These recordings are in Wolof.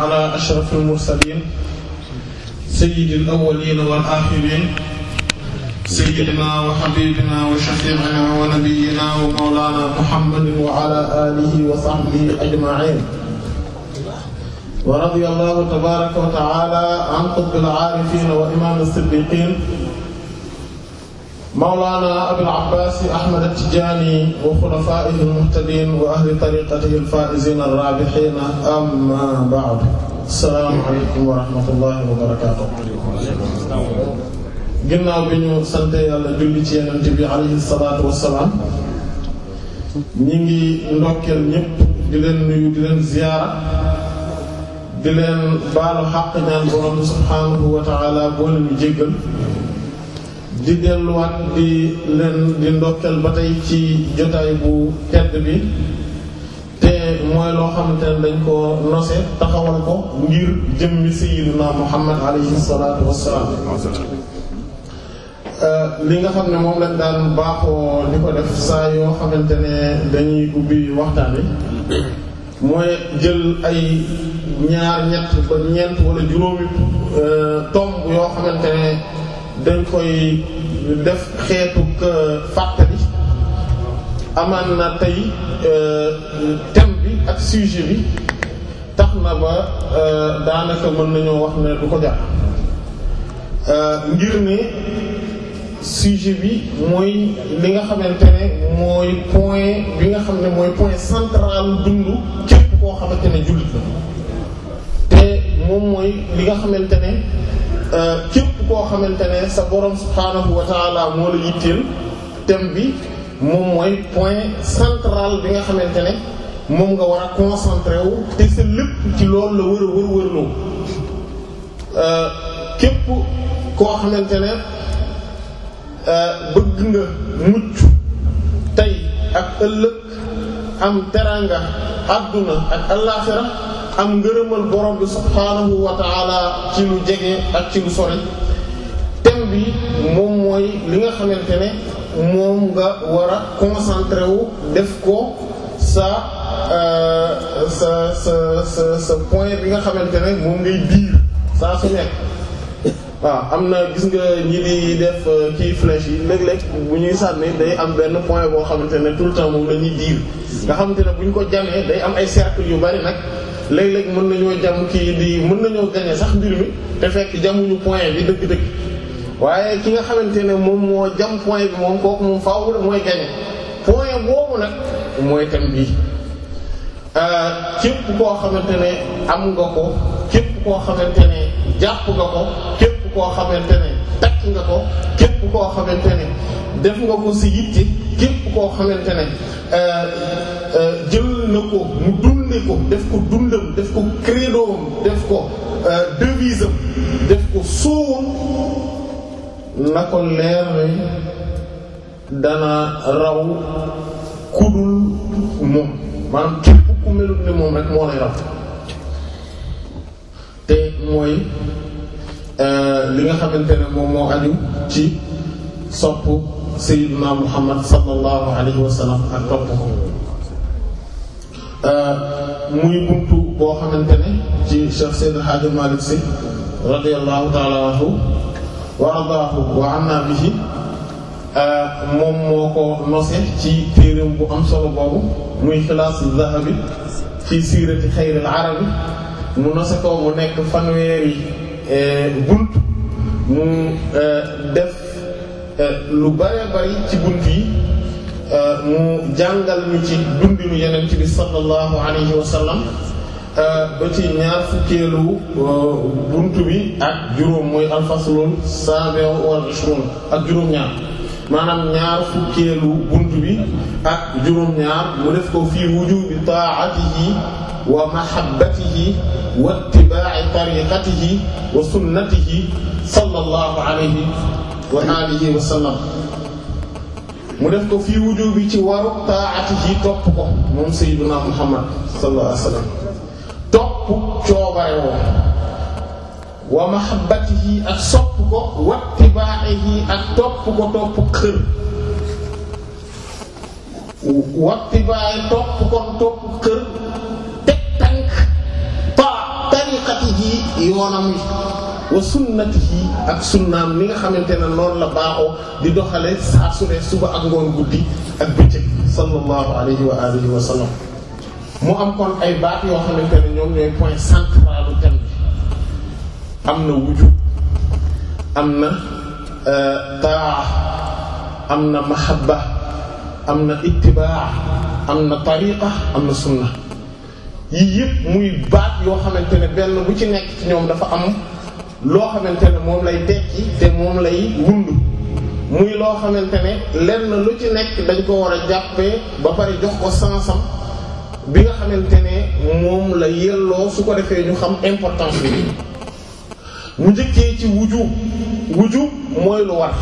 ala ashraf almursalin sayid alawalin wal axirin sayidina wa xabibina wa shafiina wa nabiyina wa mawlana muhammadin wa ala alihi wa sahbihi ajmain wa radiya allahu tabaraka wa taala an qutbil aarifin wa imam as-siddiqin mawlaana abil abbaas ahmad at-tijaani wa xulafaa'ihi al-muhtadiin wa ahli tariiqatihi al-faa'iziina ar-raabihiina ammaa ba'du assalaamu aleykum wa rahmatullaahi wa barakaatuh ginnaaw bi ñu sante yàlla julli ci yonent bi alayhi salaatu wa salaam ñi ngi ndokkeel ñépp di leen nuyu di leen ziyaara di leen baalu xaq ñaan borom subhaanahu wa ta'aala boo leen jéggal di delluwaat di leen di ndokkeel ba tey ci jotaay bu tedd bi te mooy loo xamante ne dañ ko nose taxawal ko ngir jëmmi na Muhammad alayhi salaatu wassalaam li nga xam ne moom lañ daan baaxoo di ko def saa yoo xamante ne dañuy ubbi waxtaan wi mooy jël ay ñaar ñett ba ñeent wala juróomi euh, tomb yoo xamante ne dañ koy def xeetu fàttali amaan na tey e, thème bi ak sujet bi tax na ba e, daanaka mën nañoo wax ne du ko jar e, ngir ne sujet bi mooy li nga xamante ne mooy point bi nga xam ne mooy point central dundu képp koo xamante ne jullit la te moom mooy li nga xamante ne Euh, képp koo xamante ne sa borom subhaanahu wa taala moo la yitteel thème bi moom mooy point central bi nga xamante ne moom nga war a concentré te sa lépp ci loolu la wër a wër wërloo euh, képp koo xamante ne euh, bëgg nga mucc tey ak ëllëg am teranga àdduna ak allaaxira am ngërëmal borom bi subhaanahu wa ta'ala ci lu jege ak ci lu sori thème bi moom mooy li nga xamante ne moom nga war a concentré def ko euh, sa sa sa sa point bi nga xamante ne moom ngay diir saa su nekk waaw am na gis nga ñi di def euh, kii flèche yi léeg-léeg bu ñuy sànni day am benn point boo xamante ne tout le temps moom la ñuy diir nga xamante ne bu ñu ko jamee day am ay cercle yu bari nag léeg-léeg mën nañoo jàmm kii lii mën nañoo gagné sax mbir mi te fekk jàmmuñu point bi dëgg-dëgg waaye ki nga xamante ne moom moo jàmm point bi moom kooku moom faaw mooy gagné point boobu nag mooy thème bii. Euh, képp koo xamante ne am nga ko képp koo xamante ne jàpp nga ko képp koo xamante ne ko koo xamante ne def nga ko si yitte képp koo xamante ne euh, euh, jël na ko génne ko def ko dundam def ko crédoom def ko euh, devisam def ko soowam na ko leer ni dana raw kudul moom maanaam képp ku melut ni moom rek moo lay raw te mooy euh, li nga xamante ne moom moo aju ci sopp sayyidina Muhammad sallallahu alayhi wa ak topp ko Euh, muy buntu boo xamante ne ci Cheikh Seydi Hadji Malick Sy radiyallahu ta'ala anhu wa ardaahu wa anna bihi euh, moom moo ko nose ci téereem bu am solo boobu muy xilaas zahabi ci siirati xayril arabi mu nose ko nekk fanweeri euh, bunt mu def lu bare bari ci bunt yi Euh, mu jàngal ñu ci dundinu yeneen ci bi sallallahu alayhi wa sallam euh, ci ñaar fukkeelu euh, buntu bi ak juróom mooy alfaslul sabi'u wal ishrun ak juróom-ñaar maanaam ñaar fukkeelu buntu bi ak juróom-ñaar mu def ko fii wujubi ta'atihi wa mahabbatihi wa ittiba'i tariqatihi wa sunnatihi sallallahu alayhi wa alihi mu def ko fii wujub bi ci waru taati ji topp ko moom sayyiduna muhammad sallallahu alayhi wasallam topp coobare woo wa mahabbatihi ak sopp ko wattibaahi ak topp ko topp xër wattibaahi topp ko topp xër teg tànk pa tariqatihi yoonam wi wa sunnatihi ak sunnaam li nga xamante ne lool la baaxoo di doxale saa su ne suba ak ngoon guddi ak bëccëg sallallahu alayhi wa sallam mu am kon ay baat yoo xamante ne ñoom ñooy point central thème bi am na wujub am na euh, taa am na mahabba am na ittibaa am na tariqa am na sunna yii yëpp muy baat yoo xamante ne benn bu ci nekk ci ñoom dafa am loo xamante ne moom lay tekki te moom lay wund muy loo xamante ne lenn lu ci nekk dañ koo war a jàppee ba pare jox ko sansam bi nga xamante ne moom la yelloo su ko defee ñu xam importance bi mu njëkkee ci wuju wuju mooy lu war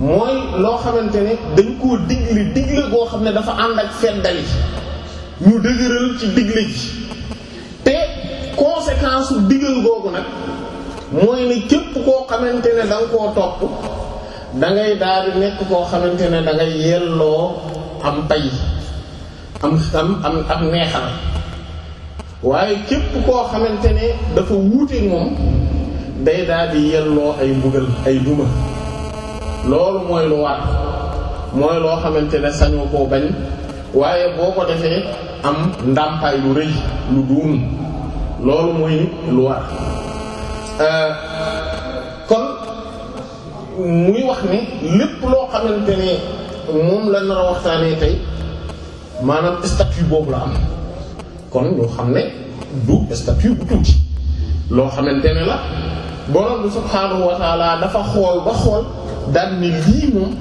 mooy loo xamante ne dañ koo digle digle goo xam ne dafa ànd ak feddali ñu dëgëral ci digle ji te conséquence su digal googu nag mooy ne képp koo xamante ne da koo topp da ngay daal di nekk koo xamante ne dangay ngay yelloo am pay am am am am neexal waaye képp koo xamante ne dafa wuute moom day daal di yelloo ay mbugal ay duma loolu mooy lu war mooy loo xamante ne sañoo koo bañ waaye boo ko defee am ndàmpaay lu rëy lu duum loolu mooy lu war Euh, kon muy wax ne lépp loo xamante ne moom la nar a waxtaanee tey maanaam statut boobu la am kon loo xam ne du statut bu tuuti loo xamante ne la borom bi subhaanahu wa taala dafa xool ba xool daan ni lii moom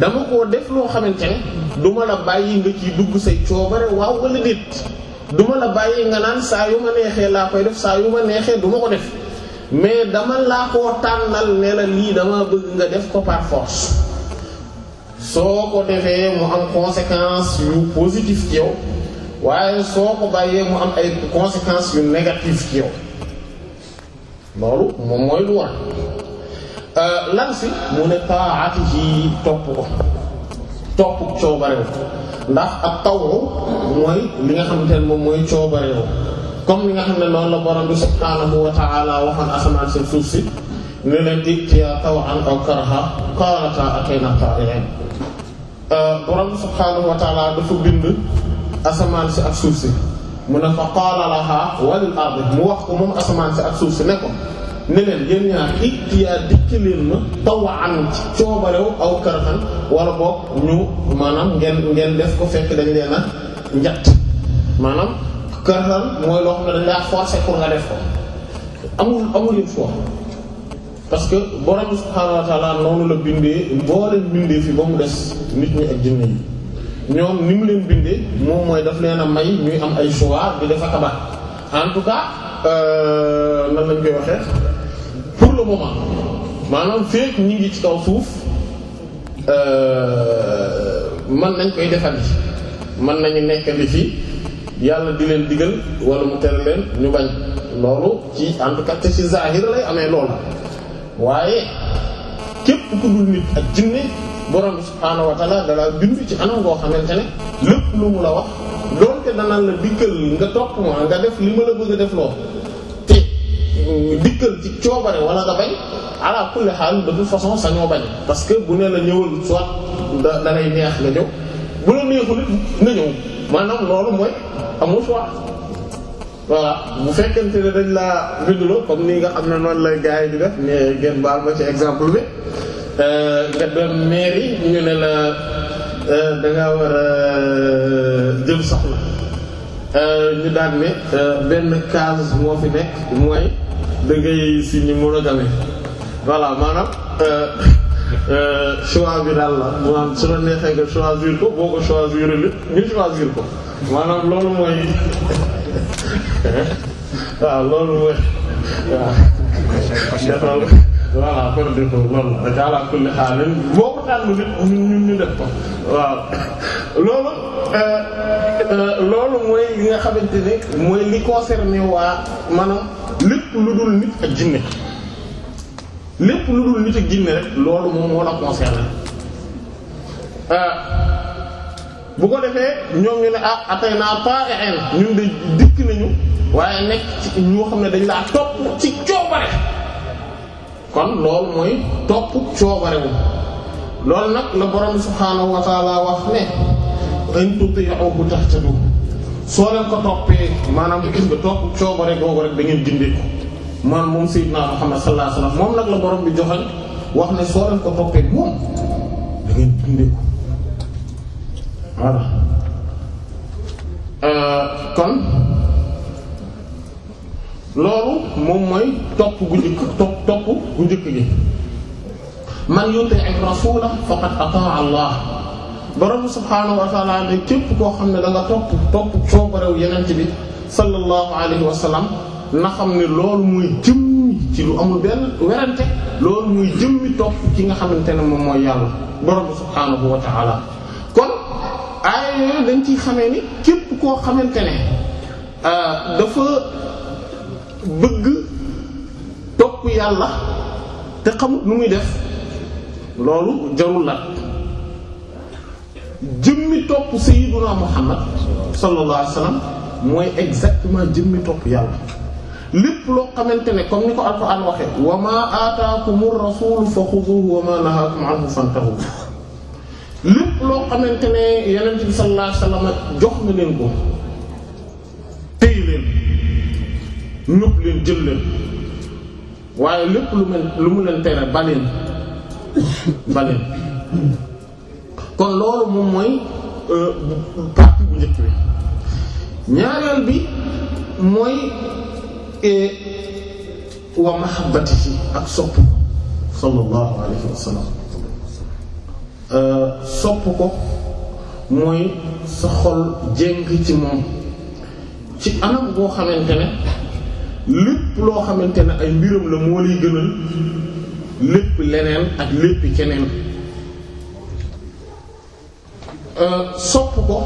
dama koo def loo xamante ne du ma la bàyyi nga ciy dugg say coobare waaw wala déet du ma la bàyyi nga naan saa yu ma neexee laa koy def saa yu ma neexee du ma ko def mais dama laa koo tànnal ne lii dama bëgg nga def ko force soo ko defee mu am conséquence yu positif ci yow waaye soo ko bàyyee mu am ay conséquence yu négatif ci yow loolu moom mooy lu war euh, lan si mu ne taati ci topp ko topp coobarewu ndax ak taw mooy li nga xamante ne moom mooy coobarewu comme li nga xam ne noonu la borom bi subhaanahu wa ta'ala waxoon asamaan seen suuf si ne leen itiya taw'an aw karha qalata ataynaa taa'i'in euh, borom bi subhaanahu wa ta'ala dafa bind asamaan si ak suuf si mu ne fa qaala laha wal ardi mu wax ko moom asamaan si ak suuf si ne ko ne leen yéen ñaar itiya dikki leen ma taw'an ci coobarew aw karhan wala boog ñu maanaam ngeen def ko fekk dañ leen a njatt maanaam karxal mooy loo xam ne dañ laa forcer pour nga def ko amul amul une fois parce que borom bi subhaanahu noonu la bindee boo leen bindee fi ba mu des nit ñi ak jinne yi ñoom ni mu leen bindee moom mooy daf leen a may ñuy am ay choix bi dafa tabax en tout cas euh, nan koy waxee pour le moment maanaam feek ñi ngi ci kaw suuf euh, mën nañ koy defandi mën nañu nekkandi fii yàlla di leen digal wala mu tere leen ñu bañ loolu ci en tout cas te ci zahir lay amee loolu waaye képp ku nit ak jinne borom subhaanahu wa ta'ala ci anam ngoo xamante ne lépp la wax donte danaan la dikkal nga topp ma nga def li ma la bëgg a def loo te euh, dikkal ci coobare wala nga bañ ala kulli xaal de toute façon sañoo bañ parce que bu ne la ñëwal soit da da neex nga ñëw bu la neexul it ñëw. maanaam loolu mooy amul choix voilà bu fekkente ne dañ laa binduloo comme ni nga xam ne noonu lay gars yi di def ne ngeen baal ma ci exemple bi euh, nga doon mairie ñu ne la euh, da war a euh, jël soxla ñu daan ne benn case moo fi nekk mooy da ngay signer monogamie voilà maanaam. Euh, choix bi daal la maanaam su la neexee nga choisir ko boo ko choisir lépp ñu choisir ko maanaam loolu mooy waaw loolu mooy waaw. voilà def ko loolu la daal euh, euh, mooy li nga xamante ni mooy li concerné waa maanaam lépp lu dul nit ak jinne lépp lu dul nit ak jinne rek loolu moom moo la concerné euh, bu ko defee ñoom ñu ne ah atay naa pas en ñun de dikk nañu waaye nekk ci ñoo xam ne dañ laa topp ci coobare kon loolu mooy topp coobare wu loolu nag la borom subhaanahu wa taala wax ne in tuti'uhu tahtadu soo leen ko toppee maanaam gis nga topp coobare googu rek da ngeen gindee man moom Seydina Muhammad sallallahu alayhi wasallam moom nag la borom bi joxal wax ne soo ko toppee moom da euh, kon loolu moom mooy topp gu njëkk topp topp gu man yuti ak rasula faqad ataa Allah borom subhaanahu wa taala ne képp koo xam ne da nga topp bi sallallahu alayhi wa sallam na xam ne loolu muy jëmm ci lu amul benn werante loolu muy jëmmi topp ki nga xamante ne moom mooy yàlla borom subhaanahu wa ta'ala kon aaya yooyu dañ ciy xamee ni képp koo xamante ne euh, dafa bëgg topp yàlla te xamut lu muy def loolu jarul la jëmmi topp sayyiduna muhammad sallallahu alayhi wasallam mooy exactement jëmmi topp yàlla lépp loo xamante ne comme ni ko alquran waxe wa ma ataakumur fa xuduhu wa ma nahakum anhu lépp loo xamante ne yonent bi sallallahu alayhi wasallam jox na leen ko téy leen ñëpp leen jël leen waaye lépp lu mu leen tere baleen baleen kon loolu moom mooy euh, partie bu njëkk bi ñaareel bi mooy nekkee wa mahabbatihi ak sopp sallallahu alayhi wa sallam euh, sopp ko mooy sa xol jéng ci moom ci anam boo xamante ne lépp loo xamante ne ay mbiram la moo lay gënal lépp leneen ak lépp keneen euh, sopp ko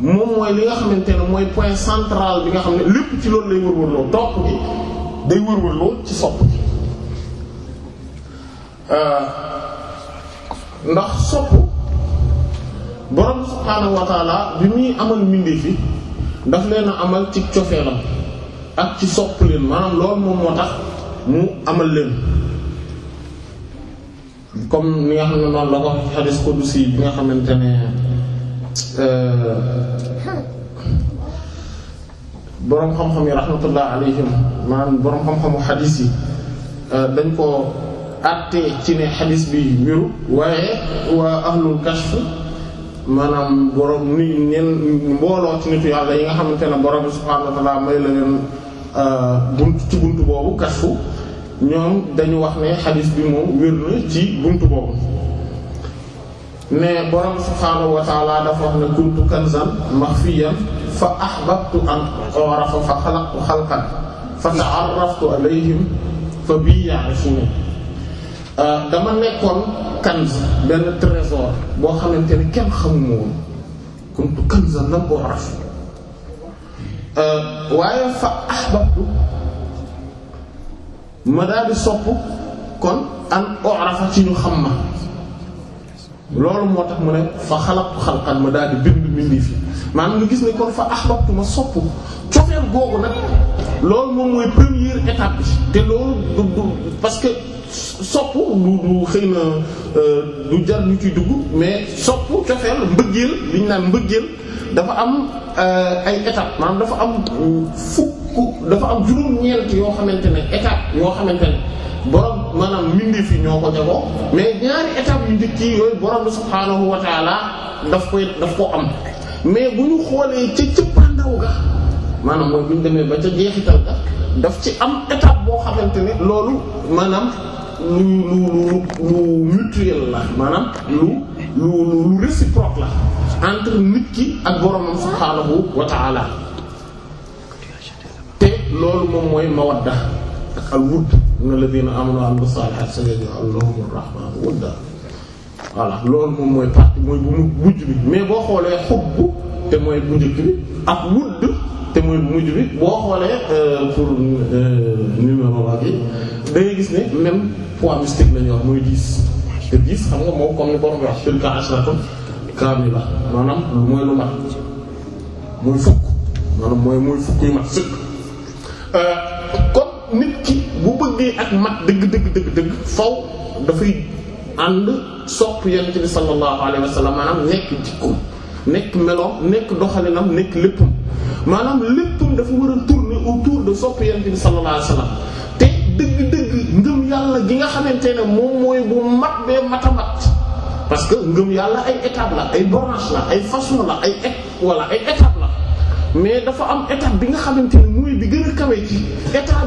moom mooy li nga xamante ne mooy point central bi nga xam ne lépp ci loolu lay wërwërloo topp bi day wërwërloo ci sopp bi euh, ndax sopp borom subhaanahu wa bi muy amal mbindeef yi daf leen a amal ci cofeelam ak ci sopp leen maanaam loolu moom moo tax mu amal leen comme ni nga xam ne noonu la ko xadis qudsi bi nga xamante ne Euh, boroom xam-xam yi rahmatullah alayhim maanaam boroom xam-xamu xadis yi euh, dañ ko àttee ci ne xadis bi wéru waaye waa ahlul kashf maanaam boroom ni ñen mbooloo ci nitu yàlla yi nga xamante ne boroom bi subhaanahu wa ta'aala may la leen euh, bunt ci bunt boobu kashfu ñoom dañu wax ne xadis bi moom wér na ci bunt boobu mais borom subhaanahu wa ta'ala dafa wax ne kuntu kanzan fa ahbabtu an u'rafa fa khalaqtu khalqan fa ta'arraftu alayhim fa bi ya'rifuni dama nekkoon kanz benn trésor boo xamante ne kenn xamuma woon kuntu kanzan lam u'raf waaye fa ahbabtu ma daal di kon an u'rafa ci ñu xam ma loolu moo tax mu ne fa xalaq xalqan ma daal di bind mbindee fi maanaam nga gis ne kon fa ahbabtu ma sopp cofeel googu nag loolu moom mooy première étape bi te loolu du du parce que sopp du du xëy na euh, du jar ñu ciy dugg mais sopp cofeel mbëggeel li ñu naan mbëggeel. dafa am euh, ay étape maanaam dafa am fukk dafa am juróom-ñeent yoo xamante ne étape yoo xamante ne borom maanaam mbindee fi ñoo ko jagoo mais ñaari étape yu njëkk yi yooyu borom bi subhaanahu wa taala daf koy daf ko am mais bu ñu xoolee ca cëppandaw ga maanaam mooy bu ñu demee ba ca jeexital ga daf ci am étape boo xamante ne loolu maanaam la maanaam lu. lu lu réciproque la entre nit ki ak boromam subhaanahu wa ta'ala te loolu moom mooy mawadda ak al wudd inna alladhina amanu wa amilu salihati sayaj'alu lahum ar-rahmanu wadda voilà loolu moom mooy partie mooy bu mujj bi mais boo xoolee xubb te mooy bu njëkk bi ak wudd te mooy bu mujj bi boo xoolee euh, pour euh, numéro bi da gis ne même poids mystique la mooy 10 te dix xam nga moom comme ni borom wax tilka kaamila maanaam mooy lu mat muy fukk maanaam mooy muy fukk yu mat sëkk euh, kon nit ki bu bëggee ak mat dëgg dëgg dëgg faw dafay ànd sopp yonent bi sallallahu alayhi wa sallam maanaam nekk jikkoom nekk meloom nekk doxalinam nekk léppam maanaam léppam dafa war a tourner autour de sopp yonent bi sallallahu alayhi te dëgg dëgg yàlla gi nga xamante ne moom mooy bu mat bee matamat parce que ngëm yàlla ay étape la ay branche la ay façon la ay é wala ay étape la mais dafa am étape bi nga xamante ne mooy bi gën a kawe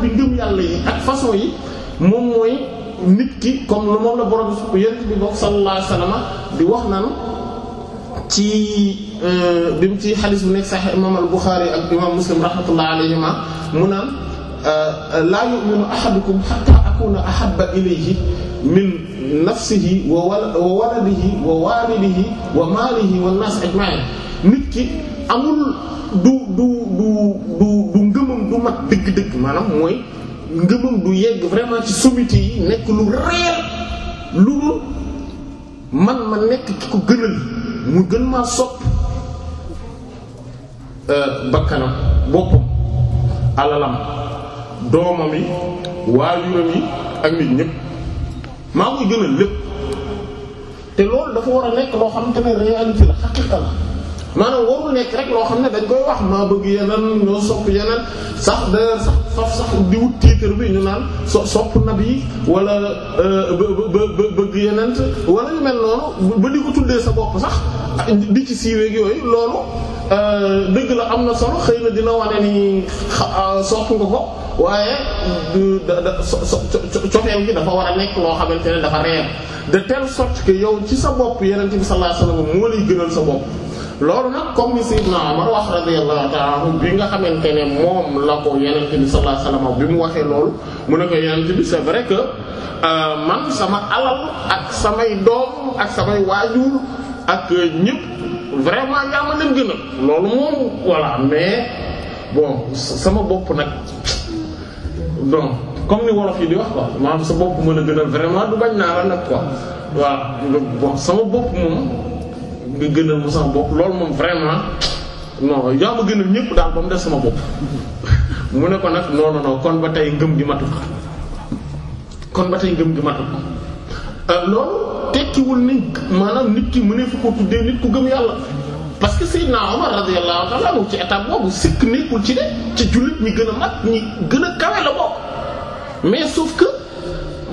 bi ngëm yàlla yi ak façon yi moom mooy nit ki comme lu moom la borom su yent bi bokk sallallahu di wax naan ci euh, bi mu ci xalis bu nekk sax imam al Bukhari ak imam Muslim rahmatullah alayhima mu naan laa yu'minu ahadukum hatta akuna ahabba ilayhi min nafsihi wa waladihi wa walidihi wa maalihi wan nas ajma'in nit ki amul du du du du du ngëmam du mat dëgg-dëgg maanaam mooy ngëmam du yegg vraiment ci sommité yi nekk lu réel lu dul man ma nekk ki ko gënal mu gën maa sopp euh, bakkanam boppam alalam doomam yi waajuram yi ak nit ñëpp maa ngi gën a lépp te loolu dafa war a nekk loo xamante ne réalité la xaqiqa la maanaam warul nekk rek loo xam ne dañ koy wax maa bëgg yeneen ñoo sopp yeneen sax d'ailleurs sax faf sax di wut titre bi ñu naan so sopp nab yi wala euh, bëgg yeneen wala yu mel noonu ba di ko tuddee sa bopp sax di ci siiweeg yooyu loolu euh, dëgg la am na solo xëy na dina wane ni euh, sopp nga ko waaye cofeel gi dafa war a nekk loo xamante ne dafa reer de telle sorte que yow ci sa bopp yeneen bi sallallahu alayhi wasallam moo lay gënal sa bopp loolu nag comme ni Seydina Omar wax radiyallahu ta'ala anhu bi nga xamante ne moom la ko Yonent bi sallallahu alayhi wasallam bi mu waxee loolu mu ne ko Yonent bi c'est que euh, man sama alal ak samay doom ak samay waajur ak ñëpp vraiment yaa ma leen gënal loolu moom voilà mais bon sama bopp nag donc comme ni wolof yi di wax quoi sa bopp mën a gënal vraiment du bañ naa la nag ko waaw bon sama bopp moom. nga gënal ma sama bopp loolu moom vraiment non yaa ma gënal ñëpp daal ba mu des sama bopp mu ne ko nag non non kon ba tey ngëm gi matut kon ba tey ngëm gi matut euh, loolu tekkiwul ni maanaam nit ki mu mëneef ko tuddee nit ku gëm yàlla parce que Seydina Omar radiyallahu ta'ala ci étape boobu sikk nekkul ci de ci jullit ñi gën a ñi gën a kawe la bokk mais sauf que.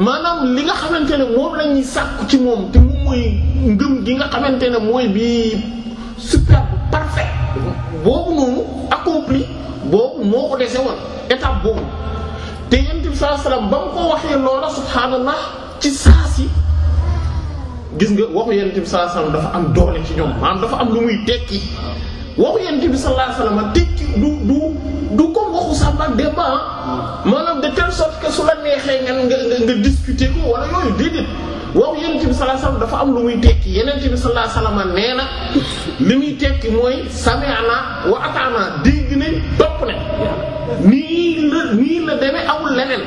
maanaam li nga xamante ne moom lañuy ñuy sàkku ci moom te moom mooy ngëm gi nga xamante ne mooy bi superbe parfait boobu noonu accompli boobu moo ko dese woon étape boobu te yonent bi sallallahu ba mu ko waxee loola subhaanallah ci saa si gis nga waxu yonent bi sallallahu alayhi dafa am doole ci ñoom maanaam dafa am lu muy tekki waxu yonent bi sallallahu alayhi wasallam tekki du du du comme waxu sàmm ak débat ah. maanaam de telle sorte que su la neexee nga nga nga discuter ko wala yooyu déedéet waxu yonent bi sallallahu alayhi dafa am lu muy tekki yonent bi sallallahu alayhi nee na li muy tekki mooy sami'na wa ata'na dégg nañ topp nañ nii la nii la demee amul leneen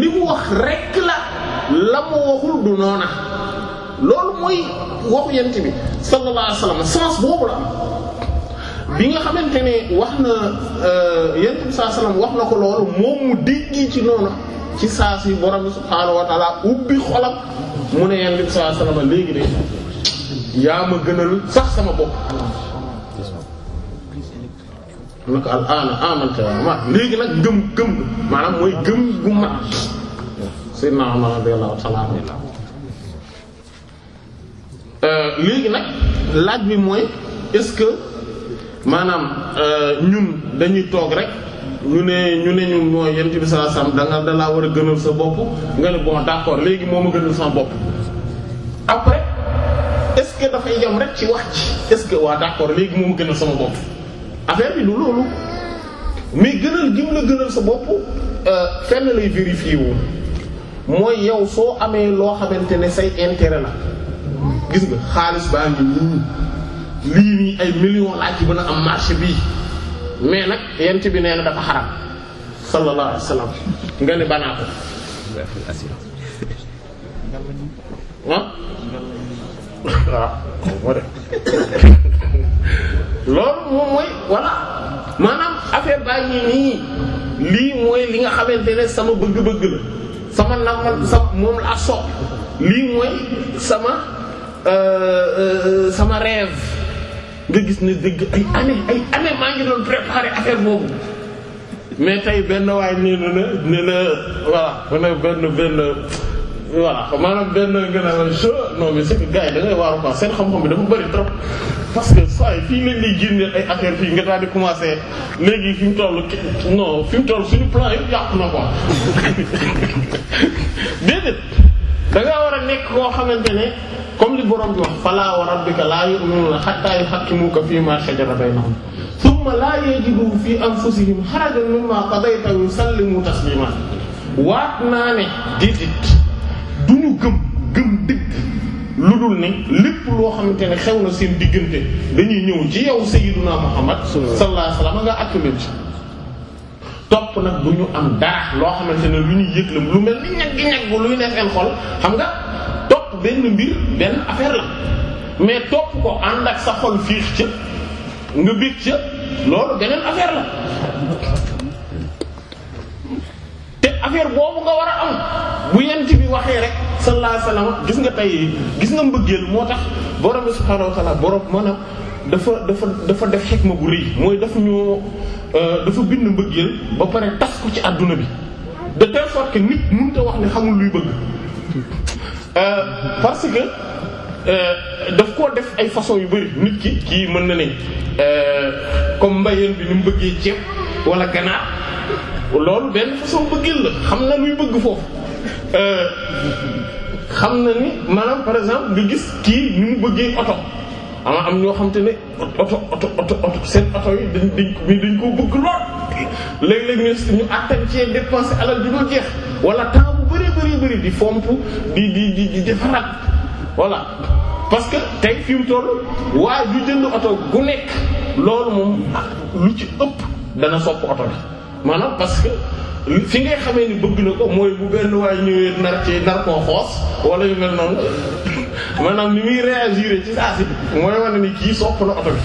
li mu wax rek la la mu waxul du noona loolu mooy waxu yonent bi sallallahu alayhi wasallam sens boobu la bi nga xamante ne wax na euh, yonent bi sallallahu alayhi wax na ko loolu moom mu dégg ci noonu ci saa si borom bi subhaanahu wa taala ubbi mu ne yonent bi sallallahu ma sax sama bopp. naka al léegi nag gëm gëm maanaam mooy gëm gu mat sayyidna Umar radiyallahu ta'ala anhu euh, léegi nag laaj bi mooy est-ce que maanaam euh, ñun dañuy toog rek ñu ne ñu ne ñun mooy yent bi sallallahu alayhi wasallam da nga da laa war a gënal sa bopp nga ne bon léegi moo ma gënal sama bopp après est-ce que dafay yam rek ci wax ci est-ce que waa d'accord léegi moo ma gënal sama bopp affaire bi du loolu mais gënal gi mu gënal sa bopp euh, fenn lay vérifier wu mooy yow soo amee loo xamante ne say intérêt la gis nga xaalis baa ngi nii lii nii ay millions laa ci a am marché bii mais nag yent bi nee dafa xaram sallallahu alayhi wa nga ne banaa loolu moom mooy voilà maanaam affaire baa nii lii mooy li nga xamante ne sama bëgg-bëgg la sama namal sa moom laa sopp lii mooy sama euh, euh, euh, sama rêve nga gis ne dëgg ay année ay année maa ngi doon préparer affaire boobu mais tey benn waay nee na la na voilà mu ne benn benn voilà maanaam benn nga ne la je non mais c'est que gars yi da ngay waaru quoi seen xam-xam bi dafa bari trop. parce que saa yi fii lañ lay génneel ay affaire fii nga daal di commencer léegi fi mu toll non fi mu toll suñu plan yëpp yàqu na ko déedéet da war a nekk koo xamante ne. comme li borom bi wax a wa rabbika laa yu'minuuna hattaa yuhakkimuuka fiimaa shajara fi anfusihim harajan mimmaa qadayta wa yusallimuu tasliimaa waat naa ne déedéet du ne lépp loo xamante ne xew na seen diggante dañuy ñëw ci yow sayyiduna Muhammad sallallahu alayhi topp nag du ñu am dara loo xamante ne lu ñuy yëg lu mel ni ñag gi ñag bu luy ne seen xol xam nga benn mbir benn affaire la mais topp ko ànd ak sa xol fiix ca nga biig ca loolu beneen affaire la te affaire boobu nga war a am bu yent bi waxee rek sallallahu alayhi wasallam gis nga tey gis nga mbëggeel moo tax borom bi subhaanahu wa borom maanaam dafa dafa dafa def xikma bu rëy mooy daf ñoo euh, dafa bind mbëggeel ba pare tas ko ci àdduna bi de telle sorte nit mënut a wax ne xamul luy bëgg Euh, parce que euh, daf koo def ay façon yu bari nit ki kii mën na ne euh, comme mbayeen bi ni mu bëggee ceeb wala ganaar loolu benn façon bëggil la xam na luy bëgg foofu xam na ni maanaam par exemple nga gis kii ni mu bëggee oto ama am ñoo xam te ne oto oto oto oto seen oto yi dañ dañ ko dañ koo bëgg lool léeg-léeg ñu ñu attan cee dépenser alal ju dul jeex wala temps bu bari bari di fomp di di defaraat voilà parce que tey fi mu toll waa jënd oto gu nekk loolu moom lu ci ëpp dana sopp oto bi maanaam parce que fi ngay xamee ni bëgg na ko mooy bu benn waay ñëwee nar ci nar koo xoos wala yu mel noonu maanaam ni muy réagir ci saa si mooy wane ni kii sopp na oto bi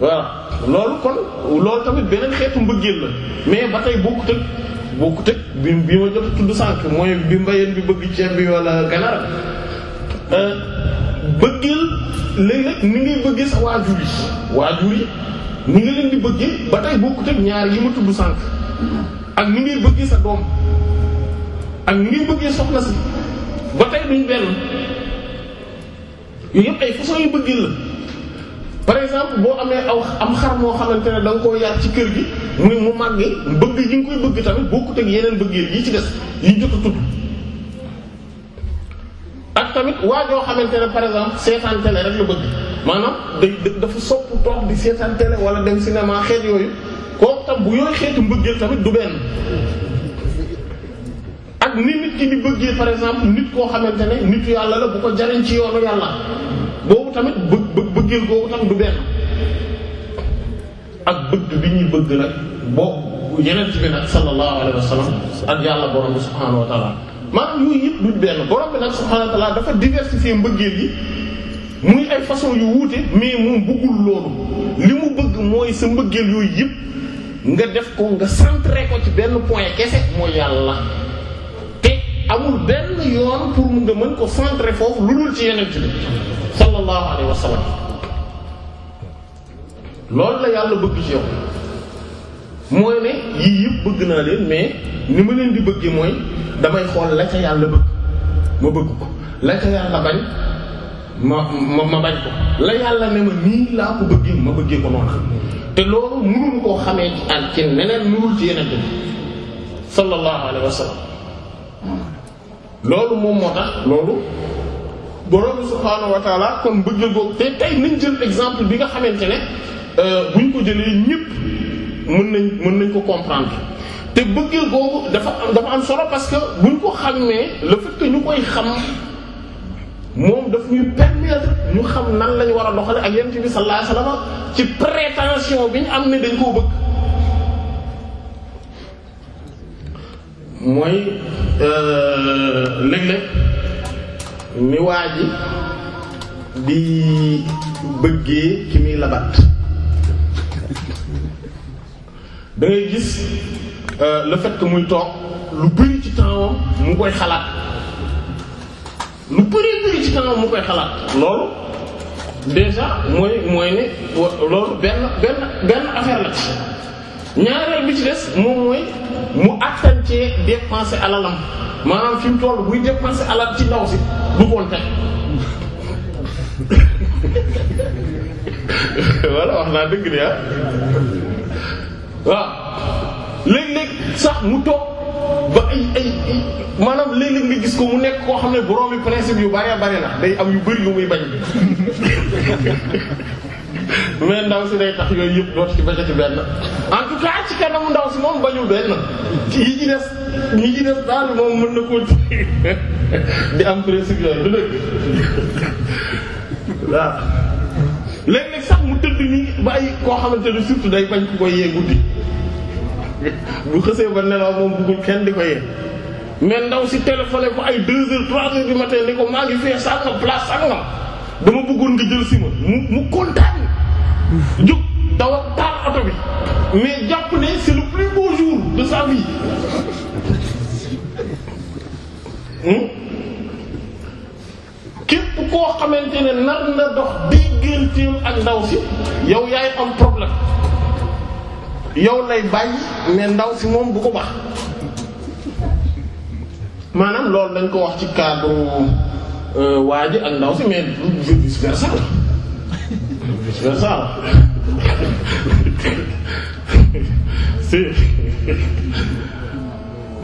voilà loolu kon loolu tamit beneen xeetu mbëggeel la mais ba tey bokkut ak bokkut ak bi bi ma jot tudd sànq mooy bi mbayeen bi bëgg ceeb bi wala ganaar euh, bëggeel léeg-léeg ni ngay bëggee sax waajur yi waajur yi ni nga leen di bëggee ba tey bokkut ak ñaar yi ma tudd sànq ak ni ngay bëggee sa doom ak ni ngay bëggee soxna si ba tey duñ benn yooyu yëpp ay façon yu bëggin la par exemple boo amee aw am xar moo xamante ne da nga koo yar ci kër gi muy mu màgg bëgg yi nga koy bëgg tamit bokkut ak yeneen bëggeel yi ci des yi jot a ak tamit waa joo xamante ne par exemple seetaan télé rek la bëgg maanaam dafa sopp toog di seetaan télé wala dem cinéma xeet yooyu kooku tam bu yooyu xeetu mbëggeel tamit du benn ak ni nit ki di bëggee par exemple nit koo xamante ne nitu yàlla la bu ko jariñ ci yoonu yàlla boobu tamit bë bëggeel boobu tam du benn ak bëgg bi ñuy bëgg nag boobu yeneen ci bi nag sallallahu alayhi wa ak yàlla borom bi subhaanahu wa taala maanaam yooyu yëpp duñ benn borom bi nag subhaanahu wa dafa diversifier mbëggeel yi muy ay façon yu wuute mais moom bëggul loolu li mu bëgg mooy sa mbëggeel yooyu yëpp nga def ko nga centré ko ci benn point kese mooy yàlla amul benn yoon pour nga mën ko centrer foofu lu dul ci yenent bi sallallahu alayhi wa sallam loolu la yàlla bëgg ci yow mooy ne yii yëpp bëgg naa leen mais ni ma leen di bëggee mooy damay xool la ca yàlla bëgg ma bëgg ko la ca yàlla bañ ma ma ma bañ ko la yàlla ne ma nii laa ko bëggee ma bëggee ko noonu te loolu mënuñ koo xamee ci ak ci neneen nurul ci yeneen bi sallallahu alayhi wa sallam loolu moom moo tax loolu borom bi subhaanahu wa kon bëgg googu te tey nañ jël exemple bi nga xamante ne euh, buñ ko jëlee ñëpp mën nañ mën nañ ko comprendre te bëggee googu dafa am dafa am solo parce que buñ ko xamee le fait que ñu koy xam moom daf ñuy permettre ñu xam nan lañ war a doxale ak yonent bi sallallahu alayhi ci prétention bi ñu am ne dañ koo bëgg. mooy euh, léeg-léeg ni waa ji di bëggee ki muy labat dangay gis euh, le fait que muy toog lu bari ci temps mu koy xalaat lu bari bari ci temps mu koy xalaat loolu déjà mooy mooy ne loolu benn benn benn affaire la ci ñaareel bi ci des moom mooy mu attan cee dépenser alalam maanaam fi mu toll buy dépenser alal ci ndaw si du konte voilà wax naa dëgg de ah waaw léeg-léeg sax mu toog ba ay ay maanaam léeg-léeg nga gis ko mu nekk koo xam ne boroomi principe yu bari bari na day am yu bari yu muy bañ. mais ndaw si day tax yooyu yëpp dootu ci bëccëg benn en tout cas ci kanamu ndaw si moom bañul benn yi ci des ñi ci des daal moom mën na koo di am principe yooyu du dëgg waaw. léeg sax mu tëdd nii ba ay koo xamante ne surtout day bañ ku koy yee guddi bu xësee ba nelaw moom bëggul kenn di ko yee mais ndaw si téléphoné ko ay 2 heures 3 heures du matin ni ko maa ngi fee sàngam place sàngam. dama bëggoon nga jël si ma mu mu kontaan. jóg dawal taal oto bi mais jàpp ne c'est le plus beau jour de sa vie. Hmm? képp koo xamante ne nar na dox digganteem ak ndaw si yow yaay am problème yow lay bàyyi mais ndaw si moom bu ko baax maanaam loolu lañ ko wax ci cadre. Euh, waa ji ak ndaw si mais du vice versa vice versa si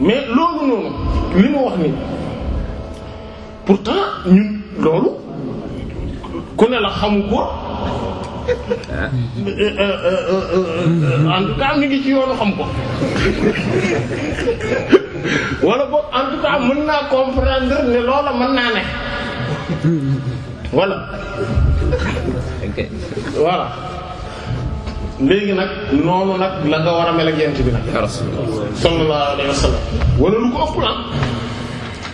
mais loolu noonu li ma wax ni pourtant ñun loolu ku ne la xamu ko Eh? en tout cas ngi ci yoonu xam ko wala boog en mën naa comprendre ne loola mën naa ne voilà voilà léegi nag noonu nag la nga war a mel ak yent bi nag sallallahu alayhi wa sallam lu ko ëpp la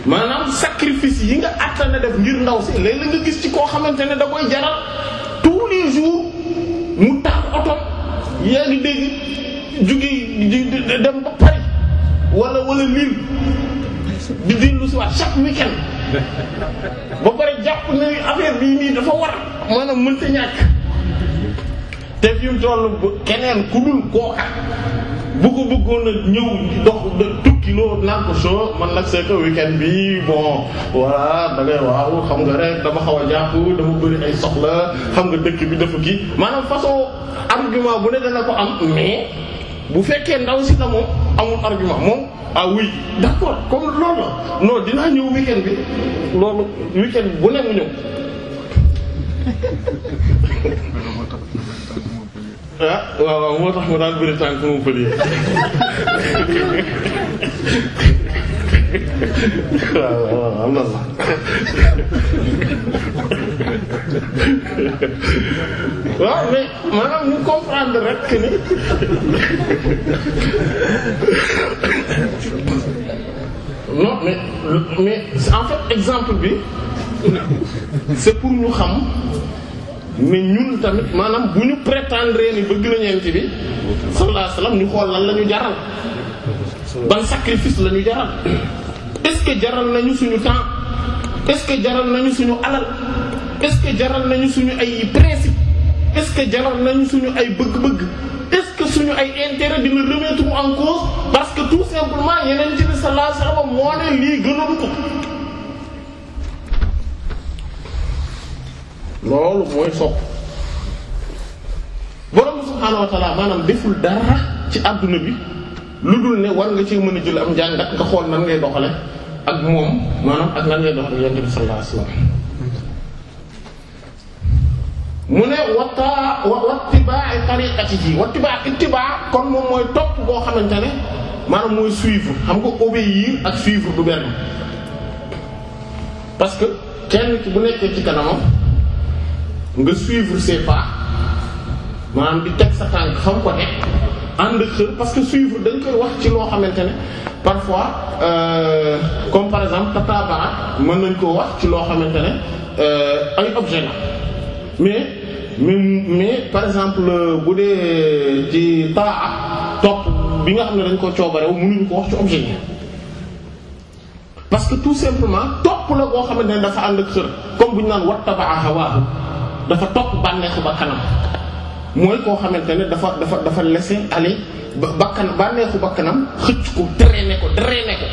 maanaam sacrifice yi nga àttan def ngir ndaw si léeg la nga gis ci koo xamante ne da jaral tous les jours mu taal oto yaa ngi dégg jóge dem ba Paris wala wala Lille di dellu si waat chaque week-end ba pare jàpp na affaire bii nii dafa war maanaam mënta ñàkk. te fi mu toll keneen ku dul kooka bu ko bëggoon a ñëw dox da tukki loolu naan ko soo man nag c'est que bi bon voilà da waaw xam nga rek dama xaw a jàpp dama bëri ay soxla xam nga dëkk bi dafa kii maanaam façon argument bu ne dana ko am mais bu fekkee ndaw si na moom amul argument moom ah oui d'accord comme loolu la non dinaa ñëw week bi loolu week bu ne mu ñëw ah waaw moo tax ma daan bëri tànk mu pëli waaw waaw am na sax waaw mais maanaam mu comprendre rek que ni non mais mais exemple bi c'est pour ñu xam mais ñun tamit maanaam bu ñu prétendre ni bëgg nañu yonent bi sallallahu alayhi wasallam ñu xool lan la ñu jaral ban sacrifice la ñu jaral est-ce que jaral nañu suñu temps est-ce que jaral nañu suñu alal est-ce que jaral nañu suñu ay principe est-ce que jaral nañu suñu ay bëgg-bëgg est-ce que suñu ay intérêt dina remettre en cause parce que tout simplement yonent bi sallallahu alayhi wasallam moo ne lii gënoon ko loolu mooy sopp borom subhaanahu wa taala maanaam deful dara ci àdduna bi lu dul ne war nga ci mën a jël am njàngat nga xool nan ngay doxale ak moom maanaam ak nan ngay doxale yonent bi sallallahu alayhi mu ne wattaa wattibaa'i tariqatihi wattibaa ittibaa kon moom mooy topp boo xamante ne maanaam mooy suivre xam ko nga obéir ak suivre du benn parce que kenn ki bu nekkee ci kanamam nga suivre ses pas maanaam di teg sa tànk xam ko teg ànd xër parce que suivre dañ koy wax ci loo xamante ne parfois euh, comme par exemple tatabaa mën nañ koo wax ci loo xamante ne euh, ay objet la mais mais par exemple euh, bu dee ci taa topp bi nga xam ne dañ koo ko coobarew mënuñu ko wax ci objet yi parce que tout simplement topp la boo xamante ne dafa ànd ak xër comme bu ñu naan wattabaa hawaahu dafa topp bànneexu bakkanam mooy koo xamante ne dafa dafa dafa laisser aller ba bakkan bànneexu bakkanam xëcc ko drainer ko drainer ko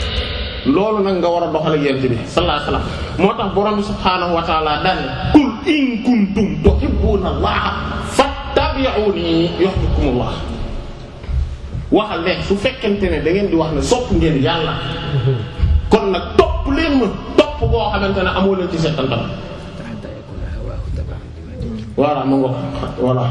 loolu nag nga war a doxal ak yent bi sallallahu alayhi moo tax borom bi subhaanahu wa taala daan kul in kuntum tuhibbuna allaha fattabi'uni yuhibbukumullah waxal ne su fekkente ne da ngeen di wax ne sopp ngeen yàlla kon nag topp leen ma topp boo xamante ne amoo leen ci seetantal voilà ma ngoog voilà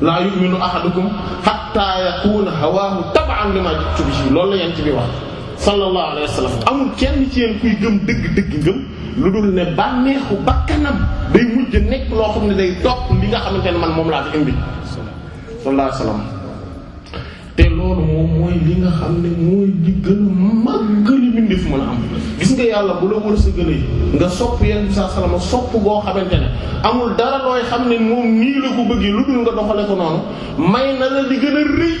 laa yu'minu ahadukum hatta yakuna hawaahu tab'an lima ji'tu bihi loolu la yent bi wax sallallahu alayhi wa sallam amul kenn ci yéen kuy gëm dëgg dëgg ngëm lu dul ne bànneexu bakkanam day mujj nekk loo xam ne day topp li nga xamante ne man moom laa fi indi sallallahu alayhi wa loolu moom mooy li nga xam ne mooy li gën màgg li mbindeef mën a am gis nga yàlla bu la wërsëgalee nga sopp yenn saa salama sopp boo xamante ne amul dara looy xam ne moom nii la ko bëggee lu dul nga doxale ko noonu may na la di gën a rëy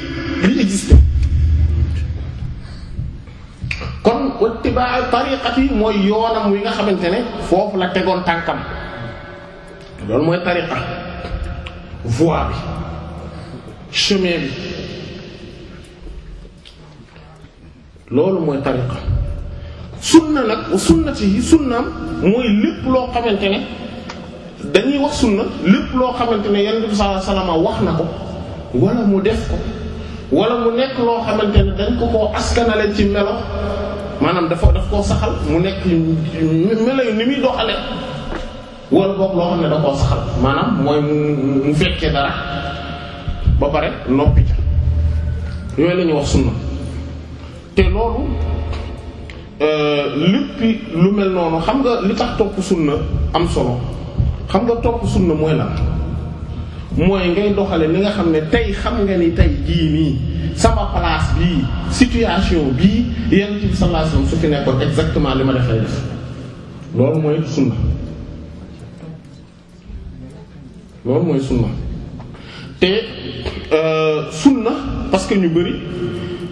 li existé kon wattibaa tariqat yi mooy yoonam wi nga xamante ne foofu la tegoon tànkam loolu mooy tariqa voie bi chemin bi loolu mooy tariqa na nag sunnati yi sunnaam mooy lépp loo xamante ne dañuy wax sunna lépp loo xamante ne yonent bi sallallahu wax na ko wala mu def ko wala mu nekk loo xamante ne dañ ko ko koo askanale ci melo maanaam dafa daf koo saxal mu nekk melo yu ni muy doxale wala boog loo xam ne da koo saxal maanaam mooy mu mu fekkee dara ba pare noppi ca yooyu la ñuy wax sunna te loolu euh, léppi lu mel noonu xam nga li tax topp sunna am solo xam nga topp sunna mooy lan mooy ngay doxale li nga xam ne tey xam nga ni tey jii nii sama place bii situation bii yenn ci sallallahu alayhi wasallam su exactement li ma def lay def loolu mooy sunna loolu mooy sunna te euh, sunna parce que ñu bari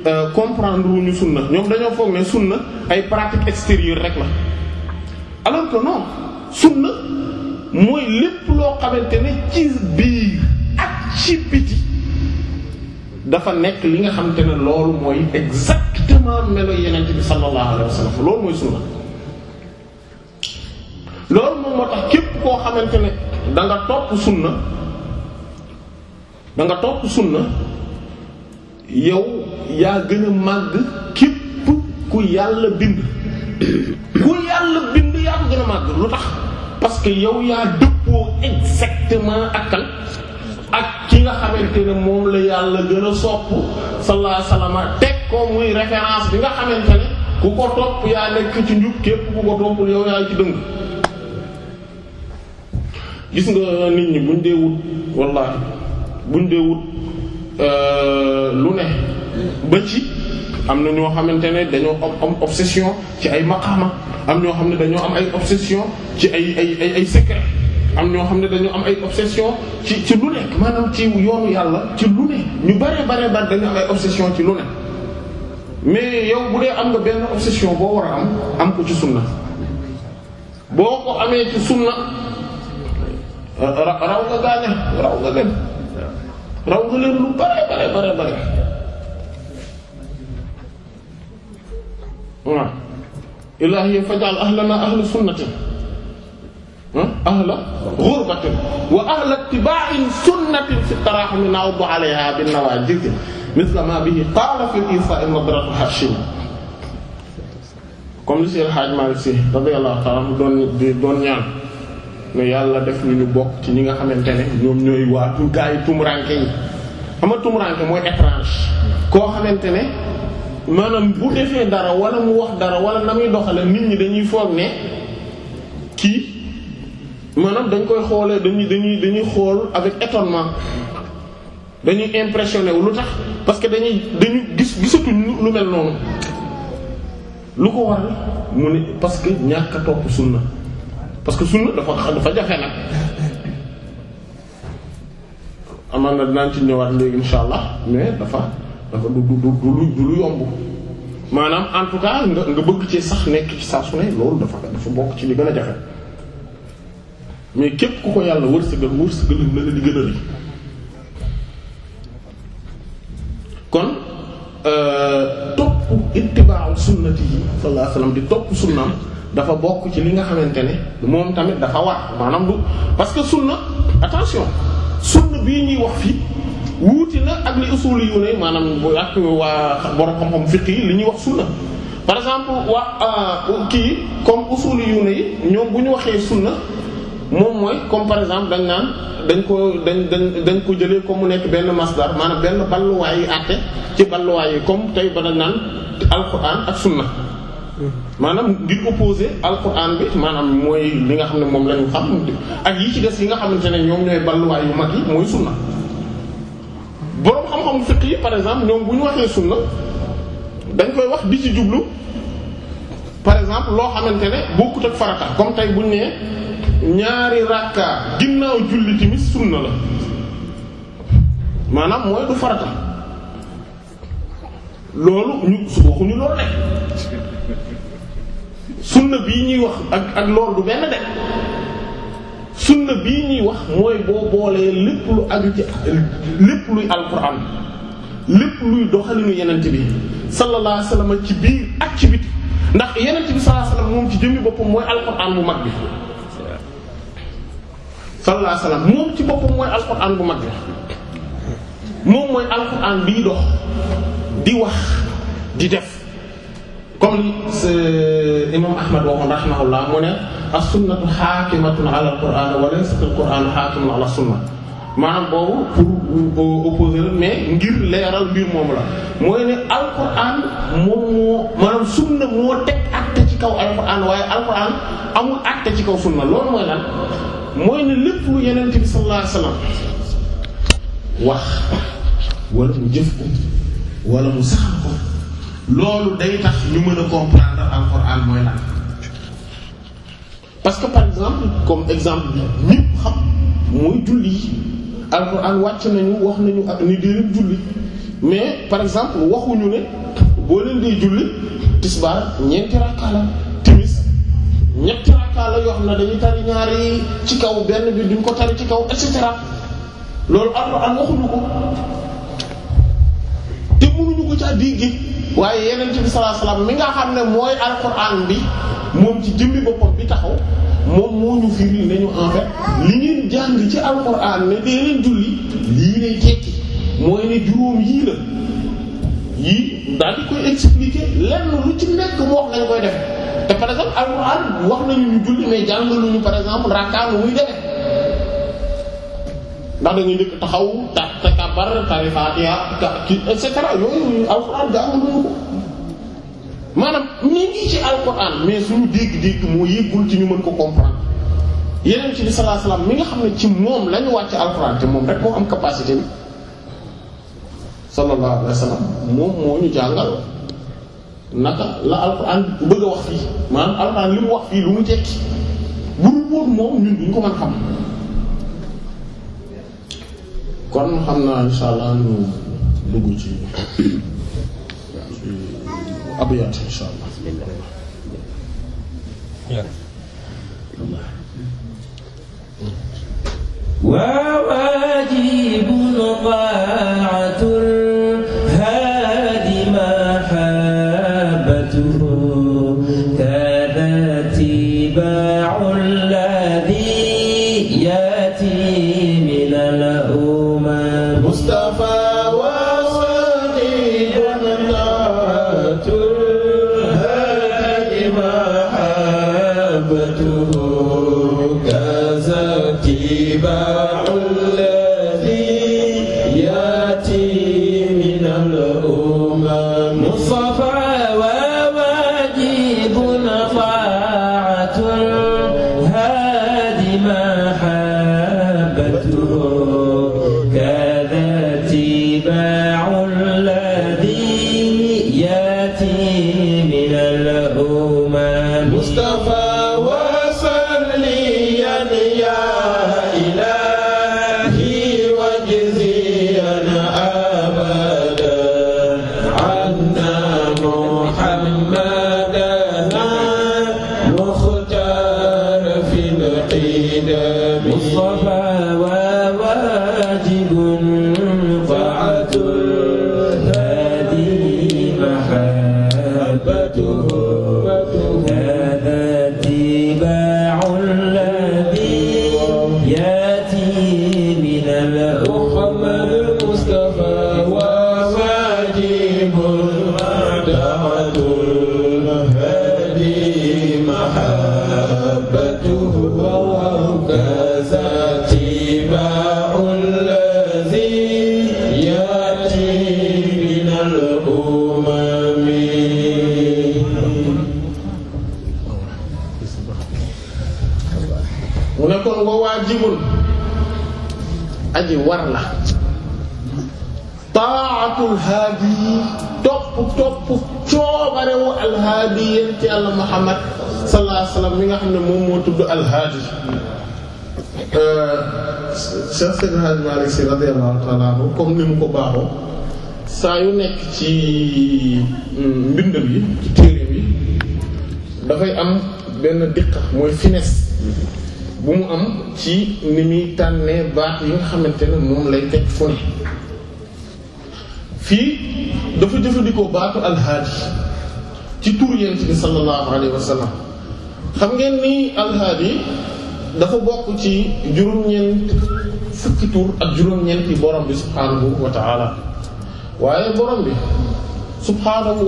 Euh, comprendre wuñu sunna ñoom dañoo foog ne na ay pratique extérieure rek la alors que non sunna mooy lépp loo xamante ne ci biir ak ci biti dafa nekk li nga xamante ne loolu mooy exactement melo yenent bi sallallahu alayhi wa loolu mooy sunna loolu moom moo tax képp koo xamante ne da nga topp sunna da nga topp na yow yaa gën a màgg képp ku yàlla bind ku yàlla bind yaa ko gën a màgg lu tax parce que yow yaa dëppoo exactement akal ak ki nga xamante ne moom la yàlla gën a sopp sallallahu alayhi teg ko muy référence bi nga xamante ne ku ko topp yaa nekk ci njub képp ku ko toppul yow yaa ci dëng gis nga nit ñi buñ dee wut wallaahi buñ dee wut euh, lu ne ba ci am na ñoo xamante ne dañoo am obsession ci ay maqaama am ñoo xam ne dañoo am ay obsession ci ay ay ay ay secret am ñoo xam ne dañoo am ay obsession ci ci lu ci yoonu yàlla ci ne ñu bare bare bare dañu ci lu mais yow bu dee am nga benn obsession boo war a am am ko ci sunna boo ko amee ci sunna raw nga gaaña raw nga leen raw nga leen lu bare bare bare bare waaw ilaahi fajal ahlana ahla sunnatin ahla ghurbatin wa ahla ittiba'in sunnatin fi tarahumi na'uddu 'alayha bin nawajid mithla ma bihi qala fi isa'i nadratu hashim comme li Seydou Hadj Malick Sy radiyallahu ta'ala doon doon ñaan ne yàlla def lu ñu bokk ci ñi nga xamante ne ñoom ñooy waatu gaa yi tumuranke yi xam nga mooy étrange koo xamante ne maanaam bu defee dara wala mu wax dara wala na muy doxale nit ñi dañuy foog ne kii maanaam dañ koy xoolee dañuy dañuy dañuy xool avec étonnement dañuy impressionné wu lu tax parce que dañuy dañu gis gisatuñ lu mel noonu lu ko waral mu ne parce que ñàkk a topp sunna parce que sunna dafa dafa jafe nag amaan na dinaan ci ñëwaat léegi insha allah mais dafa dafa du du du du lu yomb maanaam en tout cas nga nga bëgg ci sax nekk ci saa su ne loolu dafa bokk ci li gën a jafe mais képp ku ko yàlla wërsëgal wërsëgal na la di gën a li kon euh, topp ittibaaw sunnati yi sallallahu di topp sunnaam dafa bokk ci li nga xamante ne moom tamit dafa war maanaam du parce que sunna attention sunna bii ñuy wax fii wuuti na ak li usuli yu ne maanaam ak waa borom xam-xam fiq yi li ñuy wax sunna par exemple waa euh, kii comme usuli yu ne yi ñoom bu ñu waxee sunna moom mooy comme par exemple dañ naan dañ ko dañ dañ dañ ko jëlee comme mu nekk benn masdar maanaam benn balluwaay yi àtte ci balluwaay yi comme tey ba dañ naan alquran ak sunna maanaam di ngir opposé alquran bi maanaam mooy li nga xam ne moom lañu xam ak yii ci des yi nga xamante ne ñoom ñooy balluwaay yu mag yi mooy sunna boroom xam-xamu fiqh yi par exemple ñoom bu ñu waxee sunna dañ koy wax bi ci jublu par exemple loo xamante ne bokkut ak farata comme tey buñ nee ñaari rakka ginnaaw julli sunna la maanaam mooy du farata loolu ñu su waxuñu loolu rek sunna bii ñuy wax ak ak loolu du benn de sunna bii ñuy wax mooy boo boolee lépp lu aju ci lépp luy alquran lépp luy doxalinu yenent bi sallallahu alayhi wasallam ci biir ak ci biti ndax yenent bi sallallahu alayhi wasallam moom ci jëmmi boppam mooy alquran bu mag bi sallallahu alayhi wasallam moom ci boppam mooy alquran bu mag bi dox di wax di def comme li imam ahmad waxoon rahimahullah mu ne as-sunnatu xaakimatun ala al-qur'an wa laysa al-qur'an xaakimun ala sunna maanaam boobu pour opposer mais ngir leeral mbir moomu la mooy ne alquran moom moo maanaam sunna moo teg àtte ci kaw alquran waaye alquran amul àtte ci kaw sunna loolu mooy lan mooy ne lépp lu yenente bi sallallahu alayhi wasallam wax wala mu jëf ko wala mu saxal ko loolu day tax ñu mën a comprendre alquran mooy lan parce que par exemple comme exemple bi ñëpp xam mooy julli yi alxuraan wàcc nañu wax nañu ak ni déedéet julli mais par exemple waxuñu ne boo leen dee julli tisbaar ñeenti rakkaa timis ñetti rakkaa yoo xam ne dañuy tari ñaari ci kaw benn bi duñ ko tari ci kaw et cetera loolu alxuraan waxuñu ko te mënuñu ko caa dégg waaye yeneen ci bi sallallahu alayhi wasallam nga xam ne mooy alquran bi moom ci jëmmi boppam bi taxaw moom moo ñu firi nañu en fait li ngeen jàng ci alquran ne dee leen julli lii lay tekki mooy ne juróom yii la yii daal di koy expliquer lenn lu ci nekk mu wax nañ koy def te par exemple alquran wax nañu ñu julli lu ñu par exemple rakkaan muy defee ndax dañuy njëkk taxaw ta takabbar tari fatiha ta ki et cetera yooyu alquran jàngaluñu ko maanaam ni ngi ci alquran mais suñu dégg-dégg moo yëggul ci ñu mën ko comprendre yeneen ci bi sallallahu alayhi wasallam mi nga xam ne ci moom la ñu wàcc alquran te moom rek moo am capacité bi sallallahu alayhi wasallam moom moo ñu jàngal naka la alquran bëgg a wax fii maanaam alquran li mu wax fii lu mu tekki bu dul woon moom ñun duñ ko mën xam kon xam naa insha allah ñu dugg ci abiyat insha allah waaw topp coobarewu alhaadi yéen ci yàlla Muhammad sallallahu alayhi wasallam nga xam ne moom moo tudd alhaadi euh, Cheikh Seydi El Hadji Malick Sy radiyallahu comme ni mu ko baaxoo saa yu nekk ci mm, mbind bi ci téere bi dafay am benn diqa mooy finesse bu mu am ci ni muy tànnee baax yi nga xamante ne moom lay teg fu ne baatu alhaadi ci tur yent bi sallallahu alayhi wa sallam xam ngeen ni alhaadi dafa bokk ci juróom-ñeent fukki tur ak juróom-ñeenti borom bi subhaanahu wa taala waaye borom bi subhaanahu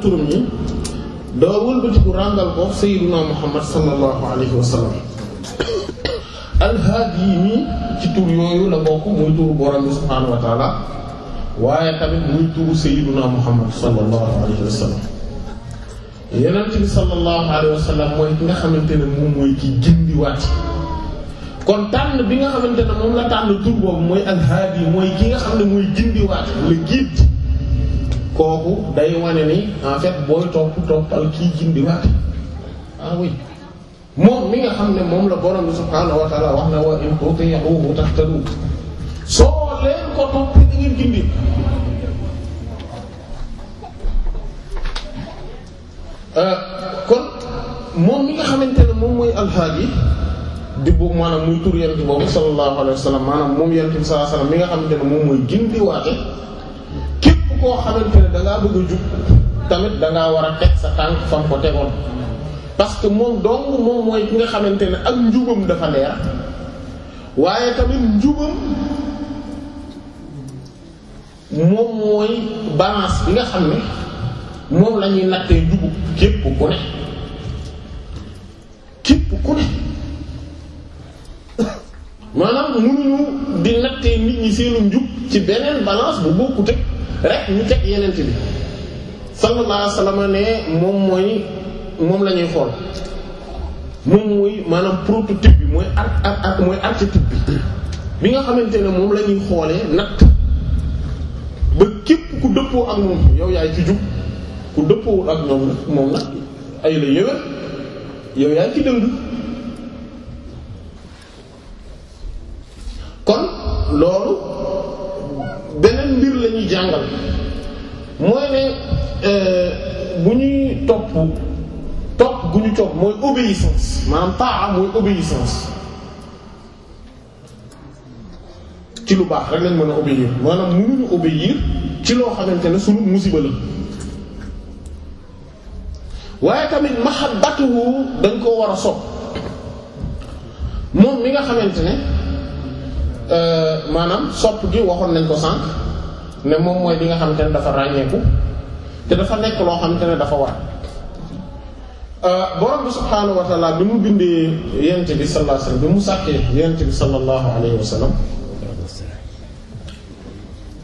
turum yi doo wëlbatiku ràngal ko sayyiduna muhammad sallallahu alayhi wa sallam alhaadi yi nii ci tur yooyu la bokk muy tur borom bi subhaanahu wa taala waaye tamit muy turu sayyiduna muhammad sallallahu alayhi wa sallam yenent bi sallallahu alayhi wa sallam ki nga xamante ne moom mooy ki gindiwaat kon tànn bi nga xamante ne moom la tànn tur boobu mooy yi mooy ki nga xam ne mooy gindiwaat la giit kooku day wane ni en fait booy topp toppal kii gindiwaat ah moom mi nga xam ne moom la borom bi subhaanahu wa taala wax na wa in tuti'uhu tahtadu soo war leen ko topp euh, kon moom mi nga xamante ne moom mooy alhaadi di bu maanaam muy tur yonent boobu sallallahu alayhi wa sallam maanaam moom yonent bi sallallahu alayhi wa mi nga xamante ne moom mooy gindiwaate képp koo xamante ne da bëgg a jub tamit da war a teg sa tànk fan ko tegoon parce que moom dong moom mooy ki nga xamante ne ak njubam dafa leer waaye tamit njubam moom mooy balance bi nga xam ne moom lañuy ñuy nattee njubub képp ku ne képp ku ne maanaam mënuñu di nattee nit ñi seenu njub ci beneen balance bu bokkut ak rek ñu teg yeneen bi sallallahu alayhi wasallam ne moom mooy moom lañuy xool moom mooy maanaam prototype bi mooy ar ar ar mooy archétype bi bi nga xamante ne moom la ñuy xoolee natt. képp ku dëppoo ak moom yow yaay ci jub ku dëppoowul ak moom nag moom nag ay la yéwén yow yaay ci dëng kon loolu beneen mbir la ñuy jàngal mooy ne euh, bu ñuy topp topp gu ñu topp mooy obéissance maanaam taa mooy obéissance ci lu baax rek lañ mën a obéir maanaam mënuñu obéir ci loo xamante ne sunu musiba la waaye tamit mahabbatuhu dañ koo war a sopp moom mi nga xamante ne euh, maanaam sopp gi waxoon nañ ko sànq ne moom mooy li nga xamante ne dafa ràññeeku te dafa nekk loo xamante ne dafa war euh, borom bi subhaanahu wa ta'ala bi mu bindee yent bi sallallahu alayhi bi mu sàkkee yent bi sallallahu alayhi wa sallam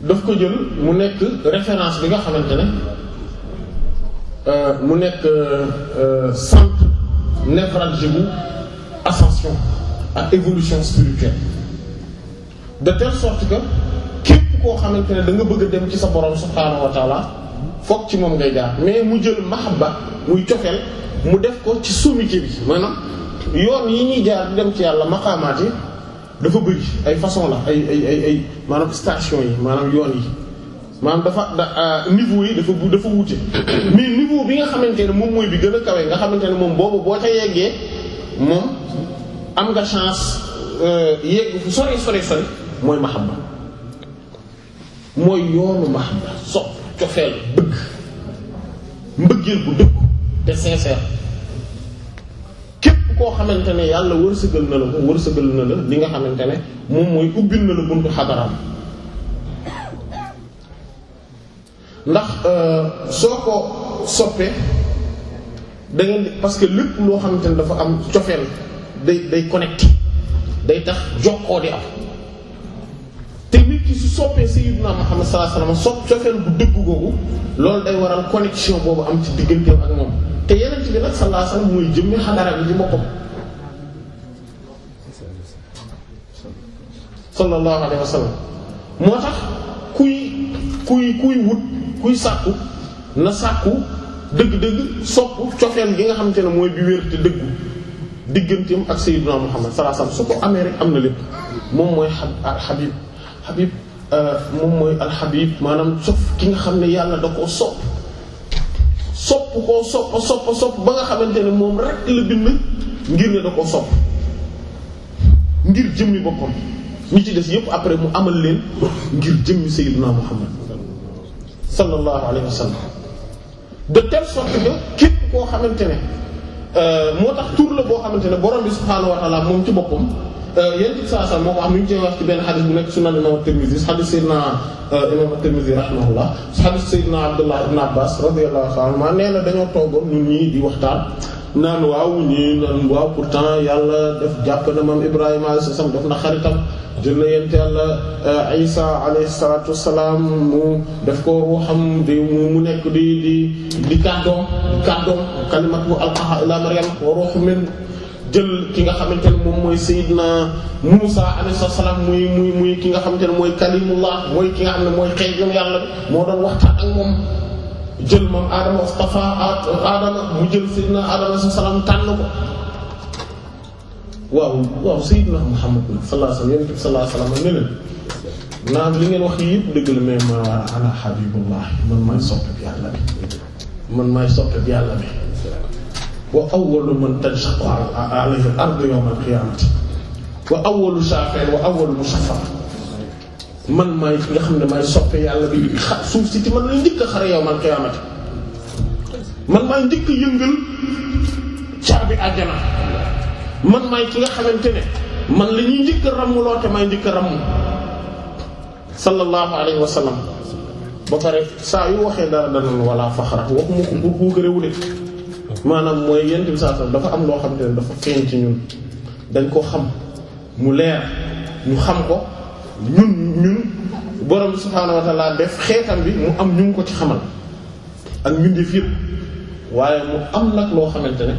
daf ko jël mu nekk référence bi nga xamante ne euh, mu nekk euh, centre névralgique bu ascension ak évolution spirituelle de telle sorte que képp koo xamante ne da bëgg dem ci sa borom subhaanahu wa fokk ci moom ngay jaar mais mu jël mahabba muy cofeel mu def ko ci sommité bi maanaam yoon yi ñuy jaar di dem ci yàlla maqaamaat yi dafa bëri ay façon la ay ay ay ay maanaam station yi maanaam yoon yi maanaam dafa da ah, niveau yi dafa dafa wuute mais niveau bi nga xamante ne moom mooy bi gën a kawe nga xamante ne moom boobu boo ca yeggee moom am nga chance euh, yegg fu sori sori sori mooy mahabba mooy yoonu mahabba sopp cofeel bëgg mbëggeel bu dëgg te sincère koo xamante ne yàlla wërsëgal na la ko wërsëgal na la li nga xamante ne moom mooy ubbil na la buntu xadaraam ndax euh, soo ko soppee da ngeen parce que lépp loo xamante ne dafa am cofeel day day connecté day tax jokkoo di am te nit ki su soppee sayyidina Muhammad sallallahu alayhi wasallam sopp cofeel bu dëgg googu loolu day waral connexion boobu am ci digganteem ak moom te yeneen ci bi nag sallallahu alayhi wasallam mooy jëmmi xadara bi ci boppam sallallahu alayhi wasallam moo tax kuy kuy kuy wut kuy sàkku na sàkku dëgg-dëgg sopp cofeel gi nga xamante ne mooy bi wér te dëggu digganteem ak sayyidina Muhammad sallallahu alayhi wasallam su ko amee rek am na lépp moom mooy xabib xabib euh, moom mooy alxabib maanaam sof ki nga xam ne yàlla da koo sopp sopp koo sopp sopp sopp ba nga xamante ne moom rek la bind ngir ne da ko sopp ngir jëmmi boppam ñi ci des yépp après mu amal leen ngir jëmmi sayyidina Muhammad sallallahu alayhi wa sallam de telle sorte képp koo xamante ne euh, moo tax tur la boo xamante ne borom bi subhaanahu moom ci boppam Euh, yéen ci saa saa moo ko wax mi ngi cee wax ci benn xadis bu nekk sunan imam at-Tirmidhi xadis Seydina euh, imam at-Tirmidhi rahimahullah xadis Seydina Abdullah ibn Abbas radiyallahu anhu maa nee na dañoo toogoon ñun ñii di waxtaan naan waaw ñii naan waaw pourtant yàlla def jàpp na maam Ibrahima alayhi salaam def na xaritam jël na yent yàlla euh, Isa alayhi salaatu wassalaam mu def ko ruuxam di mu nekk di di di kàddoom kàddoom kalimatu alqaha ila Maryam wa ruuhun minhu jël ki nga xamante ne moom mooy Seydina Muusaa alayhi salaam muy muy muy ki nga xamante ne mooy kalimullah mooy ki nga xam ne mooy xeejum yàlla bi moo doon waxtaan ak jël moom Adama Mustafa Adama mu jël Seydina Adama salaam tànn ko waaw waaw Seydina Muhammad sallallahu alayhi wasallam yonent bi sallallahu alayhi wasallam ne leen naam li ngeen wax yëpp dëgg la mais ma ana man maay soppe bi yàlla bi man maay soppe bi yàlla bi wa awwalu man tanshaqqu alayhi al-ardu yawma al-qiyaamati wa awwalu shafi'in wa awwalu musaffar man maay nga xam ne maay soppe yàlla bi xa suuf si ci man la njëkk a xare yawmal qiyaamati man maay njëkk a yëngal caabi àjjana man maay ki nga xamante ne man la ñuy njëkk a ràmmuloo te maay njëkk a ràmm sallallahu alayhi wa sallam ba pare saa waxee dara maanaam mooy yent bi saa dafa am loo xamante ne dafa feeñ ci ñun dañ ko xam mu leer ñu xam ko ñun ñun borom bi subhaanahu def xeetam bi mu am ñu ko ci xamal ak ñun di fiir waaye mu am nag loo xamante ne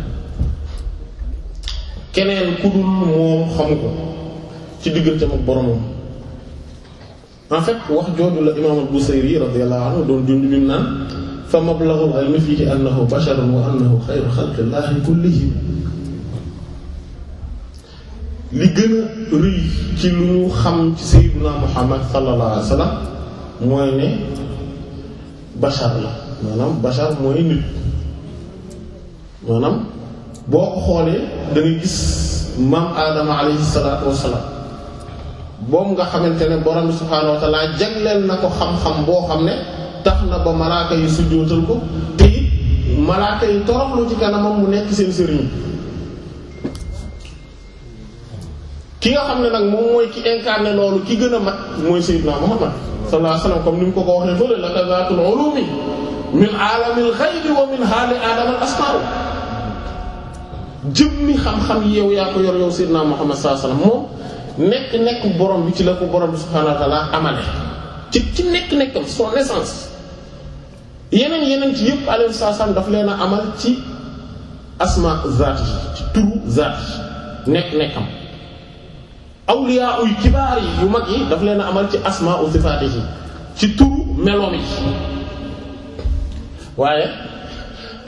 keneen ku dul moom xamu ko ci digganteem ak boromam en fait wax jooju la imaam al-Busayri radiyallahu anhu doon junj bi naan fa mablagul ilmi fiihi annahu basharun wa annahu xayru xalqillaahi kullihim li gën a rëy ci lu ñu xam ci sayyidina Muhammad sallallahu mooy ne bashar la maanaam bashar mooy nit maanaam boo ko xoolee da gis maam Adama alayhi salaatu wa salaam boobu nga xamante ne borom subhaanahu wa taala jagleel na ko xam-xam boo xam ne. tax na ba malaaka yi sujjóotal ko te it malaaka yi toroxlu ci kanamam mu nekk seen sëriñ ki nga xam ne nag moom mooy ki incarné loolu ki gën a mat mooy Seydina Muhammad sallallahu alayhi wasallam comme mu ko ko waxee fële laka zaatul ulumi min aalamil xaybi xam yow yaa yor yow Seydina Muhammad sallallahu alayhi nekk nekk borom bi ci la ko borom bi subhaanahu wa ta'aala amale ci ci nekk nekkam son essence yeneen yeneen ci yëpp alayhi salaam daf leen a amal ci asma zaat yi ci turu zaat yi nekk nekkam awliya kibaar yi yu mag yi daf leen a amal ci asma u sifaat yi ci turu meloom yi waaye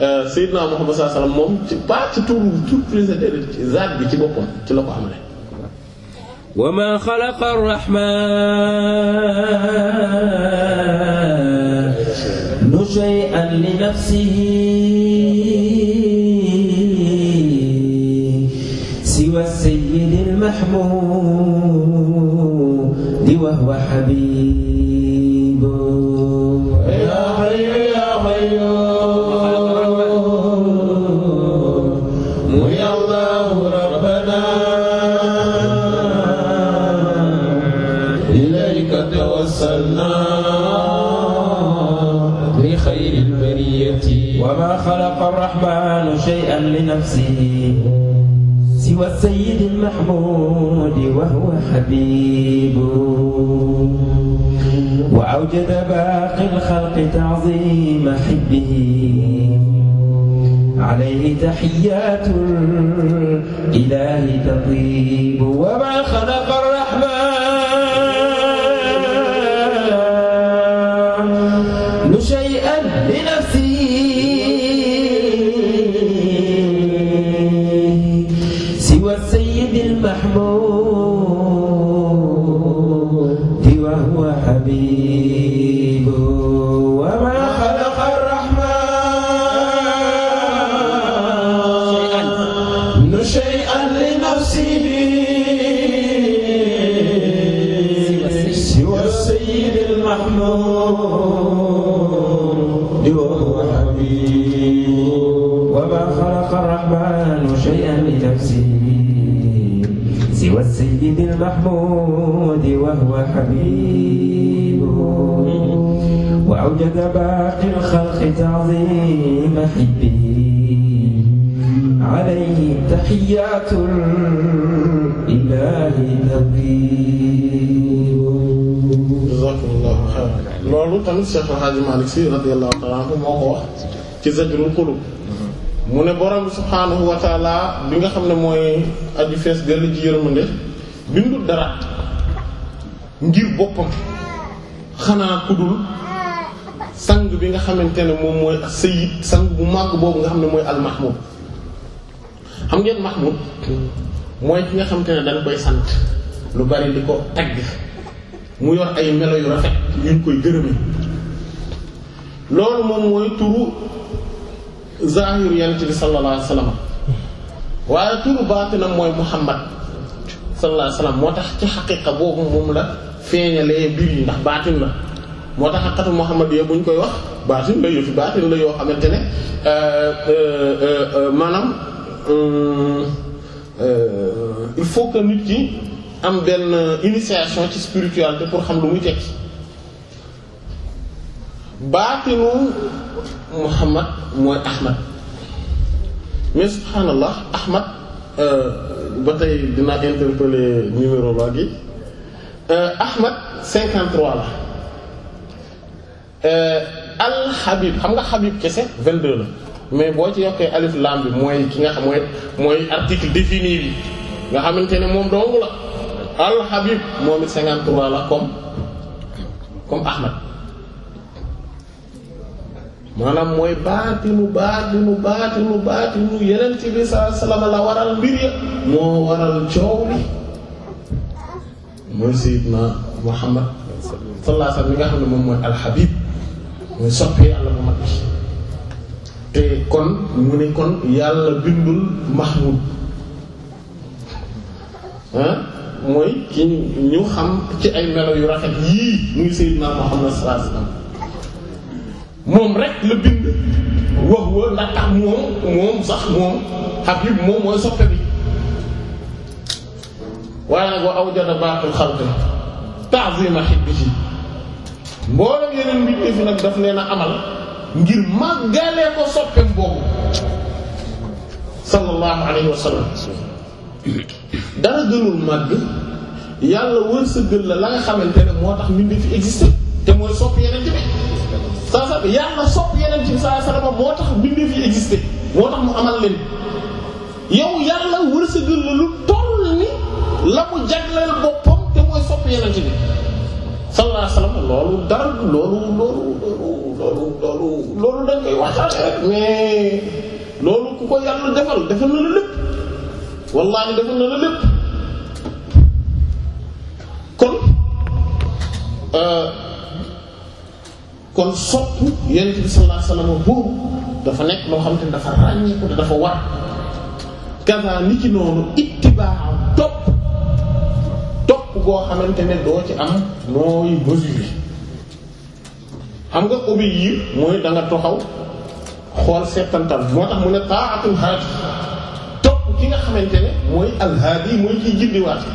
euh, Seydina Muhammad sallallahu alayhi wasallam moom ci turu turu président zaat bi ci boppam ci la ko amale wa ma xalaqa ar لنفسه سوى السيد المحمود وهو حبيب شيئا لنفسه سوى السيد المحمود وهو حبيب وأوجد باقي الخلق تعظيم حبه عليه تحيات الإله تطيب وما خلق الرحمن سيد المحمود وهو حبيبه وأوجد باقي الخلق تعظيم حبه عليه تحيات الإله تطيب جزاكم الله خيرا loolu tamit Cheikh El Hadj Malick Sy radiyallahu ta'ala anhu moo ko wax ci Zajrul Qulub mu ne borom bi subhaanahu wa taala bi nga xam ne mooy aji fees dell ji yërmande bindul dara ngir boppam xanaa ku dul sang bi nga xamante ne moom mooy sayid sang bu màgg boobu nga xam ne mooy al mahmud xam ngeen mahmud mooy ki nga xamante ne dañ koy sant lu bari di ko tagg mu yor ay melo yu rafet ñu ngi koy gërëme loolu moom mooy turu zahir yonent bi sallallahu alayhi waaye turu baatinam mooy muhammad sallallahu alayhi wasallam moo tax ci xaqiqa boobu moom la feeñalee mbir yi ndax baatin la moo tax xaqatu Muhammad bu ñu koy wax baatin la yëfi baatin la yoo xamante ne euh, euh, euh, maanaam il faut que nit ki am benn initiation ci pour xam lu muy tekki baatinu Muhammad mooy Ahmad mais subhaanallah Ahmad ba tey dinaa interpeller numéro ba gi euh, Ahmad 53 la euh, Al Habib xam nga Habib kese 22 la mais boo ci yokkee alif lam bi mooy ki nga xam mooy mooy article défini bi nga xamante ne moom dong la Al Habib moom it la comme comme Ahmad. maanaam mooy baatinu baatinu baatinu baatinu yeneen ci bi sa salama la waral mbir ya moo waral coow li mooy Seydina Muhammad sallallahu alayhi nga xam ne moom mooy alxabib mooy soppee yàlla bu mag bi te kon mu ne kon yàlla bindul mahmud ah mooy ki ñu xam ci ay melo yu rafet yii muy Seydina Muhammad sallallahu moom rek la bind wax wa ndax tax moom moom sax moom Habib moom mooy soppe bi waaye nag wa awjada baatul xalqi ta'zima hibbati mboolem yeneen mbir fi nag daf leen a amal ngir màggalee ko soppeem boobu sallallahu alayhi wa sallam dara gënul màgg yàlla wërsëgal la la nga xamante ne moo tax mbir fi existé te mooy sopp yeneen bi. saa saa yàlla sopp yeneen ci saa salama moo tax mbindeef yi existé moo tax mu amal leen yow yàlla wërsëgal la lu toll ni la mu jagleel boppam te mooy sopp yeneen ci bi sallallahu alayhi wasallam loolu dara loolu loolu loolu loolu loolu dañ koy waxtaane rek mais loolu ku ko yàlla defal defal na la lépp wallaahi defal na la lépp kon. Euh, kon sopp yonent bi sallallahu alayhi wasallam boobu dafa nekk loo xam te ne dafa ràññeeku te dafa war kaza ni ci noonu ittibaa topp topp goo xamante ne doo ci am nooy mesure xam nga obéir mooy da nga toxaw xool settantal moo tax mu ne ta'atul haadi topp ki nga xamante ne mooy alhaadi mooy kiy jiddiwaat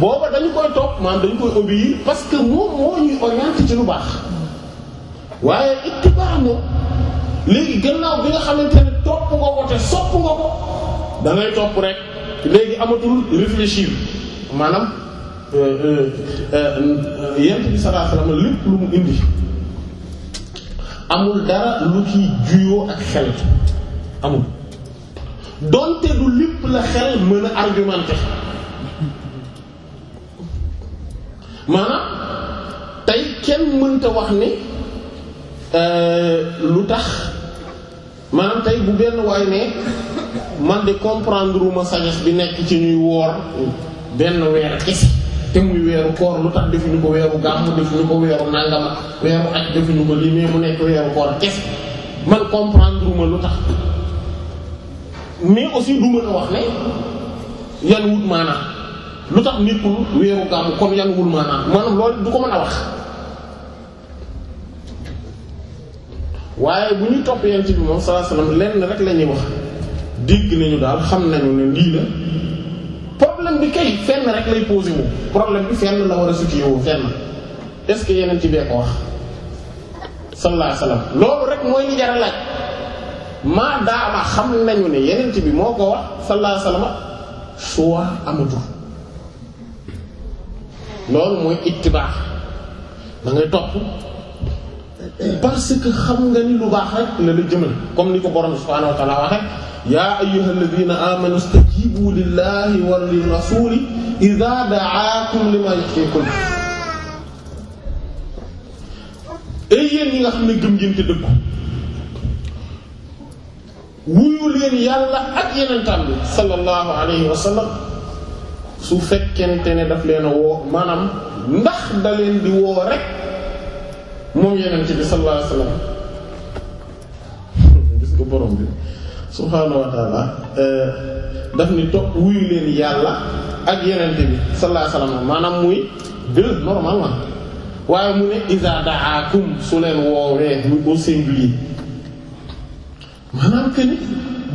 booba dañu koy topp maanaam dañu koy obéir parce que moom moo ñuy orienté ci lu baax waaye ittibaa moom léegi gannaaw bi nga xamante ne topp nga ko te sopp nga ko da topp rek léegi amatul réfléchir maanaam euh, euh, euh, yent bi sallallahu alayhi wasallam lépp lu mu indi amul dara lu ci juyoo ak xel amul donte du lépp la xel mën a argumenté maanaam tey kenn mënta wax ni Euh, lu tax maanaam tey bu benn waay ne man de comprendre uma bi nekk ci ñuy woor benn weer kese te muy weeru koor lu tax defuñu ko weeru gàmm defuñu ko weeru nangama weeru aj defuñu ko lii mais mu nekk weeru koor kese man comprendre uma lu tax mais aussi du mën a wax ne yan wut maanaam lu tax nekkul weeru gàmm kon yan wul maanaam maanaam loolu du ko mën a wax waaye bu ñu topp yent bi moom sallallahu alayhi wasallam lenn ñuy wax dégg nañu daal xam nañu ne lii la bi kay fenn rek lay problème bi fenn la war a sukki wu fenn est-ce que yeneen ci bee ko wax sallallahu alayhi wasallam loolu rek mooy li jar xam nañu ne yeneen bi moo ko wax sallallahu suwa amatul mooy ittibaa ngay topp parce que xam nga ni lu baax rek la la jëmal comme ni ko borom subhaanahu wa ta'ala waxe yaa ayyuhalladhina amanu istajibu lillahi wa lirrasuli idha da'akum lima yuhyikum ay yéen nga xam ne gëm ngeen te dëggu wuyu leen yàlla ak yenentaan bi sallallahu alayhi wa su fekkente ne daf leen a woo maanaam ndax da leen di woo rek moom yonent bi sallallahu alayhi wasallam gis nga borom bi subhaanahu wa eh, daf ni topp wuyu leen yàlla ak yonent bi sallallahu alayhi wasallam maanaam muy deux normalement waaye mu ne iza su leen woowee muy au singulier maanaam que ni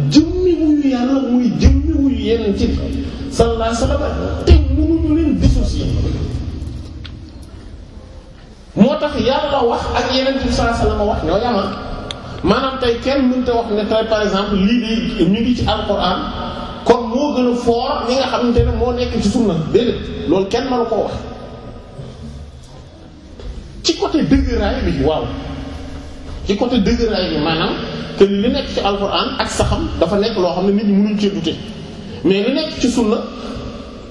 jëmmi wuyu yàlla muy jëmmi wuyu yonent bi sallallahu alayhi wasallam te mënuñu leen dissocier moo tax yàlla wax ak yeneen ci saa sala ma wax ñoo yama maanaam tey kenn mënut a wax ne tey par exemple lii di ñu ngi ci alquran kon moo gën a foor li nga xam xamante ne moo nekk ci na déedéet loolu kenn mënu koo wax ci côté dëgëraay bi waaw ci côté dëgëraay bi maanaam que li nekk ci alquran ak saxam dafa nekk loo xam ne nit ñi mënuñ cee dute mais li nekk ci na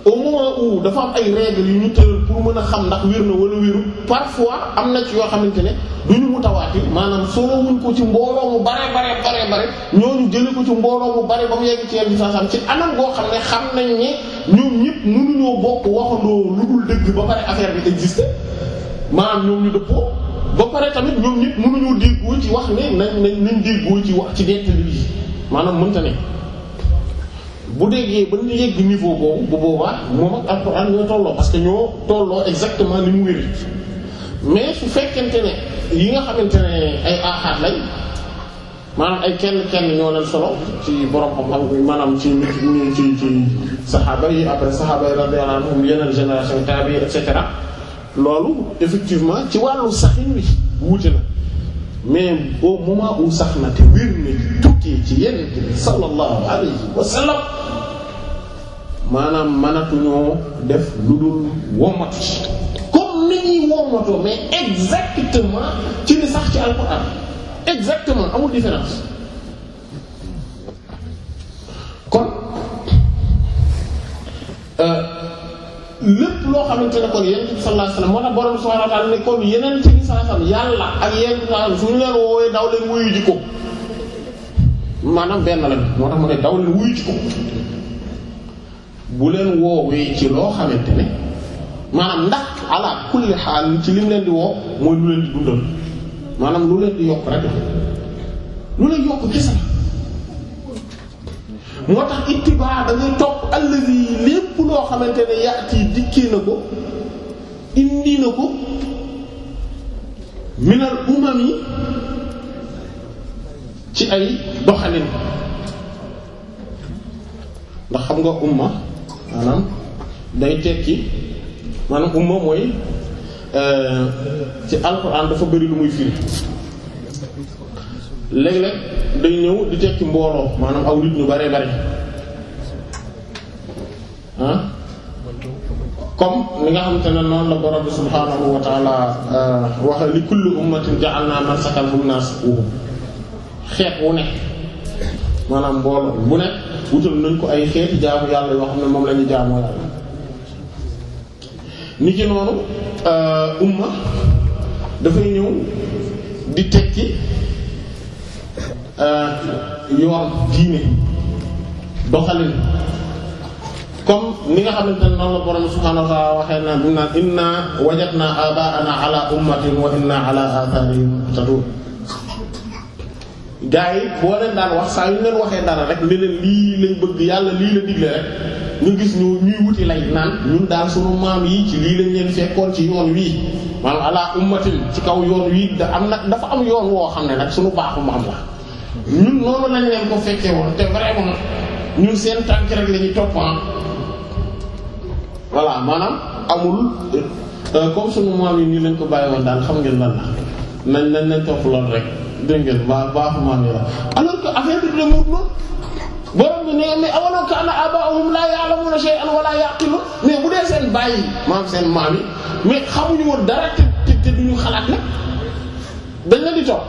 au moment où dafa am ay règles yu ñu tëral pour mën a xam ndax wér na wala wéru parfois am na ci yoo xamante ne du ñu mutawaatir maanaam solo wuñ ko ci mbooloo mu bare bare bare bare ñooñu jële ko ci mbooloo mu bare ba mu yegg ci yenn saasam ci anam goo xam ne xam nañ ne ñoom ñëpp mënuñoo bokk waxandoo lu dul dëgg ba pare affaire bi existe maanaam ñoom ñu dëppoo ba pare tamit ñoom ñëpp mënuñoo déggoo ci wax ne nañ nañ déggoo ci wax ci nettali yi maanaam mënta ne bu déggee ba yegg niveau boobu bu boobaa moom ak alxuraan ñoo tolloo parce que ñoo tolloo exactement ni mu wéri mais su fekkente ne yi nga xamante ne ay aaxaat lañ maanaam ay kenn kenn ñoo leen solo ci borom xam-xam bi maanaam ci nit ci ci saxaaba yi après saxaaba yi radiyallahu anhum yeneen génération tabi et cetera loolu effectivement ci wàllu saxin wi wuute na. mais au moment où sax na te wér na tukkee ci yeneen bi sallallahu alayhi wa sallam maanaam mënatuñoo def lu dul womatu comme ni ñuy womatoo mais exactement ci li sax ci alxuraan exactement amul différence kon lépp loo xamante ne kon yonent bi sallallahu alayhi wasallam moo tax borom subhanahu wa ta'ala ne kon yonent bi sallallahu alayhi wasallam yàlla ak yonent bi sallallahu alayhi wasallam su ñu leen woowee daw leen wuyu ko maanaam benn la moo tax mu ne daw leen wuyu ji ko bu leen woowee ci loo xamante ne maanaam ndax ala kulli xaal ci lim leen di woo mooy lu leen di dundal maanaam lu leen di yokk rek lu leen yokk kese moo tax ittibaa da ngay topp. allazi lépp loo xamante ne yaati dikkee na ko indi na ko minal umam yi ci ay doxalin ndax xam nga umma maanaam day tekki maanaam umma mooy euh, ci alxuraan dafa bari lu muy firi léeg-léeg day ñëw di tekki mbooloo maanaam aw nit ñu bare bare ah comme li nga xamante ne noonu la borom bi subhaanahu wa taala euh, waxa li kulli ummatin ja'alna mansakan hum naasikuhu xeet wu nekk maanaam mbooloo bu nekk wutal nañ ko ay xeeti jaamu yàlla yoo xam ne moom lañuy ñu jaamoo yàlla ni ki noonu euh, dafay ñëw di tekki euh, yoon diine doxalin comme ni nga xamante ne noonu la borom subhaanahu wa ta'aala waxee naan bi naan inna wajadnaa aabaa'anaa alaa ummatin wa inna alaa aathaarihim muqtaduun gaa yi boo leen daan wax saa yu rek ne yàlla lii ñu gis ñu ñuy wuti lay naan ñun yi ci lii lañ leen fekkoon ci yoon wii maanaam ala ummatin ci kaw yoon wii da dafa am yoon woo xam ne nag sunu baaxu maam la ñun noonu lañ leen ko fekkee woon te vraiment ñun seen tànk rek la ñuy ah. voilà maanaam amul euh, euh, comme sunu maam yi nii leen ko bàyyi woon daal xam ngeen lan nañ nañ nañ topp loolu rek dégg ngeen baax baaxu maam yi la alors que affaire bi dina mën borom bi ne mais awalaw kaana abaahum seen baay yi maam seen yi mais xamuñu woon dara te te te xalaat nag dañ la di topp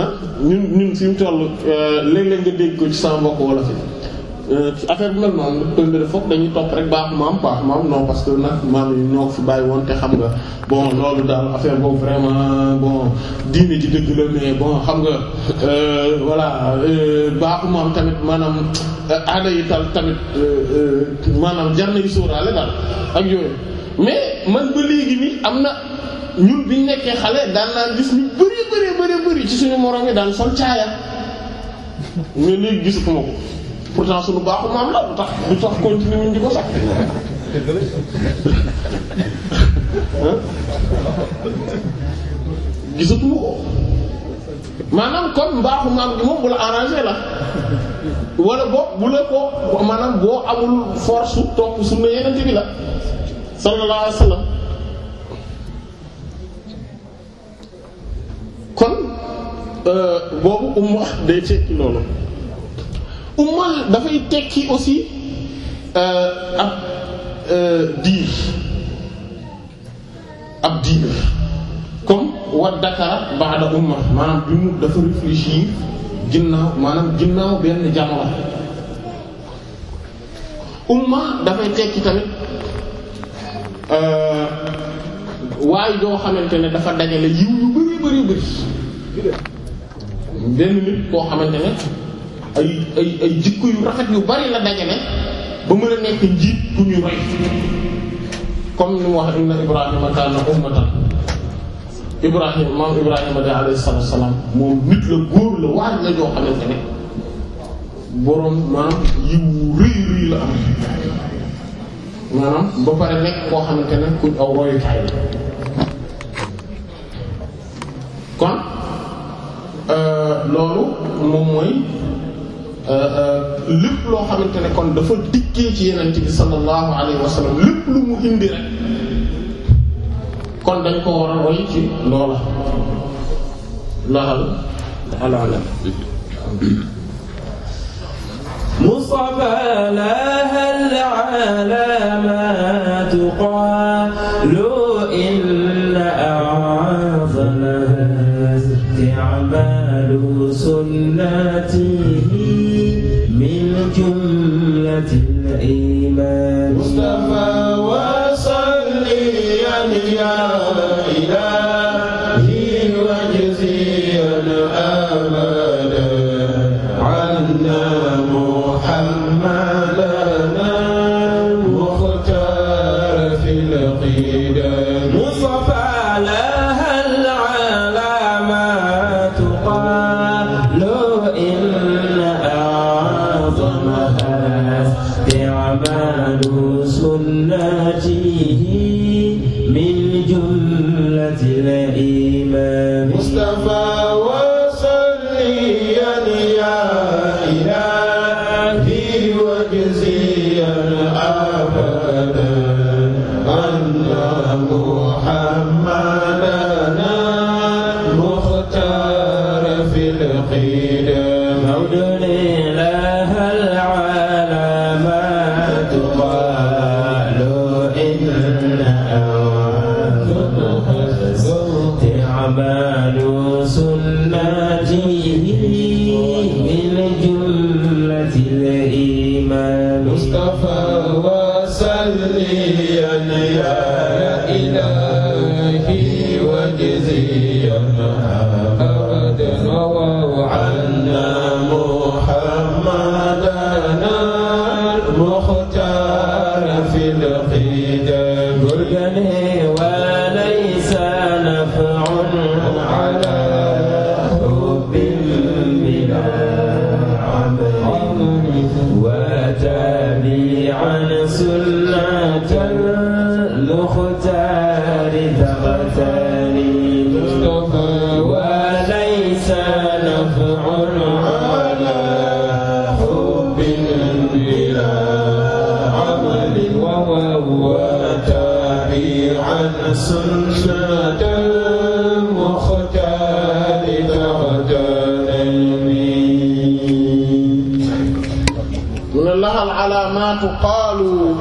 ah ñun ñun fi mu toll euh, léeg-léeg nga dégg ko ci sama mbokk wala fi. Euh, affaire bi mel noonu koy mbiri foog dañuy topp rek baax maam baax maam parce que nag maam yi ñoo fi bàyyi woon xam nga bon loolu daal affaire boobu vraiment bon diine ji dëgg la mais bon xam nga euh, voilà euh, baaxu tamit maanaam aada yi tal tamit maanaam jar nañu sóoraale daal ak yooyu mais man ba léegi nii am na ñun biñ nekkee xale daan naa gis ñu bëri bëri bëri bëri ci suñu morom yi daan sol caaya mais léegi gisatuma ko pourtant suñu baaxu maam la du tax du tax continuer ñu di ko sax gisatuma ko maanaam kon mbaaxu maam gi moom bu la arrangé la wala boog bu la ko maanaam boo amul force topp sunna yeneen bi la sallallahu alayhi kon euh, boobu umma day tekki loolu umma dafay tekki aussi euh, ab euh, diir ab diir comme wa dakara ba'da umma maanaam bi mu dafa réfléchir ginnaaw maanaam ginnaaw benn jamono umma dafay tekki tamit euh, waaye doo xamante ne dafa dajale yiw yu bari bari bari benn nit koo xamante ne ay ay ay jikko yu rafet yu bari la dajale ba mën a nekk njiit ku ñu roy comme ni mu wax inna ibrahima kaana ummatan ibrahima maam ibrahima de góor la waar la joo xamante am maanaam ba pare nekk koo xamante ne kuñ aw royukaay la kon euh, loolu moom mooy Euh, euh, lépp loo xamante kon dafa dikkee ci yenent bi sallallahu alayhi wa lu mu indi kon dañ ko war a roy ci loola laal alaala مصطفى لها العلامات قال إن أعظمها استعمال سنتي الْعِينَ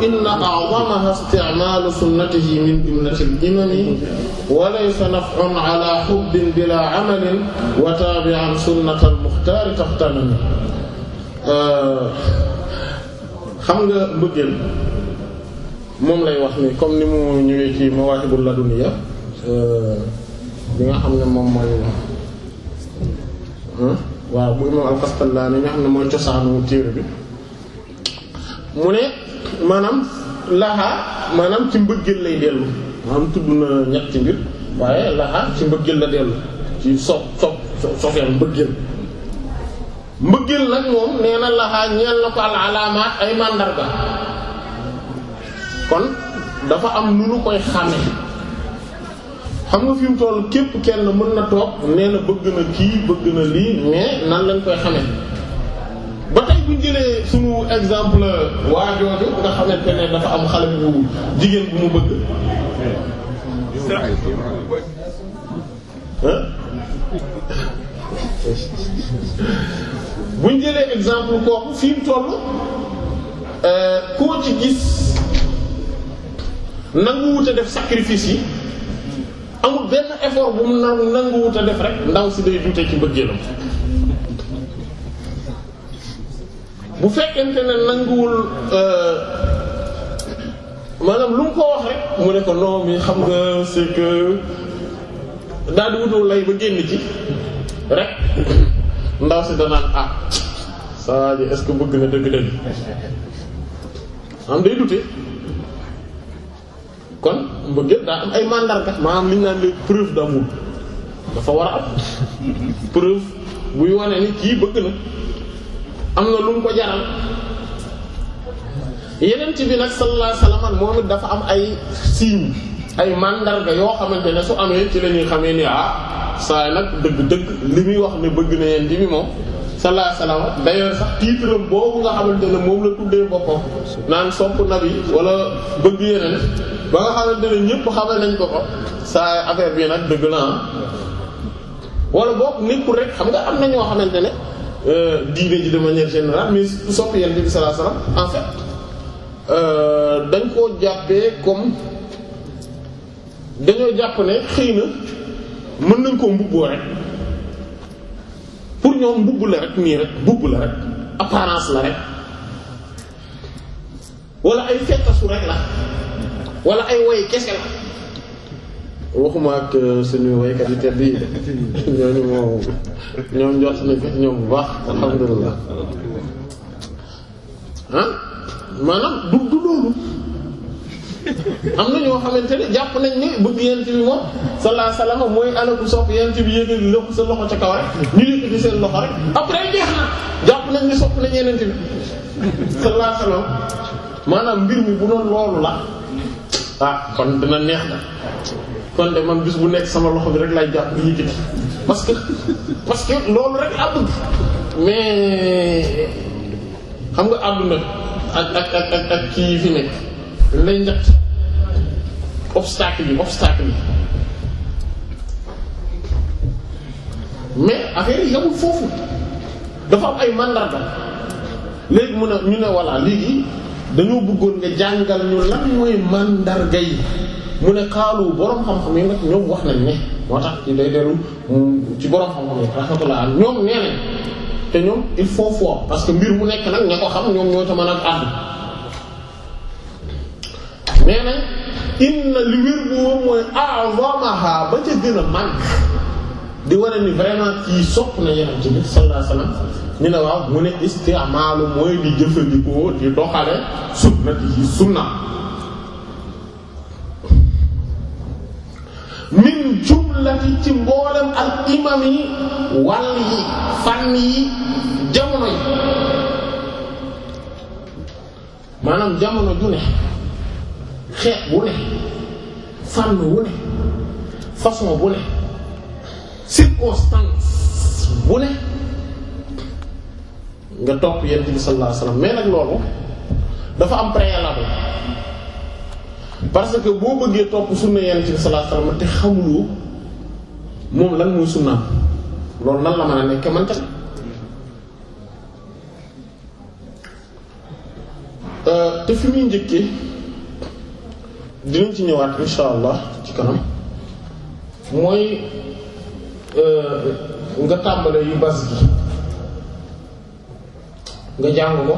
inna a'zamaha isticmaalu sunnatihi min jumlatil imami wa laysa naf'un ala hubbin bila amalin wa taabi'an sunnatal muxtaari taxtanami xam nga mbëggeel moom lay wax ni comme ni mu ñëwee ci mawaahibul laduniya euh, bi nga xam ne moom mooy waaw bu imam al-Qastallaani nga xam ne mooy cosaanu téere bi laxaa maanaam ci mbëggeel lay dellu maanaam tudd na ñetti mbir waaye laxaa ci mbëggeel la dellu ci sopp sopp soppeel mbëggeel mbëggeel nag moom nee laxaa ñeel na ko al alaamaat ay màndarga kon dafa am nu nu koy xàmme xam nga fi mu toll képp kenn mën na toog nee na bëgg na kii bëgg na lii mais nan lañ koy xame exemple waa jooju nga xamante ne dafa am xale bu jigéen bu mu bëgg. bu ñu jëlee exemple kooku fi mu toll euh, koo ci gis nanguwut a def sacrifice yi amul benn effort bu mu nanguwut a def rek ndaw si day dute ci bëggeelam bu fekkente ne nanguwul euh, maanaam lu mu ko wax rek mu ne ko non mi xam nga c'est que daal di wutul lay ba génn ci rek ndaw si danaan ah sa waa ji est-ce que bëgg na dëgg-dëgg am day dute kon mbëggeel daa am ay maa maanaam li ñu naan les preuve d'amour dafa war a am preuve buy wane ni kii bëgg na am na lu mu ko jaral yeneen ci bi nag sallallahu alayhi moom it dafa am ay signe ay màndarga yoo xamante ne su amee ci la ñuy xamee ni ah saa yi nag dëgg-dëgg li muy wax ne bëgg na yéen di bi moom sallallahu alayhi wasallam d'ailleurs sax titre boobu nga xamante ne moom la tuddee boppam naan sopp nabi wala bëgg yeneen ba nga xamante ne ñëpp xamal nañ ko ko saa affaire bii nag dëgg la walla ah. wala boog nit ku rek xam nga am na ñoo xamante ne. Euh, diine ji de manière générale mais surtout sopp yonent bi sallallahu alayhi wasallam en fait euh, dañ koo jàppee comme dañoo jàpp ne xëy na mën nañ koo mbubboo rek pour ñoom mbubb la rek nii rek mbubb la rek apparence la rek wala ay fettasu rek la wala ay woy kese la waxuma ak euh, suñu waykat yi tedd yi ñooñu moom ñoom jot nañ ko ñoom bu baax alhamdulilah ah maanaam du du loolu am na ñoo xamante ne jàpp nañ ni bëgg yent bi moom mooy alagu sopp yent bi yéegal loxo sa loxo ca kaw rek ñu yëkkati seen loxo rek après jeex na jàpp nañ ni sopp nañ yenent bi sallallahu alayhi wasallam maanaam mbir mi bu doon loolu la ah kon dina neex na kon de man bis bu nekk sama loxo bi rek lay jàpp di yëkkati parce que parce que loolu rek laa mais xam nga àdduna ak ak ak ak ak kii fi nekk lay njëkk obstacle yi obstacle yi mais affaire yi foofu dafa am ay mandarga léegi mu ne ñu ne voilà léegi. dañoo bëggoon nga jàngal ñu lan mooy mandarga yi mu ne xaalu boroom xam-xam yi nag ñoom wax nañ ne moo tax ci day dellu ci boroom xam-xam yi rahmatullah ñoom nee nañ te ñoom il faut fort parce que mbir mu nekk nag ña ko xam ñoom ñoo ta mën ak àdd nee nañ inna li wér bu moom mooy a'zamaha ba ca gën a màgg di wane ni vraiment kii sopp na yeneen ci bi sallallahu ñu ne waaw mu ne istimaalu mooy di jëfandikoo di doxale sunnati yi sunna min jumlati ci mboolem ak imam yi wàll yi fànn yi jamono yi maanaam jamono ju ne xeet bu ne fànn bu ne façon bu ne circonstance bu ne nga topp yonent bi sallallahu alayhi wasallam mais nag loolu dafa am préalable parce que boo bëggee topp sunna yonent bi la alayhi wasallam te xamuloo moom lan mooy sunnaam loolu nan la mën a nekk man tamit euh, te fi muy njëkkee dinañ ci ñëwaat insha allah ci kanam mooy euh, nga tàmbale yu bas nga jàng ko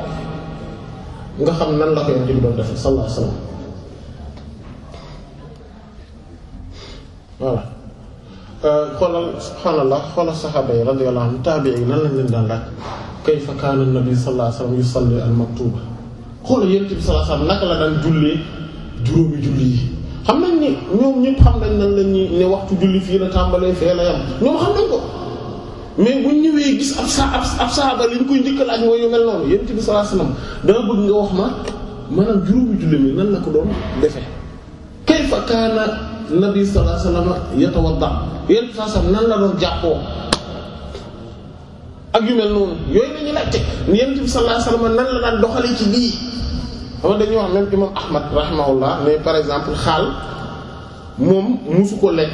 nga xam nan la ko yonent bi doon def sallallahu alayhi wasallam voilà euh, xoolal subhaanallah xoolal saxaaba yi radiyallahu anhum taabi'i yi lan lañ leen daan laaj kayfa kaana nabi sallallahu alayhi wasallam yusalli al-maktuba xoolal yonent bi sallallahu alayhi naka la daan jullee juróomi julli yi xam nañ ni ñoom ñëpp xam nañ nan la ñuy ne waxtu julli fii la tàmbalee fee la yam ñoom xam nañ ko mais bu ñu ñëwee gis ab sa ab saaba li ñu koy njëkk ak mooy yu mel noonu yéen ci bi sallallahu alayhi wasallam dama bëgg nga wax ma maanaam juróomi julli mi nan la ko doon defee kayfa kaana nabi sallallahu alayhi wasallam yatawadda nan la ma jàppoo ak yu mel noonu yooyu lañuy laajte yéen nan la ci bii dañuy wax même imam Ahmad rahimahullah mais par exemple xaal moom musu ko lekk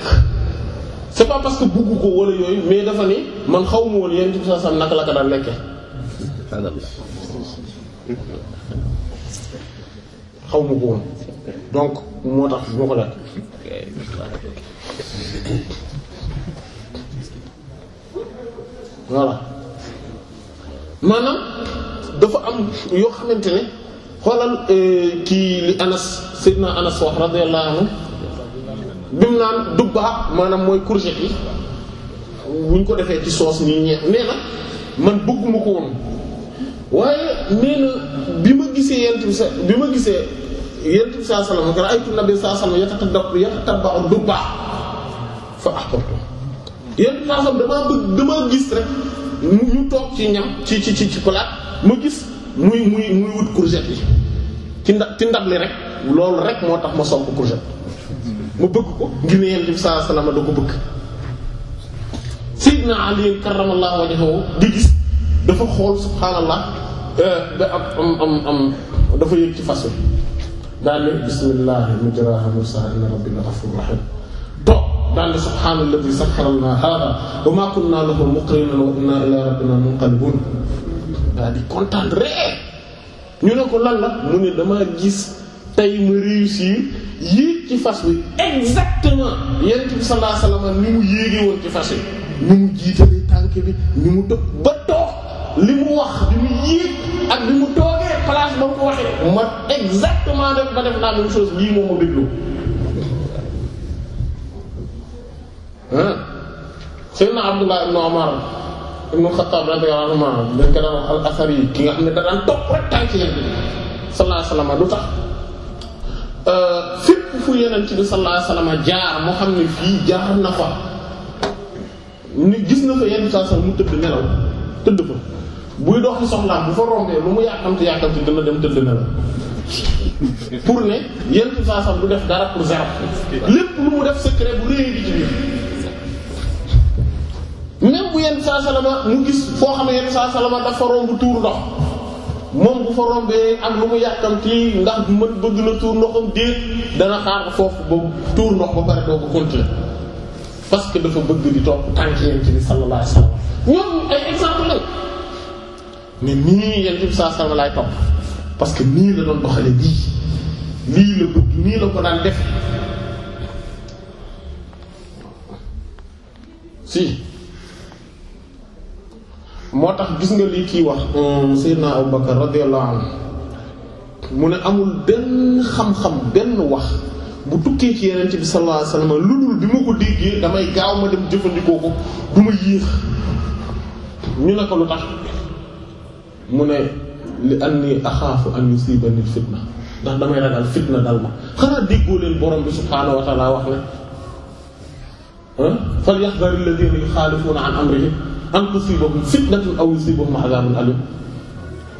c'est pas que buggu ko wala yooyu mais dafa ne man xaw ma woon yonent bi sallallahu alayhi naka la ko daan lekke xaw ma ko woon donc moo tax moo ko lekk voilà maanaam dafa am yoo xamante ne xoolal euh, kii li Anas Seydina Anas wax radiyallahu bi mu naan dubbaa maanaam mooy courgette yi bu ko defee ci soos ni ñeex nee na man bëgguma ko woon waaye nee na bi ma gisee yent bi sa bi ma gisee yent bi saa sallam ra'aytu nabi saa sallam fa ahbabtu yent bi saa sallam damaa bëgg damaa gis rek ñu toog ci ñam ci ci ci ci palaat ma gis muy muy muy wut courgette yi ci ndab ci ndab li rek loolu rek moo tax ma sopp courgette mu bëgg ko ngir ne yonent bi sallallahu alayhi da ko bëgg Seydina Ali karramallahu wajhahu di gis dafa xool subhaanallah euh, ba am am am dafa yëg ci fas wi daal ne bismillahi majraha mursaha inna rabbina ghafurur rahim toog daal ne subhaanalladhi sakhkhara lana hadha wa ma kunna lahu muqrinin wa inna ila rabbina munqalibun daal di kontaan rek ñu ne ko lan la mu ne dama gis tey ma réussir yéeg ci fas wi exactement yonent bi sallallahu alayhi wasallam ni mu yéege woon ci fas wi ni mu jiitale tànk bi ni mu dëpp ba toog li mu wax li mu yéeg ak li mu toogee place ba mu ko waxee ma exactement def ba def la même chose lii moom ma déglu ah Seydina Abdullah ibn Umar ibn Khattab radiyallahu anhu dañ ko daan wax al asari ki nga xam ne da daan topp rek tànk yonent bi sallallahu alayhi wasallam du tax Euh, fépp fu yenent bi sallallahu alayhi wasallam jaar moo xam ne fii jaar na fa ni gis na fa yenn saa sax mu tëdd nelaw tëdd fa buy dox ci bu fa rombee lu mu yàkkamti yàkkamti dina dem tëdd nelaw pour ne yenn saa du def dara pour zéro lépp lu mu bu rëy bi ci biir même bu gis foo xam ne yenn saa salama dafa romb tuur ndox moom bu fa rombee ak lu mu yàkkamti ndax ma bëgg na tuur ndoxam déet dana xaar foofu ba tuur ndox ba pare doo ko continuer parce que dafa bëgg di topp tànk yent bi sallallahu alayhi wasallam ñoom ay exemple la mais nii yent bi sallallahu alayhi laay topp parce que nii la doon doxale lii lii la bëgg nii la ko daan def si moo tax gis nga lii kii wax euh, Seydina Abu Bakar radiyallahu anhu mu ne amul benn xam-xam benn wax bu tukkee ci yeneen bi sallallahu alayhi wasallam lu dul bi ma ko déggee damay gaaw ma dem jëfandikoo ko du ma yéex ñu ne ko lu tax mu ne li anni axaafu an yusibani fitna ndax damay ragal fitna dal ma xanaa déggoo leen borom bi subhaanahu wa ta'ala wax ne falyahdhar alladhina yukhalifuna an amrihi an tusibahum fitnatun aw yusibahum azabun alim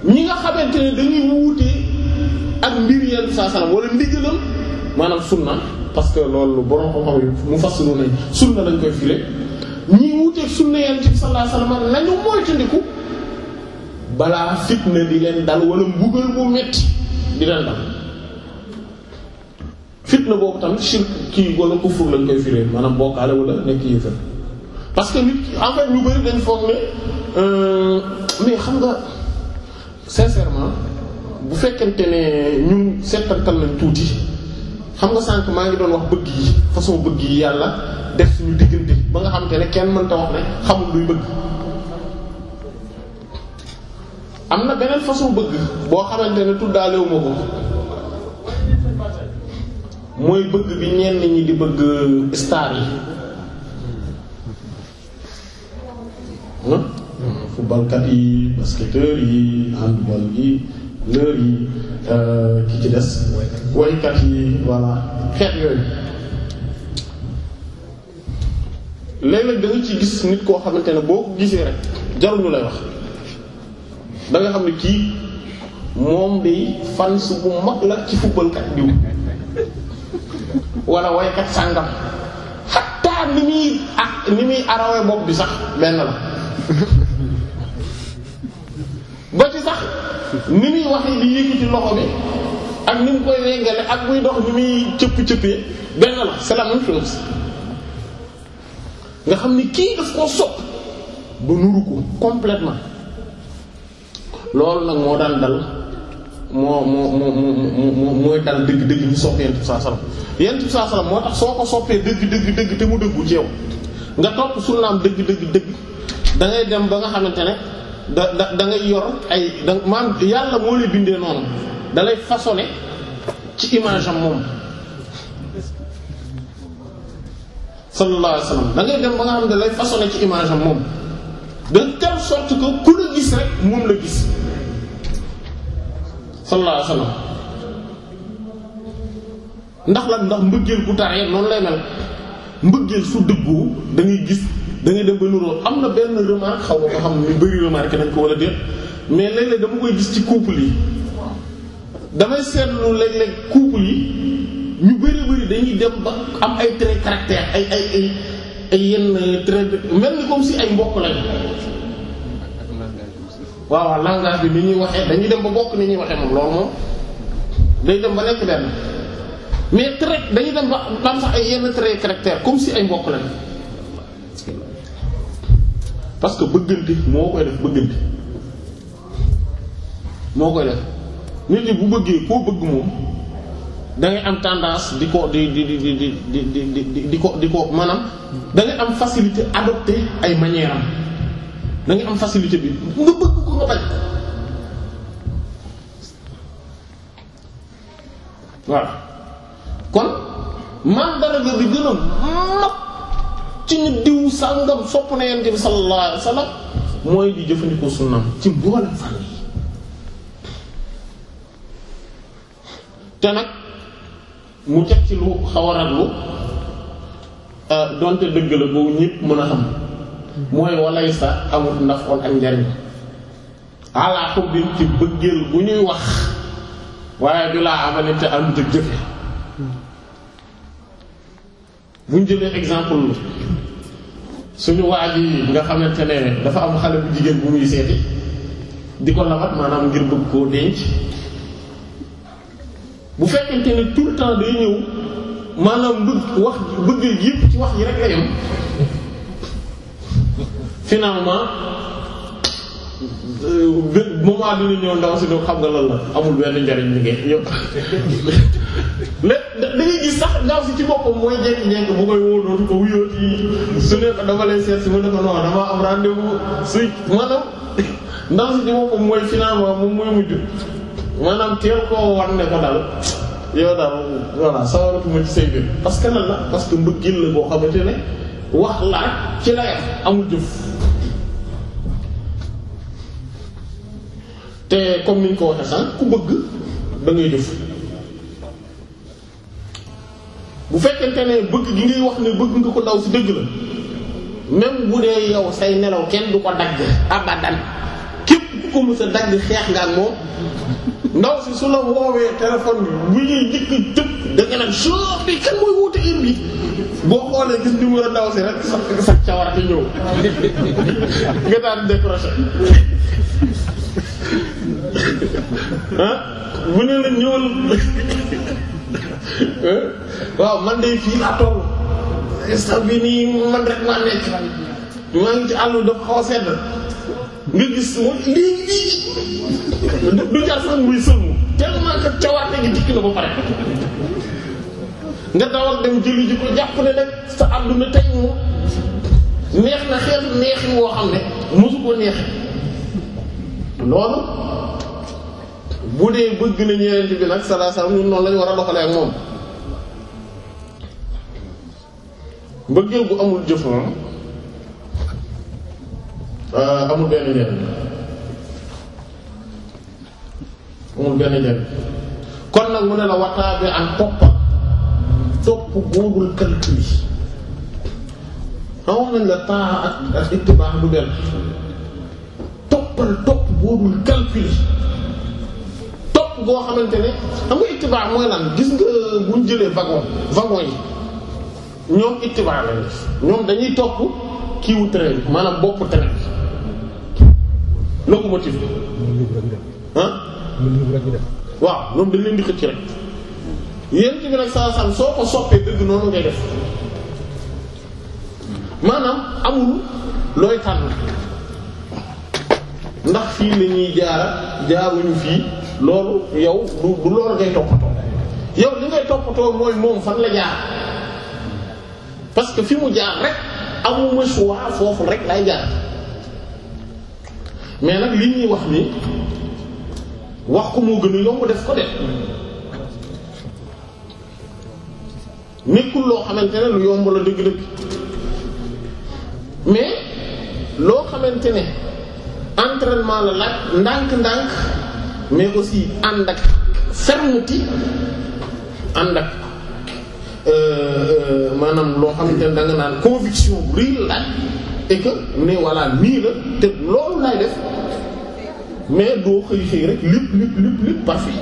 ñi nga xamante ne dañuy wuute ak mbir yenn saa salaam wala ndigalam maanaam sunna parce que loolu borom xam-xam yi mu fassiru nañ sunna lañ koy firé ñi wuute sunna yenn ci sallallahu alayhi wasallam nañu moytandiku balaa fitna di leen dal wala mbugal bu metti di leen dal fitna boobu tamit shirk kii wala kufur lañ koy firé maanaam bokkaale wala nekk yéefar parce que nit en fait ñu bari dañ foog euh, mais xam nga sincèrement bu fekkente ne ñun seetantal nañ tuuti xam nga sànq maa ngi doon wax bëgg yi façon bëgg yi yàlla def suñu diggante ba nga xamante ne kenn mënta wax ne xamul luy bëgg. am na beneen façon bëgg boo xamante ne tuddaalewuma ko mooy bëgg bi ñenn ñi di bëgg star yi. ah yi basketteur yi handball yi leur yi euh, ki ci des woykat yi voilà xeex yooyu léeg-léeg da ci gis nit koo xamante ne boo ko gisee rek jaruñu lay wax da xam ne kii moom day fans bu mag la ci footballkat diw wala woykat sàngam xattaa ni muy ak bopp bi sax benn la ba ci sax ni muy waxee di yéegi ci loxo bi ak ni mu koy wengale ak buy dox ni muy cëpp cëppee benn la c'est la même chose nga xam ni kii daf koo sopp ba nuru ko complètement loolu nag moo daan dal moo moo moo moo mooy dal dëgg dëgg ñu sopp yent bi saa sallam yent bi saa sallam moo tax soo ko soppee dëgg dëgg dëgg te mu dëggu ci nga topp sunnaam dëgg dëgg dëgg da ngay dem ba nga xamante ne da da da ngay yor ay da maam yàlla moo lay bindee noonu da lay façonné ci image am moom. sallallahu alayhi wa sallam ba nga xam ne lay façonné ci image moom de telle sorte que ku la gis rek moom la gis sallallahu alayhi wa sallam ndax lan ndax mbëggeel bu taree noonu lay mel mbëggeel su dëggoo da gis da ngay dem ba nuroo am na benn remarque xaw ma ko xam ñu bari remarque nañ ko war a déet mais léeg-léeg dama koy gis ci couple yi damay seetlu léeg-léeg couple yi ñu bëri bëri dañuy dem ba am ay trait caractère ay ay ay ay yenn trait mel ni comme si ay mbokk lañ waaw langage bi ni ñuy waxee dañuy dem ba bokk ni ñuy waxee moom loolu moom day dem ba nekk benn mais trait dañuy dem ba am sax ay yenn trait caractère comme si ay mbokk lañ parce que bëggante moo koy def bëggante moo koy def nit ñi bu bëggee koo bëgg moom da ngay am tendance di ko di di di di di di di ko di ko maanaam da am facilité adopter ay manière am am facilité bi nga bëgg ko nga bañ kon man dara nga di gën a ci nit diw sàngam sopp na yonent bi sallallahu alayhi mooy di jëfandikoo sunnaam ci mboolem fan yi te nag mu teg ci lu xaw a raglu euh, donte dëgg la boobu ñépp mën a xam mooy walay sa amut ndafoon ak njariñ ala xubbin ci bëggeel bu ñuy wax waaye du laa amali te am jëf jëfe buñ jëlee exemple suñu waa ji nga xamante ne dafa am xale bu jigéen bu muy seeti di ko labat maanaam ngir bëgg koo denc bu fekkente ne tout le temps day ñëw maanaam bëgg wax bëgg yëpp ci wax yi rek la yem Euh, moment dina ñëw ndaw si ñëw xam nga lan la amul benn njariñ li ngay yëpp mais da gis sax ndaw si ci boppam mooy jekk-jekk bu koy woo dootu ko wuyooti su ne ko lay seet si ma ne ko am rendez-vous suy maanaam ndaw si ci boppam mooy finalement moom mooy mujj maanaam teel koo war ne ko dal yow daal voilà sawaratuma ci say biir parce que la parce que mbëggil la boo xamante ne wax laaj ci la amul jëf te comme niñ ko waxee sànq ku bëgg da ngay jëf bu fekkente ne bëgg gi ngay wax ne bëgg nga ko ndaw si dëgg la même bu dee yow say nelaw kenn du ko dagg abadan képp ku ko mës a dagg xeex nga ak moom ndaw si su la woowee téléphone bi bu ñuy njëkk tëb da nga nag soo bi kan mooy wuute heure bi boo xoolee gis numéro ndaw si rek sax sax ca war a ñëw nga daan décroché ah mu ne la ñëwal waaw man de fii laa toll instant bii nii man rek maa nekk maa ngi ci àll dafa xaw a sedd nga gis moom lii lii du jar sax muy sëngu tellement que cawarte gi dikk na ba pare nga dawal dem jëli ji ko jàpp ne nag sa àdduna tey moom neex na xel neexi woo xam ne mosu ko neexee loolu bu dee bëgg nañu yeneen bi nag sallallahu alayhi wasallam ñun noonu lañu war a doxalee ak moom mbëggeel bu amul jëf moom euh, amul benn njariñ amul benn njariñ kon nag mu ne la waxtaan bi ak toppa topp góobul calcul yi xam wax la temps ak ak ittibax du benn toppal topp boodul calcul topp goo xamante ne am nga ittibaa mooy lan gis nga buñ jëlee wagon wagon yi ñoom ittibaa lañ def ñoom dañuy topp kiiwu train bi maanaam bopp train bi locomotive bi ah waaw ñoom dañ leen di xëcc rek yéen ci bi nag saa soo ko soppee dëgg noonu ngay def maanaam amul looy tànn ndax fii la ñuy jaara jaaruñu fii loolu yow du du loolu ngay toppatoo yow li ngay toppatoo mooy moom fan la jaar parce que fi mu jaar rek amuma choix foofu rek lay jaar mais nag li ñuy wax ni wax ko moo gën a yomb def ko def nekkul loo xamante ne lu yomb la dëgg-dëgg mais loo xamante ne. entraînement la laaj ndànk-ndànk mais aussi ànd ak fermeté ànd euh, euh, maanaam loo xam ne da nga naan conviction bu rëy laaj et que ne nii la te loolu lay def mais doo xëy xëy rek lépp lépp lépp lépp parfait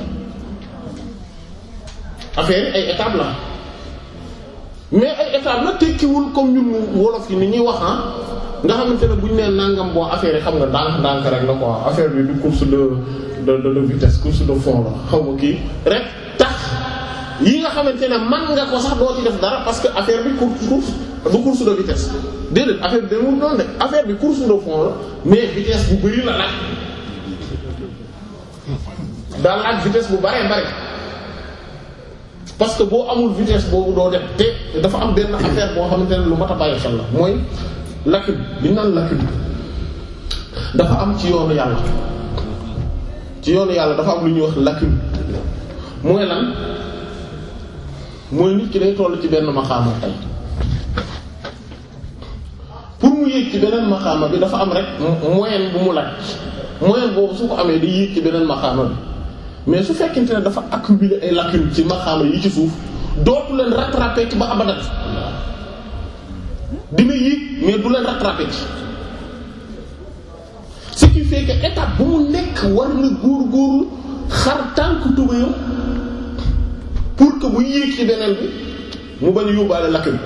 affaire ay étape la mais ay étapes la tekkiwul comme nu wolof yi ni ñuy wax ah nga xamante ne bu ñu nee nangam boo affaire yi xam nga ndànk ndànk rek la quoi affaire bi du course de de de vitesse course de fond la xaw ma kii rek tax yi nga xamante ne man nga ko sax doo ci def dara parce que affaire bi course course du course de vitesse déedéet affaire bi demul noonu rek affaire bi course de fond mais vitesse bu bëri la laaj daal ak vitesse bu baree bare parce que boo amul vitesse boobu doo def te dafa am benn affaire boo xamante ne lu mat a bàyyi xel la mooy lakk bi li naan lakk bi dafa am ci yoonu yàlla ci yoonu yàlla dafa am lu ñuy wax lakk bi mooy lan mooy nit ki day toll ci benn maxaama tey pour mu yéeg ci beneen maxaama bi dafa am rek moyen bu mu laaj moyen boobu su ko amee di yéeg ci beneen maxaama bi mais su fekkente ne dafa accumuler ay lacunes ci maqaama yi ci suuf dootu leen rattraper ci ba abadat dina yéeg mais du leen rattraper ci ce qui fait que étape bu mu nekk war na góorgóorlu xar tànk tubayam pour que bu yéeg ci beneen bi mu bañ a yóbbaale lacune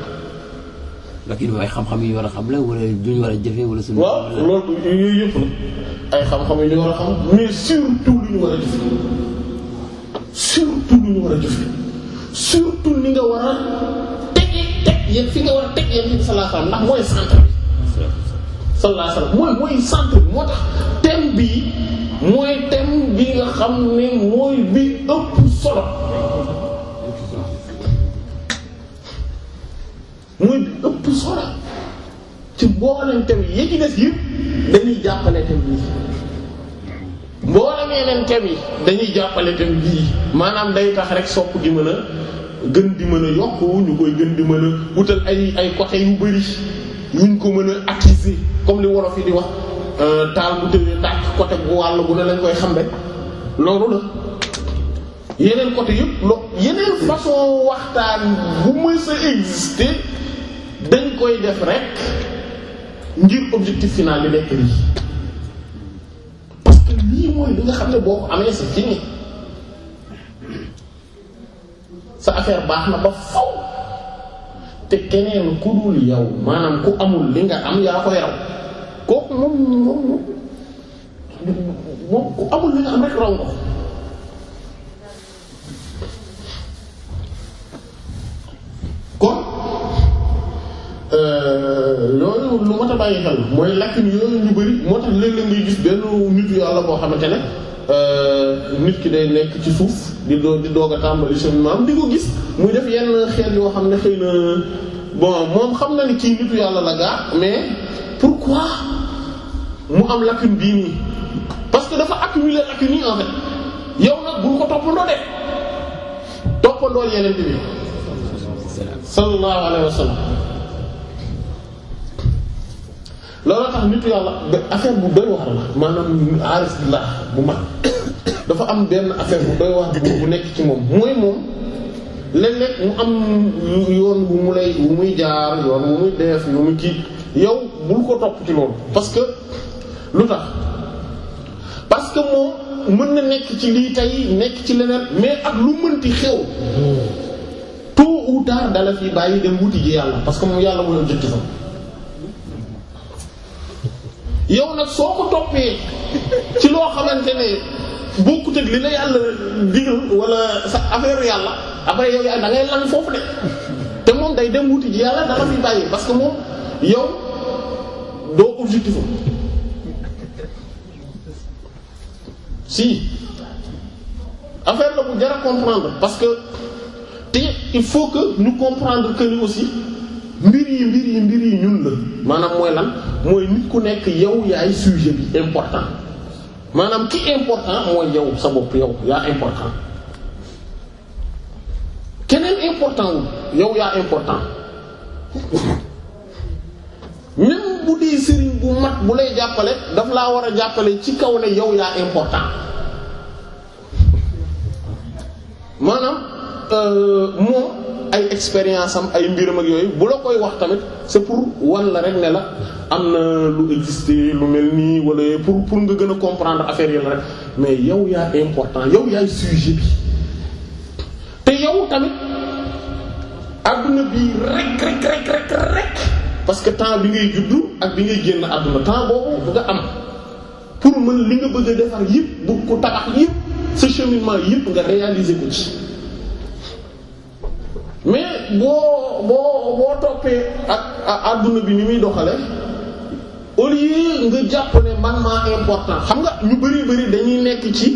ndax it ay xam-xam yu ñu war a xam la wala du ñu war a jëfee wala suñu. waaw loolu yooyu yëpp la ay xam-xam yu ñu war a xam mais surtout lu ñu war a jëfee surtout lu ñu war a jëfee surtout ni nga war a tege teg yéen fi nga war a teg yéen fi sallallahu alayhi wasallam ndax mooy centre bi. sallallahu alayhi wasallam mooy mooy centre bi moo tax thème bii mooy thème bi nga xam ne mooy bi ëpp solo. muy fi ci mboolem tam yi ci des yëpp dañuy jàppale tamit lii mboolem yeneen tamit dañuy jàppale tamit lii maanaam day tax rek sopp di mën a gën di mën a yokk ñu koy gën di mën a wutal ay ay côté yu bari yuñ ko mën a attiser comme li wolof yi di wax euh, taal bu tëddee tàkk côté bu wàll bu ne lañ koy xam rek loolu la. yeneen côté yëpp lo yeneen façon waxtaan bu mës a exister dañ koy def rekk ngir objectif final bi nekk lii parce que lii mooy li nga xam ne boo ko amee sa fini sa affaire baax na ba faw te keneen ku dul yow maanaam ku amul li nga am yaa koy raw kooku moom moom moom ku amul li nga am rek raw ko kon Euh, loolu lu mat a bàyyi xel mooy lacune yooyu ñu bari moo tax léeg-léeg ngay gis benn nit yàlla boo xamante ne euh, nit ki day nekk ci suuf di doo di doog a tàmbali cheminement am di ko gis muy def yenn xeet yoo xam ne xëy na bon moom xam na ni kii nitu yàlla la mais pourquoi mu am lacune bii nii parce que dafa accumuler yow nag bul ko toppandoo de toppandoo yeneen bi sallallahu alayhi wa sallam looloo tax nitu yàlla affaire bu doy waar la maanaam aarif billah bu ma dafa am benn affaire bu doy waar bu nekk ci moom mooy moom léeg mu am yoon bu mu lay bu muy jaar yoon bu muy def yu mu kii yow bul ko topp ci loolu parce que lu tax parce que moom mën na nekk ci lii tey nekk ci leneen mais ak lu mënti xew hmm. tôt ou tard dala fi bàyyi dem wuti ji yàlla parce que moom yàlla mooy objectif am yow nag soo ko toppee ci loo xamante ne bokkut ak li la yàlla digal wala sa affaire yàlla après yow yaa da ngay lan foofu de te moom day dem wuti ji yàlla dala fi bàyyi parce que moom yow doo objectif si affaire la bu jar a comprendre parce que te il faut que ñu comprendre que aussi mbir yi mbir yi mbir yi ñun la maanaam mooy lan mooy nit ku nekk yow yaay sujet bi important maanaam ki important mooy yow sa bopp yow yaa important keneen important yow yaa important même bu dee sëriñ bu mat bu lay jàppale daf laa war a jàppale ci kaw ne yow yaa important maanaam euh, moom ay expérience am ay mbiram ak yooyu bu la koy wax tamit c'est pour wan la rek ne la am na lu exister lu mel nii wala pour pour nga gën a comprendre affaire yi la rek mais yow yaa important yow yaay sujet bi te yow tamit adduna bi rek rek rek rek parce que temps bi ngay juddu ak bi ngay génn adduna temps boobu nga am pour mën li nga bëgg a defar yëpp bu ko tabax yëpp sa cheminement yëpp nga réaliser ko ci. mais boo boo boo toppee ak àdduna bi ni muy doxale au nga jàpp ne man maa important xam nga ñu bari bari dañuy nekk ci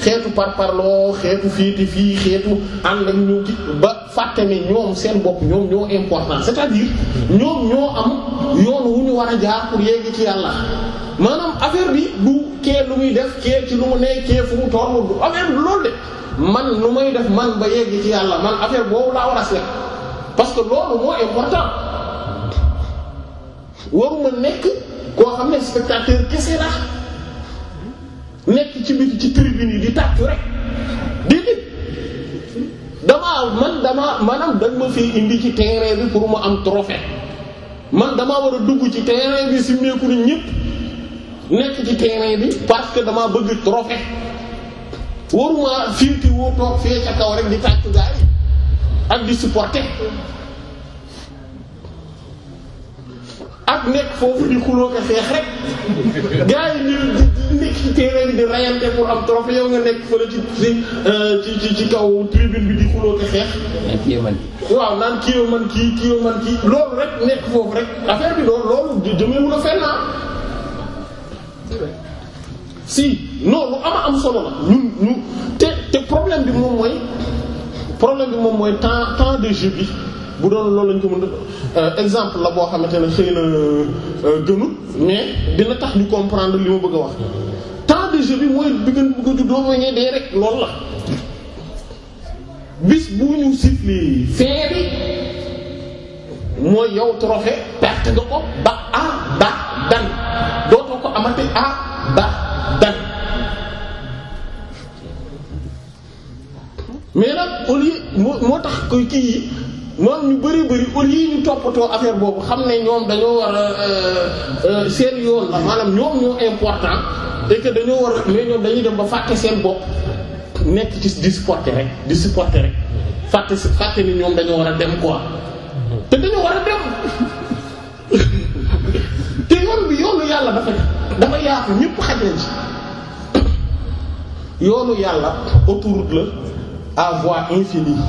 xeetu parparloo xeetu féete fii xeetu ànd ak ñu ba fàtte ne ñoom seen bopp ñoom ñoo important c'est-à-dire ñoom ñoo am yoon wu ñu war a jaar pour yegg ci yàlla maanaam affaire bi du kee lu muy def kee ci lu mu ne kee fu mu toll du affaire loolu de man lu may def man ba yegg ci yàlla man affaire boobu laa war a seet parce que loolu moo important waruma nekk koo xam ne spectateur kese la nekk ci biti ci tribune yi di tàccu rek déedéet damaa man damaa maanaam dañ ma fi indi ci terrain bi pour mu am trophée man damaa war a dugg ci terrain bi si ni ñépp nekk ci terrain bi parce que damaa bëgg trophée waruma fiirti woo toog fee ca kaw rek di tàccu gaay yi ak di supporter ak nekk foofu di xuloo ko xeex rek gars yi ñu nekk ci terrain bi di rayante pour am trophée yow nga nekk fële ci ci euh, ci ci kaw tribune bi di xuloo ko xeex. naan kii man kii kii man kii. loolu rek nekk foofu rek affaire bi loolu loolu jëmee la fenn ah. si non lu ama am solo la ñun ñu te te problème bi moom mooy problème bi moom mooy temps temps de jeu bi bu doon loolu lañ ko mën a euh, exemple la boo xamante ne xëy na euh, gënul mais dina tax ñu comprendre li ma bëgg a wax temps de jeu bi mooy bi ngeen bëgg a juddoo ñee dee rek loolu la bis bu ñu siffler fee mooy yow trophée perte nga ko ba ah ba dan dootoo ko amati a ba dan mais nag au moo moo tax koy kii yi moom ñu bari bari au lieu ñu toppatoo affaire boobu xam ne ñoom dañoo war a euh, euh, seen yoon la maanaam ñoom ñoo important et que dañoo war mais ñoom dañuy dem ba fàtte seen bopp nekk ci di supporter rek di supporter rek fàtte fàtte ni ñoom dañoo war a dem quoi te dañoo war a dem te yoon bi yoonu yàlla dafa dafa yaatu ñëpp xaj nañ ci yoonu yàlla autoroute la à voie infinie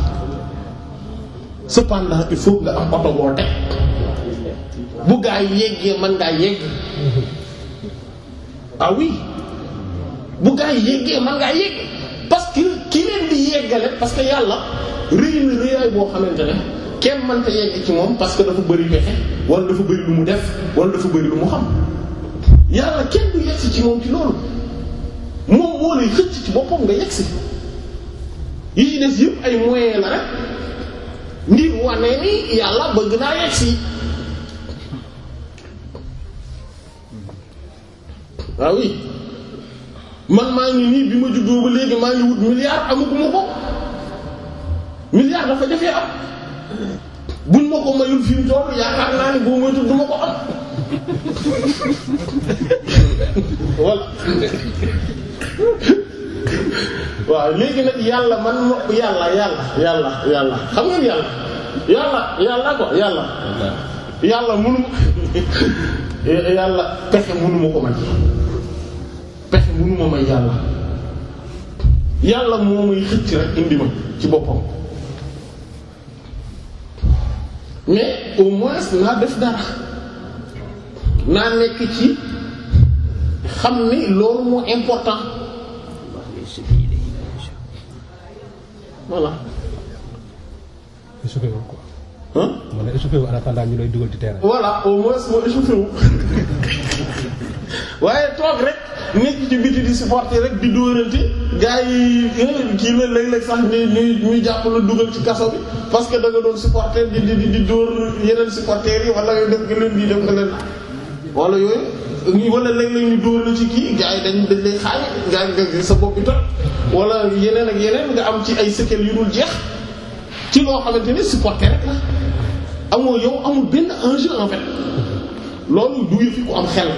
cependant il nga am oto boo teg bu gaa yeggee mën ngaa yegg ah oui bu gaa yeggee ngaa yegg parce que ki leen di yeggale parce yàlla rëy na rëyaay boo xamante ne. kenn mënta yegg ci moom parce que dafa bari pexe wala dafa bëri lu mu def wala dafa bari lu mu xam yàlla kenn du yegg ci moom ci loolu moom moo lay xëcc ci boppam nga yegg si yi ci des yëpp ay moyen la rek ngir wane ni yàlla bëgg naa yegg si waaw ah oui man maa ngi nii bi ma juddoo ba léegi maa ngi wut milliard amaguma ko milliard dafa jafee am. buñ ma ko mayul fi mu toll yaakaar naa ne boo moytu du ma ko am wala waaw léegi nag yàlla man ma yàlla yàlla yàlla yàlla xam nga yàlla yàlla yàlla ko yàlla yàlla mënu yàlla pexe ma ko may pexe mënu ma may yàlla yàlla moo may xëcc rek indi ma ci boppam mais au moins naa def dara naa nekk ci xam ni loolu moo important voilà wala échauffé wu en attendant ñu lay dugal ci terrain. voilà au moo échauffé wu waaye toog rek nekk ci biti di supporter rek di dóorante gars yi kii la léeg-léeg sax ñu ñu ñu jàpp la dugal ci kaso bi parce que da nga doon supporter di di dóor yeneen supporters yi wala def nga leen di def nga leen wala yooyu wala léeg-léeg ñu dóor la ci kii gars yi dañ dañ lay xaaj gars yi nga sa bopp bi toj wala yeneen ak yeneen nga am ci ay séquelles yu dul jeex. ci loo xamante ne supporter amoo yow amul benn enjeu en fait loolu du yëfi am xel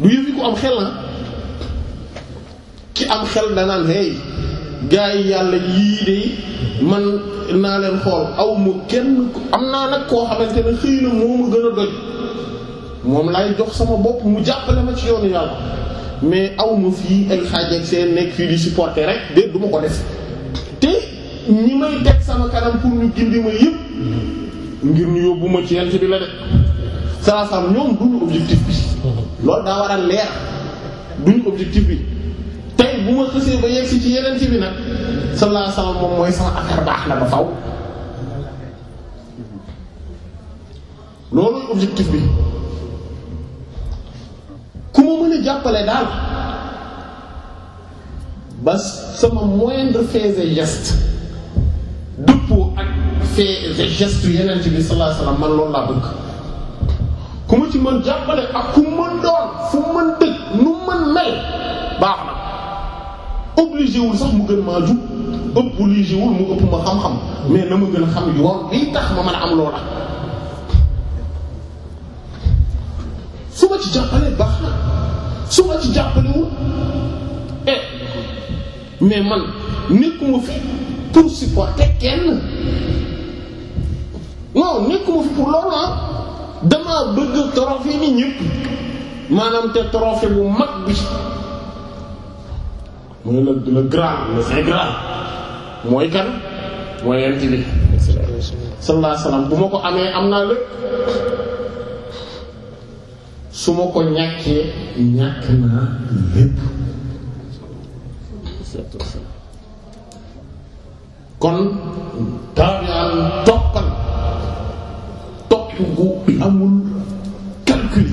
du yëfi am xel na ah. ki am xel danaan hey gars yi yàlla yii de man naa leen xool aw mu kenn am naa nag koo xamante ne xëy na moo ma gën a doj moom laay jox sama bopp mu jàppale ma ci yoonu yàlla mais aw ma fii ay xaaj seen nekk fii di supporter rek de du ma ko def ñi may teg sama kanam pour ñu gindi ma yëpp ngir ñu yóbbu ma ci yent bi la de saa ñoom duñu objectif bi loolu daa war a leer duñu objectif bi tey bu ma xësee ba yegg ci yeneen bi nag sallallahu moom mooy sama affaire baax na ba faw loolu objectif bi ku ma mën jàppale daal ba sama moindre fait et geste te gestu yeneen bi sallallahu alayhi wasallam man loolu laa bëgg ku ma ci man jàppale ak ku mën doon fu mën dëgg nu mën mel baax na obligé sax mu gën maa jub ëpp mu ëpp ma xam-xam mais na ma gën a xam yoon lii tax ma mën a am loola su ci jàppale baax na su ci jàppalewul eh mais man nekkuma fi pour supporter kenn non nekkuma fi bu loolu ah damaa bëgg trophée ni ñëpp maanaam te trophée bu mag bi mooy la le grand mooy kan mooy yent bi bu ma ko amee am naa lépp su ma ko ñàkkee ñàkk kon bu amul calcul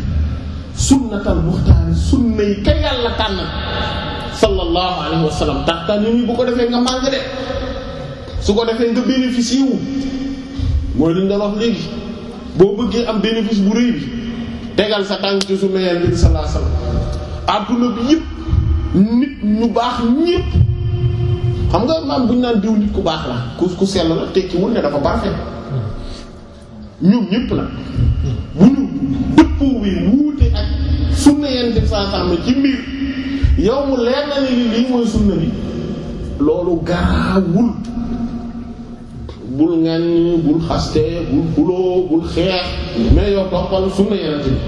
sunnatal muxtaar sunna yi ka yàlla tànn sallallahu alayhi wa sallam taxtaan ñu bu ko defee nga màng de su ko defee nga bénéficie wu mooy liñ doon wax léegi boo bëggee am bénéfice bu rëy bi tegal sa tànk ci sunna yàlla bi sallallahu alayhi wa sallam bi yëpp nit ñu baax ñëpp xam nga maam buñ naan diw nit ku baax la ku ku sell la tekkiwul ne dafa parfait ñoom ñëpp nag bu ñu dëppoo wi wuute ak sunna yenn def saa sàmm ci mbir yow mu leer na ni lii mooy sunna bi loolu gaawul bul ŋàññ bul xaste bul xuloo bul xeex mais yow toppal sunna yenente bi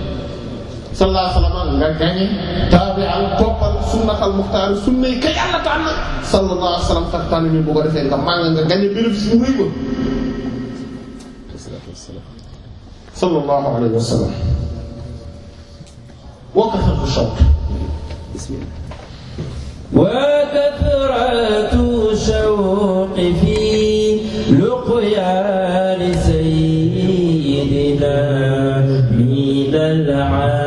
sallallahu alayhi nga gañe tabi al toppal sunnatal muxtaar sunna yi ka yàlla tànn sallallahu alayhi wa sallam mi bu ko defee nga màng nga gañe bénéfice bu rëy ba sallallahu alayhi wa sallam وكثرة الشوق بسم الله وكثرة الشوق في لقيان سيدنا من العالم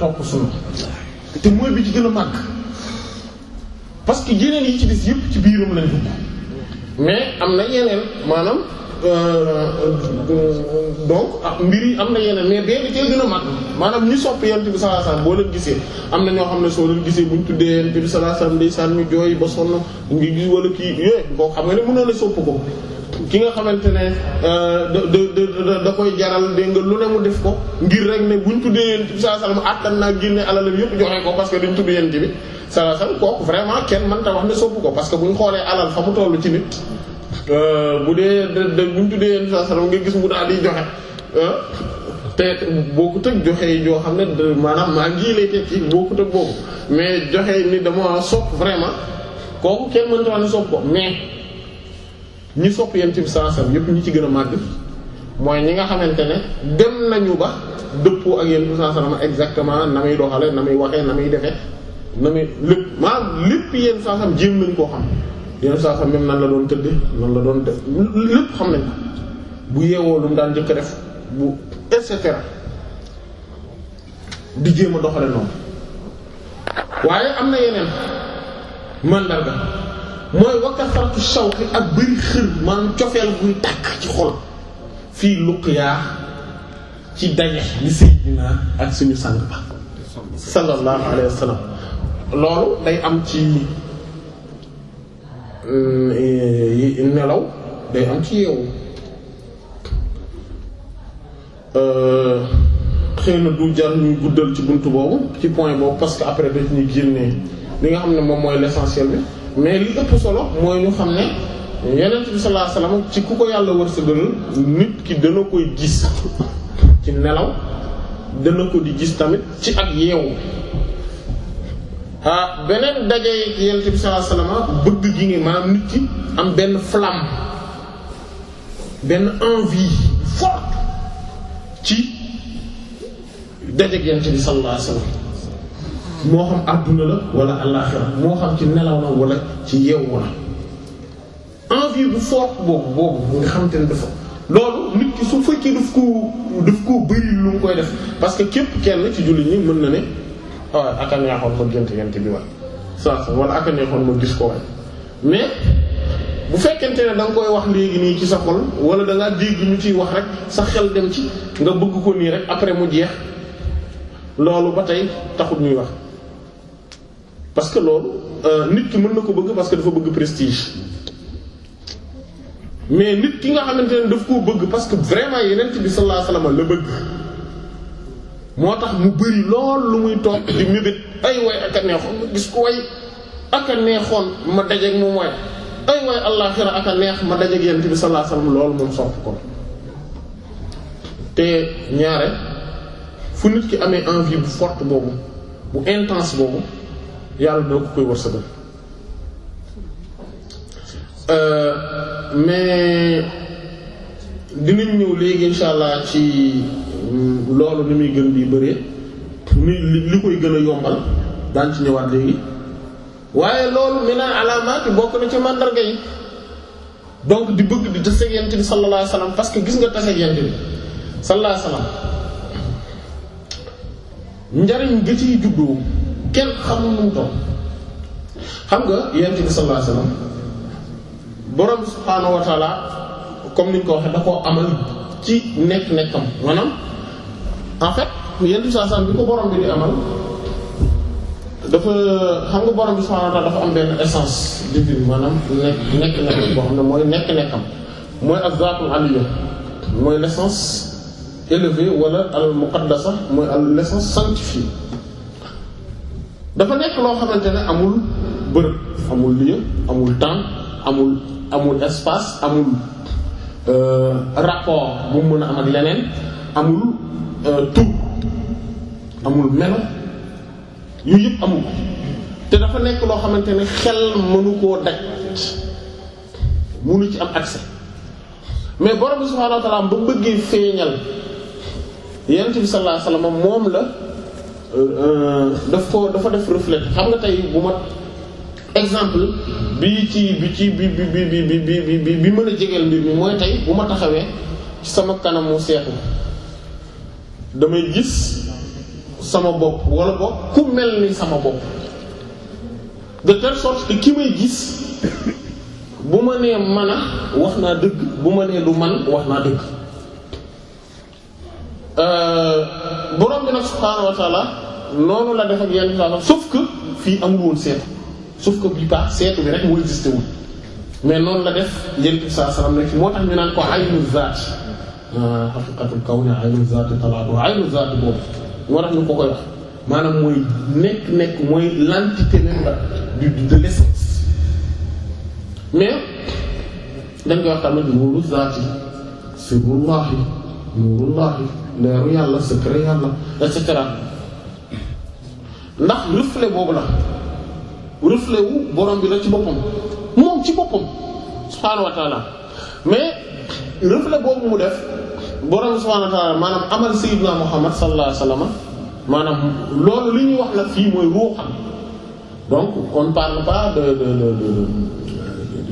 topp sunna te mooy bi ci gën a màgg parce que yeneen yi ci des yëpp ci biiram lañ mais am na yeneen maanaam euh, euh, donc ah mbir yi am na yeneen mais bee bi tey gën a màgg maanaam ñi sopp yant bi sallallahu alayhi wasallam boo leen gisee am na ñoo xam ne soo leen gisee buñ tuddee yonent bi sallallahu alayhi wasallam day sànni jooy ba sonn ngi gis wala kii yooyu eh, koo xam nga ne mënoon a sopp ko ki nga xamante ne euh, da da da koy jaral dégg nga lu ne mu def ko ngir rek ne buñ tuddee yonent attan naa génne alalam yëpp joxe ko parce que dañ tudd yonent bi sallallahu vraiment kenn mënta wax ne sopp ko parce que buñ xoolee alal fa mu toll ci nit euh, bu dee da buñ tuddee yonent bi sallallahu alayhi wasallam gis mu daal di joxe euh, te boo ko tëg joxe yi joo xam ne maanaam maa ngi lay tekki boo ko tëg boobu mais joxe ni dama sopp vraiment kooku kenn mënta wax ne sopp ko mais ñi sopp yent ci sallallahu alayhi wasallam yépp ñi ci gën a màgg mooy ñi nga xamante ne dem nañu ba dëppoo ak yent bi sallallahu alayhi exactement na muy doxale na muy waxee na muy defee na muy lépp maanaam lépp yent sallallahu alayhi wasallam jéem nañ koo xam yent sallallahu alayhi wasallam même la doon tëdde nan la doon def lépp xam nañ bu yeewoo lu mu daan jëkk def bu et cetera di jéem a doxale noonu waaye am na yeneen mandarga mooy wakasartu shawqi ak bëri xër maanaam cofeel buy tàkk ci xol fii luqyaa ci daje li sayyidina ak suñu sang ba sallallahu alayhi wa sallam loolu day am ci mm, eh, nelaw day am ci yeewu euh, xëy na du jar ñuy guddal ci bunt boobu ci point boobu parce que après dañuy génnee li nga xam ne moom mooy l'essentiel bi mais li ëpp solo mooy ñu xam ne yonent bi sallallahu ci ku ko yàlla wërsëgal nit ki dana koy gis ci nelaw dana ko di gis tamit ci ak yeewu ah beneen daje yonent bi sallallahu alayhi bëgg gi ngi maanaam nit ki am benn flamme benn envie forte ci daje yonent bi sallallahu moo xam adduna la wala àllaxira moo xam ci nelaw na wala ci yeewu na envie bu fort boobu boobu nga xam te ne dafa loolu nit ki su fekkee daf ko daf koo bëri lu mu koy def parce que képp kenn ci julli ñi mën na ne waaw ah, aka neexoon ma gént gént bi waay sa wala aka neexoon ma gis ko mais bu fekkente ne da koy wax léegi nii ci sa xol wala da ngaa dégg ñu ciy wax rek sa xel dem ci nga bëgg ko nii rek après mu jeex loolu ba tey taxut ñuy wax parce que loolu euh, nit ki mën na ko bëgg parce que dafa bëgg prestige mais nit ki nga xamante ne daf koo bëgg parce que vraiment yenent bi sallallahu alayhi wasallam la bëgg moo tax mu bëri lool lu muy toog di mébét ay way ak a neexoon ma gis ko way ak a neexoon ma dajeeg moom waay ay way àllaaxira ak a neex ma dajeeg yenent bi sallallahu alayhi wasallam loolu moom sopp ko te ñaare fu nit ki amee envie bu forte boobu bu intense boobu yàlla doo ko koy wërsëgal euh, mais dinañ ñëw léegi insha allah ci mm, loolu ni muy gën di bëree ni li koy gën a yombal daan ci ñëwaat léegi waaye loolu mi naa alaamaati bokk na ci màndarga yi donc di bëgg di taseeg yent bi sallallahu alayhi wasallam parce que gis nga taseeg yent bi sallallahu alayhi njariñ gi ciy juddoo kenn xamul nu mu xam nga yonent bi sallallahu alayhi wasallam borom subhaanahu wa taala comme niñ ko waxee da koo amal ci nekk-nekkam maanaam en fait yonent bi sallallahu alayhi wasallam bi ko borom bi amal dafa xam nga borom bi subhaanahu wa dafa am benn essence divine maanaam nekk nekk-nekk boo xam ne mooy nekk-nekkam mooy az-zaatul aliyya mooy l'essence élevée wala al muqaddasa mooy al l'essence sanctifiée dafa nekk loo xamante ne amul bërëb amul lieu amul temps amul amul espace amul euh, rapport bu mu mën a am ak leneen amul euh, tur amul melo yooyu yëpp amul te dafa nekk loo xamante ne xel mënu koo daj mënu ci am accès mais borom bi subhaanahu wa ba bëggee feeñal yonent bi sallallahu alayhi wa sallam moom la. Euh, euh, daf ko dafa def reflet xam nga tey bu ma exemple bi ci bi ci bi bi bi bi bi bi bi mën a jegeel mbir mi mooy tey bu ma taxawee ci sama kanamu seetu damay gis sama bopp wala bopp ku mel ni sama bopp de telle sorte que ki may gis bu ma nee man wax naa dëgg bu ma nee du man wax naa dëgg euh, borom bi nag subhaanahu wa noonu la def ak yenn saa sauf que fii amul woon seetu sauf que bii paax seetu bi rek moo existé wul mais noonu la def yenn saa salaam rek moo tax ñu naan ko aynu zaat ah, haqiqatul kawni kaw zaat talaatu aynu zaat boobu moo tax ko maanaam mooy nekk mooy l'entité même la du de l'essence mais dañ koy wax tamit nuuru zaat yi sirrullahi nuurullahi leeru yàlla secret yàlla et cetera ndax reflet boobu la reflet wu bi la ci boppam moom ci boppam subhaanahu wa mais reflet boobu mu def borom bi subhaanahu maanaam amal sayyidina muhammad sallallahu alayhi wa sallam maanaam loolu li ñuy wax la fii mooy ruuxam donc on ne parle pas de de de de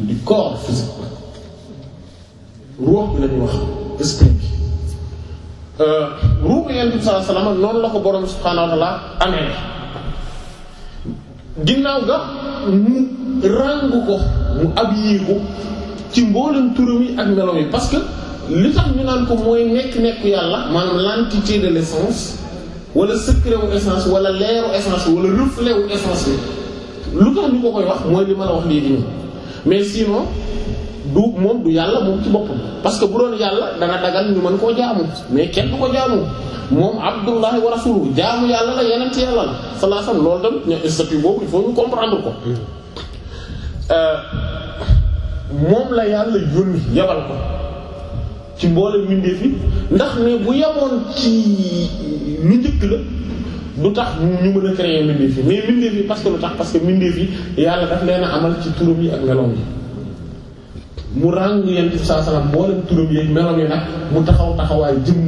du corps physique ruux bi la ñuy wax esprit bi Euh, ruuxu yonent bi sallallahu alayhi wasallam noonu la ko borom subhaanahu wa ta'aala amee ginnaaw ga mu ràng ko mu ab yiiku ci mboolem turam yi ak melo yi parce que li tax ñu naan ko mooy nekk-nekk yàlla maanaam l'entité de l'essence wala secret wu essence wala leeru essence wala reflet wu essence lu tax ñu ko koy wax mooy li ma la wax léegi nii mais sinon du moom du yàlla moom ci boppam parce que bu doon yàlla dana dagal ñu mën koo jaamu mais kenn du ko jaamu moom abdullahi wa rasuluhu jaamu yàlla la yeneen ci yàlla la sallallahu loolu tamit ñu euh, mboole mbindeef yi ndax ne bu la tax ñu mën a créer mbindeef yi mais mbindeef yi parce que lu tax parce que mbindeef yi yàlla daf leen amal ci turam yi ak meloom yi mu ràng yent saa salaam mboolem turam yeeg melam yi nag mu taxaw taxawaay jëm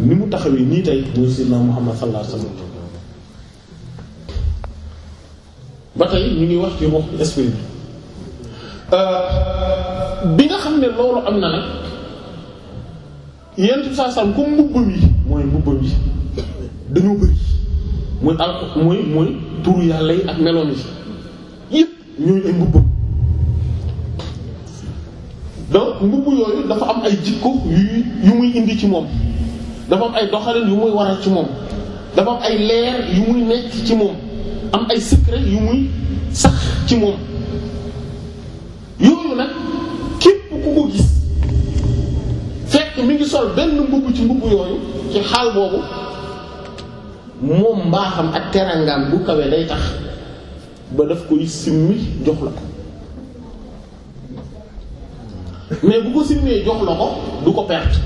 ni mu taxawee nii tey muy sayyidina Muhammad sallallahu alayhi ba tey ñu ngi wax ci ruux esprit bi euh, bi nga xam ne loolu am na nag yent bi saa salaam comme mbubbam yi mooy mbubbam yi dañoo bëri muy al mooy mooy turu yàlla yi ak meloom yi yépp ñooy ay mbubbam donc mbubb yooyu dafa am ay jikko yu yu muy indi ci moom dafa am ay doxalin yu muy waral ci moom dafa am ay leer yu muy nekk ci moom am ay secret yu muy sax ci moom yooyu nag képp ku ko gis fekk mi ngi sol benn mbubb ci mbubb yooyu ci xaal boobu moom mbaaxam ak terangaan bu kawe day tax ba daf koy simmi jox la mais bu ko simmee jox la du ko perte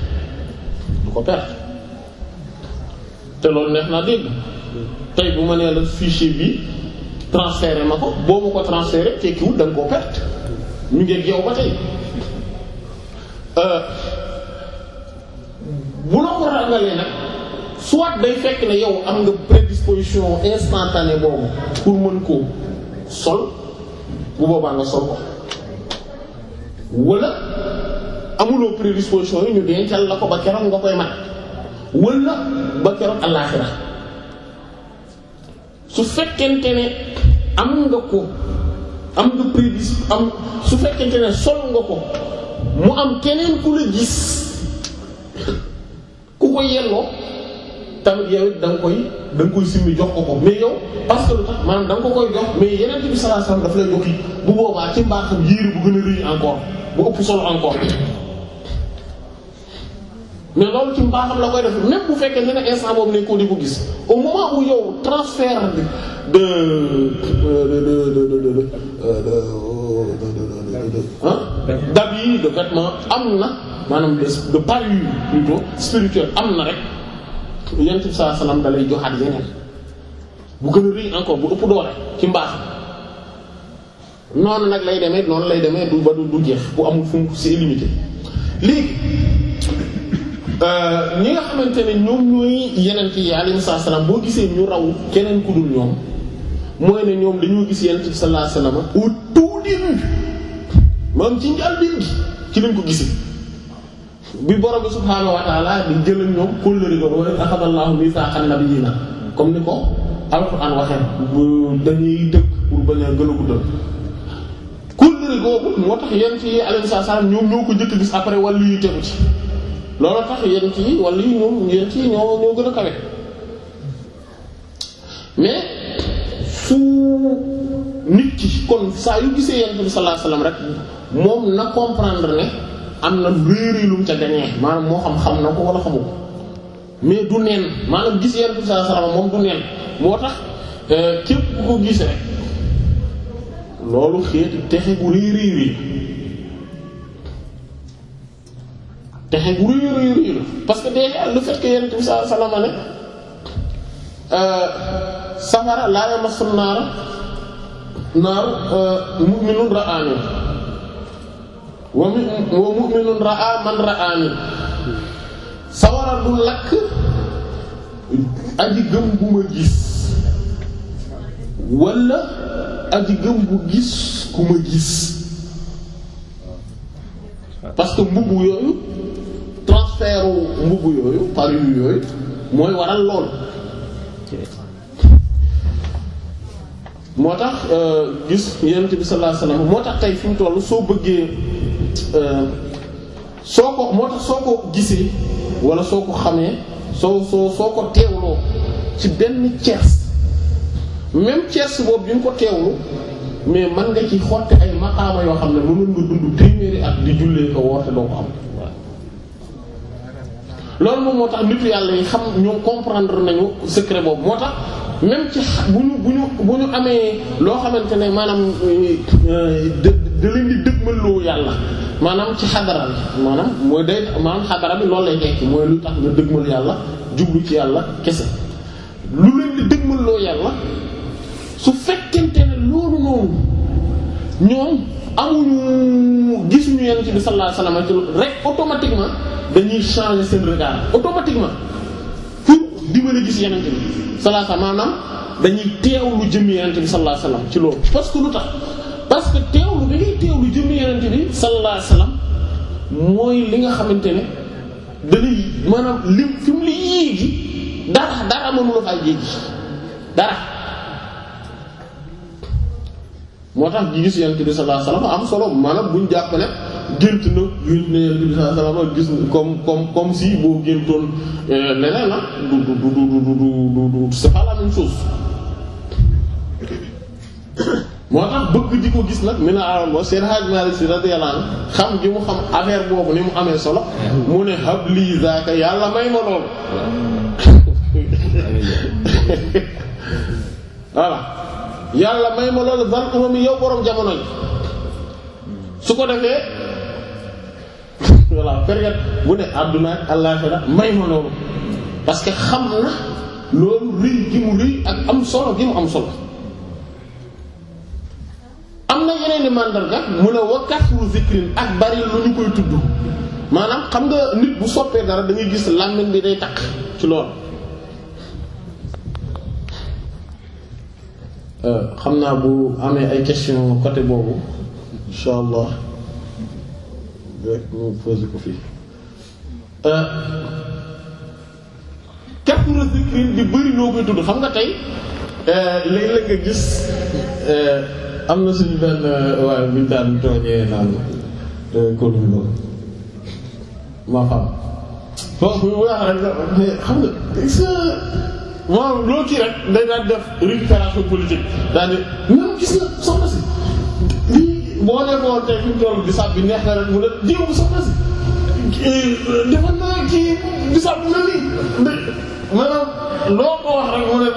du ko perte te loolu neex naa dégg tey bu ma nee la fichier bi transféré ma ko boobu ko transféré tekkiwul da nga koo perte ñu ngi yow ba tey euh, bu la ko ràngalee nag soit day fekk ne yow am nga prédisposition instantanée boobu pour mën koo sol bu boobaa nga sol ko wala amuloo prédisposition yi ñu dencal la ko ba keroog nga koy mat wala ba keroog àllaaxira su fekkente ne am nga ko am nga prédis am su fekkente ne sol nga ko mu am keneen ku la gis ku ko yelloo tamit yow it da nga koy da nga koy simmi jox ko ko mais yow parce que lu tax maanaam da nga ko koy jox mais yeneen bi sallallahu daf lay jox bu boobaa ci mbaaxam yéer bu gën a rëy encore. bu ëpp solo encore mais loolu ci mbaaxam la koy def même bu fekkee ne ne instant boobu lañ ko di ko gis au moment où yow transfert de de de de de d'habits de vêtements am na maanaam de parure plutôt spirituel am na rek yonent bi sallallahu alayhi wasallam da lay joxaat bu gën a rëy encore bu ëpp doole ci mbaaxam. noonu nag lay demee noonu lay deme du ba du du jeex bu amul fu c'est illimité léegi euh, ñi nga xamante ne ñoom ñooy yenent yi alayhi salaam boo gisee ñu raw keneen ku dul ñoom mooy ne ñoom dañoo gis yenent bi sallallahu alayhi wasallam au tout moom ci njàlbéen gi ci lañ ko gisee bi borom bi subhaanahu wa ta'ala di jëlal ñoom kóllëre ko wa axadallahu miisaaqa nabiyyiina comme ni ko alxuraan waxee dañuy dëkk pour bañ a gën a guddal kóllëre googu moo tax yenn ci alayhi salaam ñoom ñoo ko njëkk gis après wàllu yu tegu ci loolu tax yenn ci wàllu yi ñoom yenn ci ñoo ñoo gën a kawe mais su nit ki kon saa yu gisee yenn bi sallallahu rek moom na comprendre ne am na réeréer lu mu ca gagné maanaam moo xam xam na ko wala xamu mais du neen maanaam gis yenn bi sallallahu moom du neen moo tax euh, képp ku ko rek. loolu xeeti texe gu rëy rëy rëy texe gu rëy rëy rëy parce que déjà le fait que yonent bi sallallahu alayhi wa sallam ne euh, safara laa yamassu naara naar euh, mu'minun ra'aani wa mu'minun ra'a man ra'aani safara du lakk aji gëm bu ma gis wala aji bu gis ku ma gis parce que mbubb yooyu transfert mbubb yooyu parure yooyu mooy waral lool moo tax euh, gis yonent bi sallallahu alayhi moo tax tey fi mu toll soo bëggee euh, soo ko moo tax soo ko gisee wala soo ko xamee soo soo soo ko teewloo ci benn cees même Cees boobu bi nga ko teewlu mais man nga ci xotte ay maqaama yoo xam ne mënul nga dund téeméeri ak di jullee ko woorte doo ko am loolu moom moo tax nitu yàlla yi xam ñoom comprendre nañu secret boobu moo tax même ci bu ñu bu amee loo xamante ne maanaam da euh, da leen di dëgmaloo maanaam ci xadara bi maanaam mooy day maanaam xadara bi loolu lay tekki mooy lu tax nga dëgmal yàlla jublu ci yàlla kese lu leen di dëgmaloo yàlla su fekkente ne loolu noonu ñoom amuñu gisuñu yenn bi sallallahu alayhi wasallam ci rek automatiquement dañuy changer seen regard automatiquement pour di ma a gis yeneen bi sallallahu maanaam dañuy teewlu jëmm yeneen bi parce que lu parce que teewlu bi ngay teewlu jëmm yeneen bi sallallahu mooy li nga xamante ne dalay maanaam lim fi mu yéegi dara dara mënu la faa yéegi dara moo tax gi gis yonent bi am solo maanaam buñ jàpp ne gént na gént na yonent si boo géntoon bëgg di ko gis nag mi na aram mu xam affaire boobu ni mu amee solo mu ne hab lii zaaka yàlla may ma loolu yàlla may ma loolu zan umami yow borom jamono yi su ko defee voilà période bu ne àdduna ak àllaaxira may ma loolu parce que xam na loolu rëy gi mu rëy ak am solo gi mu am solo am na yeneen i màndarga mu ne wa kasru zikrin ak bari lu ñu koy tudd maanaam xam nga nit bu soppee dara da ngay gis làmmiñ bi day takk ci lool xam naa bu amee ay question côté boobu incha allah rek ñu posé ko fii kasra zikri di bëri noo koy tudd xam nga tey euh, léeg-léeg nga gis euh, am na suñu benn euh, waaye buñu daan tooñee naan kóolumi loolu maa xam donc bu wax rek xam nga maanaam loo kii rek day daan def récupération politique daal di ñun gis na soxna si lii boo defoon tey fi mu toll bisaab bi neex na rek mu ne jiw bu soxna si euh, defal naa kii bisaab bi na lii maanaam loo ko wax rek mu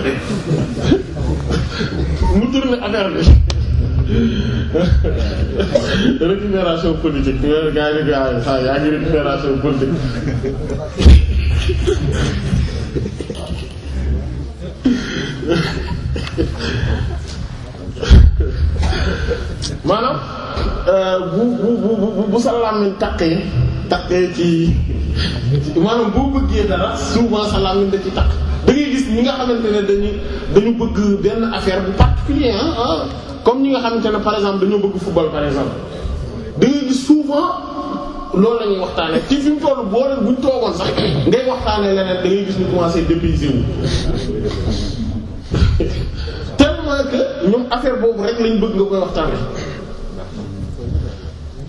ne mu tourné affaire bi récupération politique mais gars yi gars yi yaa ngi récupération politique maanaam euh, bu bu bu bu sa làmmiñ taqee taqee ci maanaam boo bëggee dara souvent sa làmmiñ da ci taq da gis ñi nga xamante ne dañu dañu bëgg benn affaire bu particulier ah comme ñi nga xamante ne par exemple dañoo bëgg football par exemple da ngay gis souvent loolu la ñuy waxtaanee ci fi mu boo leen buñ toogoon sax ngay waxtaanee leneen da gis ñu commencé dépaysé wu. tellement que ñoom affaire boobu rek lañu bëgg nga koy waxtaane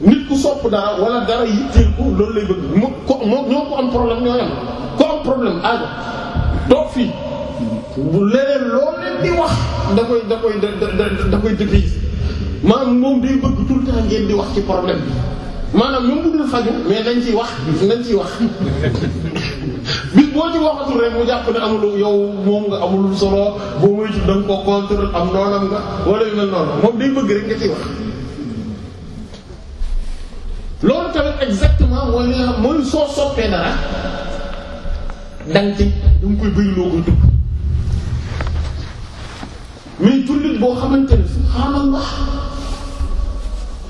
nit ku sopp dara wala dara yitteel ko loolu lay bëgg mu ko moo ñoo ko am problème ñoo yam ko am problème aajo toog fii bu leneen loo leen di wax da koy da koy da koy dépise maanaam moom day bëgg tout le temps ngeen di wax ci problème bi maanaam ñoom bu dul faju mais nañ ciy wax nañ ciy wax bis boo ci waxatul rek mu jàpp ne amul yow moom nga amul solo boo muy da nga ko contre am noonam nga wala yu mel noonu moom day bëgg rek nga ci wax. loolu tamit exactement mooy li soo soppee dara dang ci da nga koy bëri loo koy tudd jullit boo xamante ne subhaanallah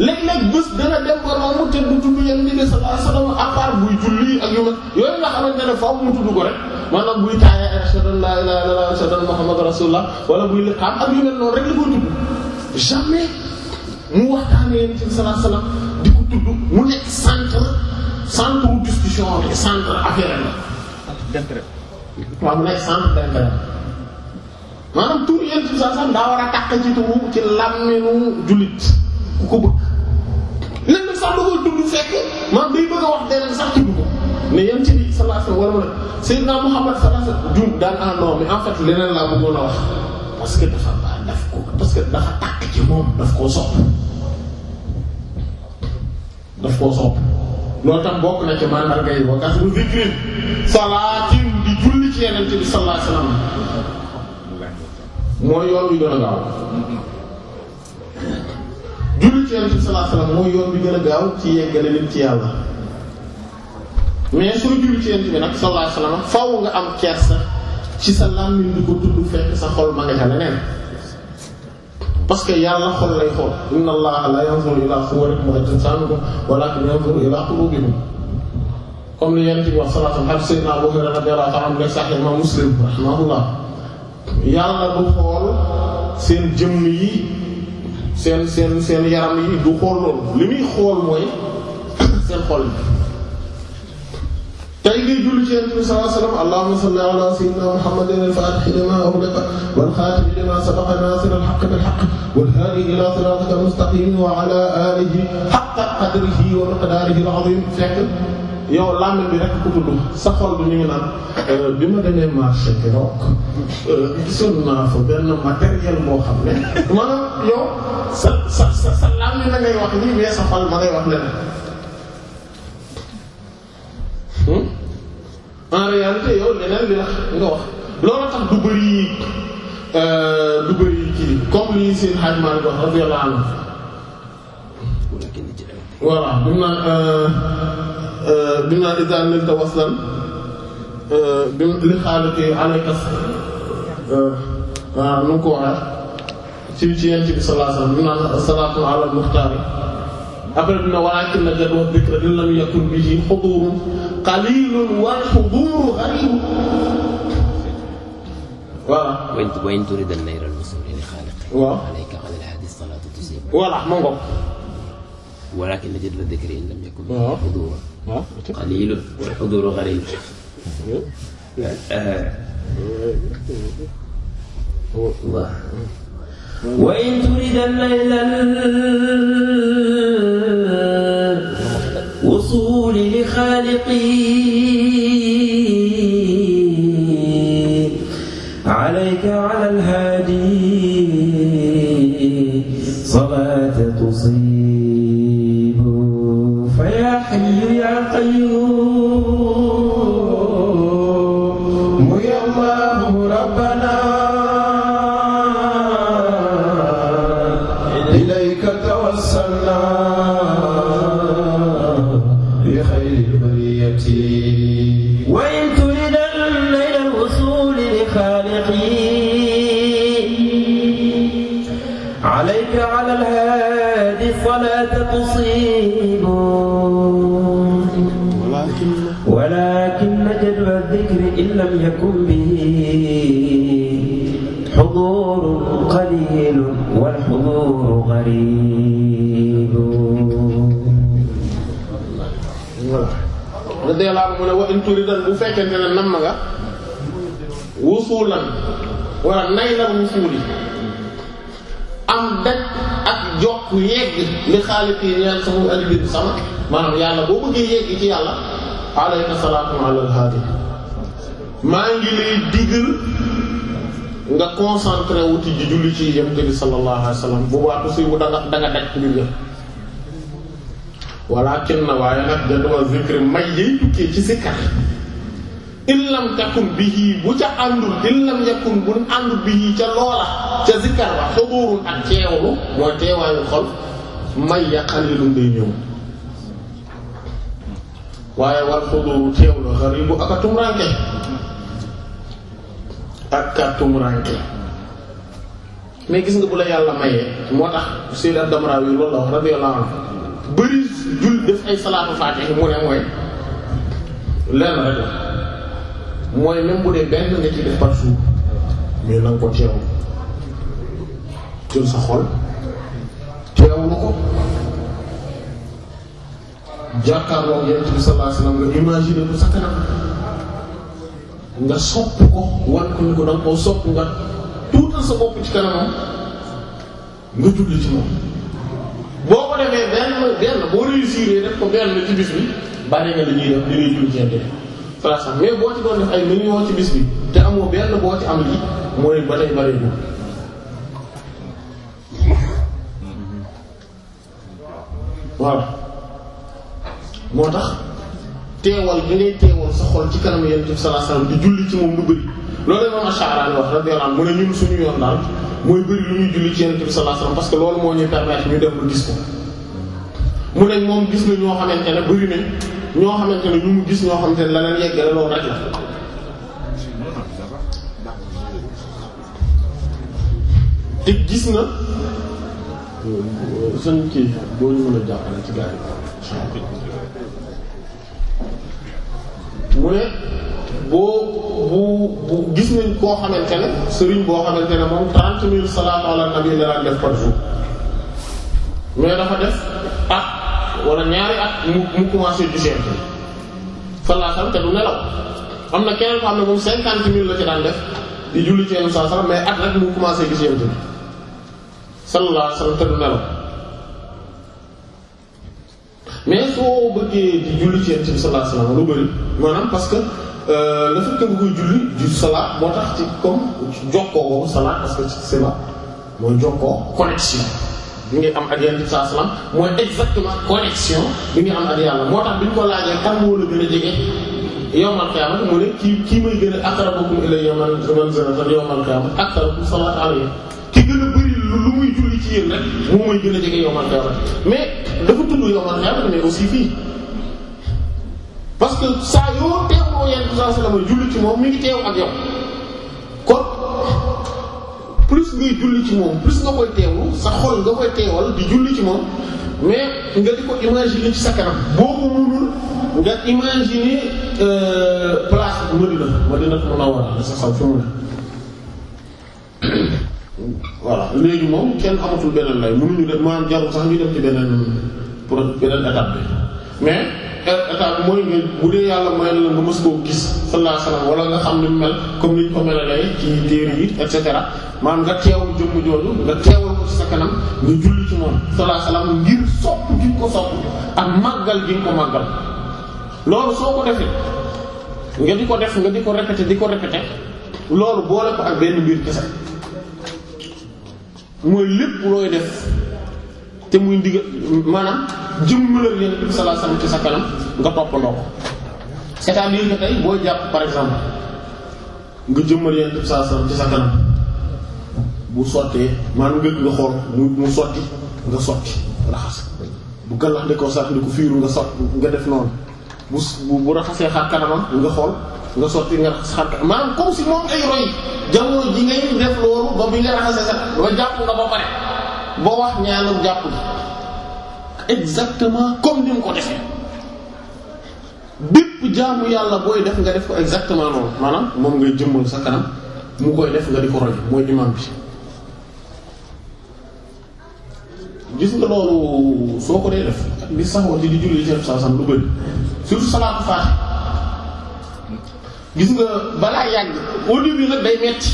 léeg-léeg bés dana dem ba romb te du tudd yéen di ne sallallahu alayhi julli ak yu mel yooyu nga xamante mu tudd ko rek maanaam buy taaya ashhadu an la ilaha illallah ashhadu anna la koy tudd jamais mu waxtaanee yéen ci sallallahu alayhi di ko tudd mu nekk centre centre discussion ak centre affaire la. centre daa war a tàq ci turu ci làmmiñu jullit ku ko bëgg. nen sax da koy fekk maam day bëgg a wax deneen sax tudd ko mais yéen ci biir sallallahu alayhi wa sallam a wax parce que dafa daf ko parce dafa tàkk ci moom daf koo sopp daf koo sopp loolu tam bokk na ci mandarga yi wa kasru zikri salaatin di julli ci yeneen bi sallallahu alayhi mooy yoon wi a gaaw julli ci yonent bi sallallahu mooy yoon bi gën a gaaw ci yeggale nit ci yàlla mais soo julli ci yonent nag sallallahu nga am kersa ci sa làmmiñ ko tudd fekk sa xol ma nga ca leneen parce que yàlla xol lay xool inna allaha la yanzuru ila suwarikum wa la ajsamikum walakin yanzuru ila qulubikum comme ni yonent bi wax sallallahu alayhi wasallam hadith sayyidina Abu Hurayra radiyallahu ta'ala anhu sahih imam Muslim yàlla du xool seen jëmm yi seen seen seen yaram yi du xool loolu li muy xool mooy seen xol bi tey ngay julli ci Yonent bi sallallahu alayhi wasallam allahumma salli ala sayyidina muhammadin al-fatihi lima ughliqa wal khatimi lima sabaqa nasir al-haqqi bil haqqi wal hadi ila siratika al-mustaqim wa ala alihi haqqa qadrihi wa miqdarihi al-azim fekk yow làmmiñ bi rek ko tudd sa xol bi ñu ngi naan euh, bi ma demee marché bi donc euh, gisoon naa fa benn matériel boo xam ne maanaam yow sa sa sa sa làmmiñ ngay wax nii mais sa xol ma ngay wax leneen hmm? en réalité yow leneen li la nga wax loolu tax du bëri euh, du bëri kii comme li seen xajma bi wax radiyallahu anhu voilà Euh, bi mu naan isan nil ta waslan bi li xaaliki alaykas euh, waaw nu ngi ko waxee ci ci yent bi sallallahu alayhi wasallam bi mu naan salaatu ala muxtaari après dina walaakin na jadwa dhikra in lam yakun bihi hudurun qalilun wal huduru gharibun voilà wayn turida nayra al-wasuli li xaaliki waaw alayka ala al-hadi salaatu tusib voilà ma ngoog walaakin na jadwa dhikra in lam yakun bihi hudurun qalilun wal xuduru xarib waaw wa in turida الوصول لخالقي عليك على الهادي الغفور غريب radiyallahu anhu mu ne wa bu fekkente ne nam nga wusulan wala nay wusuli am dëkk ak jokk yegg li xaaliti ñeel sama alibir sama maanaam yàlla boo bëggee yegg ci yàlla alayka salaatu ala alhaadi maa ngi lay digal nga concentré wu ci julli ci yonent bi sallallahu alayhi wa sallam bu baax aussi bu da nga da nga daj mbir ya na waaye nag jadwa zikri may yay tukkee ci sikkar illam takun bihi bu ca àndul illam yakun bu àndul bihi ca loola ca sikkar ba xaboorul ak teewlu mooy teewaayu xol may ya xalilum day ñëw waaye war xaboru teewlu xaribu ak a tumranke ak kàttum ranke gis nga bu la yàlla mayee moo tax Sayyid ad-Damrawi loolu la wax radiyallahu anhu bëri jul salaatu faatiha mu ne mooy lenn rek mooy même bu dee benn nga ci def par jour mais na nga ko teew sa xol teew na ko jàkkaarloo Yonent bi sallallahu alayhi wasallam nga imaginer bu sa kanam nga sopp ko wan ko ni ko danga koo sopp nga tuutal sa bopp ci kanamam nga julli ci moom boo ko defee benn benn boo réussir def ko benn ci bis bi bari nga li ñuy def dangay julli ci yente mais boo ci doon def ay millions ci bis bi te amoo benn boo ci am li mooy ba tey bari waaw moo tax teewal bi teewal sa xol ci kanam yonent bi sallallahu di julli ci moom lu bëri loolu imam Ash'ari wax radiyallahu anhu mu ne ñun suñu yoon mooy bëri lu ñuy julli ci yonent bi sallallahu alayhi parce que loolu moo ñuy permettre ñu dem lu gis ko mu ne moom gis na ñoo xamante ne bëri nañ ñoo xamante ne ñu mu gis ñoo xamante ne la leen yeggale loolu rek la te gis na seen euh, kii boo ñu mën a jàppale ci gars yi mu ne boo bu bu gis nañ koo xamante ne sëriñ boo xamante ne moom trente mille salaatu ala nabi la daan def at wala mu mu commencé di seetlu salaatam te du nelaw am na keneen koo xam ne moom cinquante mil la ci daan def di julli ci yenn saa mais at rek mu commencé gis yéen tamit sallallahu te du nelaw. mais soo bëggee di julli ci Yonent bi sallallahu alayhi lu bari maanaam parce que euh, le fait que nga koy julli du salaat moo tax ci comme jokkoo boobu salaat parce que c'est mooy jokkoo connexion bi am ak Yonent bi mooy exactement connexion ngay am ak moo tax bi ñu ko laajee kan moo la gën a jege yawmal qiyaamah mu kii kii may gën a aqrabukum ilayya man man yawmal qiyaamah aqrabukum salaatan alayhi ci yéen rek moom gën a jege yowmal xiyaama mais dafa tudd yowmal xiyaama mais aussi fii parce que saa yoo teewloo yenn ci moom mi ngi teew ci moom plus sa xol nga koy teewal di julli ci moom mais nga di ko imaginer ci sa kanam boobu munul nga imaginer euh, place Madina Madina Munawwara sa xaw fi mu ne voilà léegi moom kenn amatul beneen lay mënuñu dem maanaam jarul sax ñu dem ci beneen pour beneen étape bi mais euh, étape mooy nga bu dee yàlla may nga mës koo gis sallallahu alayhi xam ni mu mel cetera maanaam nga teewul jëmm jooju nga teewal ko ci sa kanam nga julli ci moom sallallahu alayhi wasallam ngir sopp gi ko sopp ak màggal gi ko màggal loolu soo ko defee nga di ko def nga di ko répéter di ko répéter loolu boole ko ak benn mbir kese. mooy lépp looy def te muy ndigal maanaam jëmmalal yonent bi sallallahu alayhi wasallam ci sa kanam nga toppandoo ko c'est-à-dire tey booy jàpp par exemple nga jëmmal yonent bi sallallahu alayhi wasallam ci sa kanam bu sottee maanaam nga nga xool mu mu sotti nga sotti raxas bu gàllax ko sax di ko fiiru nga sotti nga def noonu bu bu raxasee xar kanamam nga xool. nga sotti nga xar maanaam comme si moom ay roy jamono ji ngay def loolu ba bi nga raxase sax ba jàpp nga ba pare boo wax ñaanal jàpp gi exactement comme ni mu ko defee bépp jaamu yàlla booy def nga def ko exactement loolu maanaam moom ngay jëmmal sa kanam mu koy def nga di ko roy mooy imam bi gis nga loolu soo ko dee def di saxoo ci di julli ci saa sam lu bëri surtout salaatu faatiha gis nga balaa yàgg au début nag day metti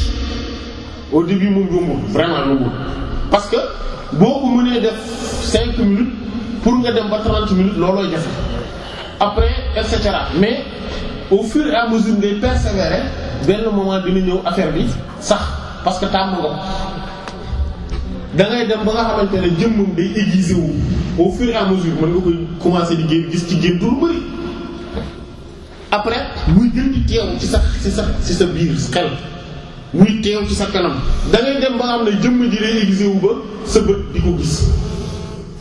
au début moom yombul parce que boo ko def cinq minutes pour nga dem ba trente minutes loolooy jafe après et cetera mais au fur et à mesure ngay persévérer benn moment dina ñëw affaire bi sax parce que tàmm nga da dem ba nga xamante ne jëmmam day aiguisé wu au fur à mesure mën nga koy commencer di gén gis ci génn lu bari après muy gën di teew ci sa ci sa ci sa biir xel muy teew ci sa kanam da dem ba xam ne jëmm ji day aiguisé wu ba sa bët di ko gis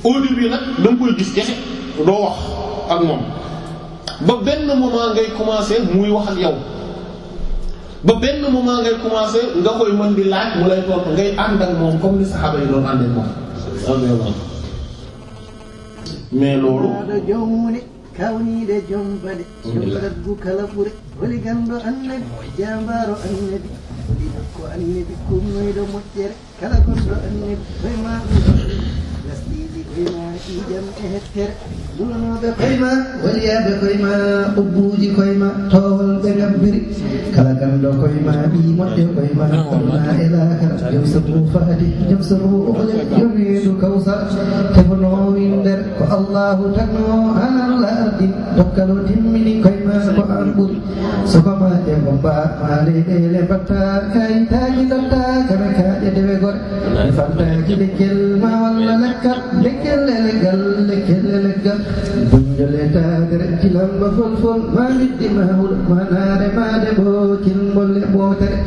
au début nag da koy gis kese doo wax ak moom ba benn moment ngay commencer muy wax ak yow ba benn moment ngay commencer nga koy mën di laaj mu lay topp ngay ànd ak moom comme ni saxaaba yi doon àndee moom. mais loolu. kawniiɗe jom baɗe jom raggu kala ɓure woni ganndo annabi jambaaro annabi ko annabi kumnoyɗo moƴƴere kala gonɗo annabi koye ma ɗum gasɗiiɗi koye ma dulanooɓe koyma waliyaɓe koyma obbuuji koyma towolɓe gabbiri kala ganndo koyma ɓii moƴƴo koyma ma elakara jom sabu faati jom sabu ohle jomiidu kawsar tefonoowi nder ko allahu tagno an allah ardi dokkalo timmini koyma ko an ɓuri sokoma jego mba ma leyɗele mbatta kayitaji dotta kana kaaƴe dewe gore mi fantaki lekkel ma walla lakkal lekkel ele Sénégal nekk Sénégal buñ jëlee taag rek maa ngi di ma wul ma naare maa de boo ci mbolle boo tere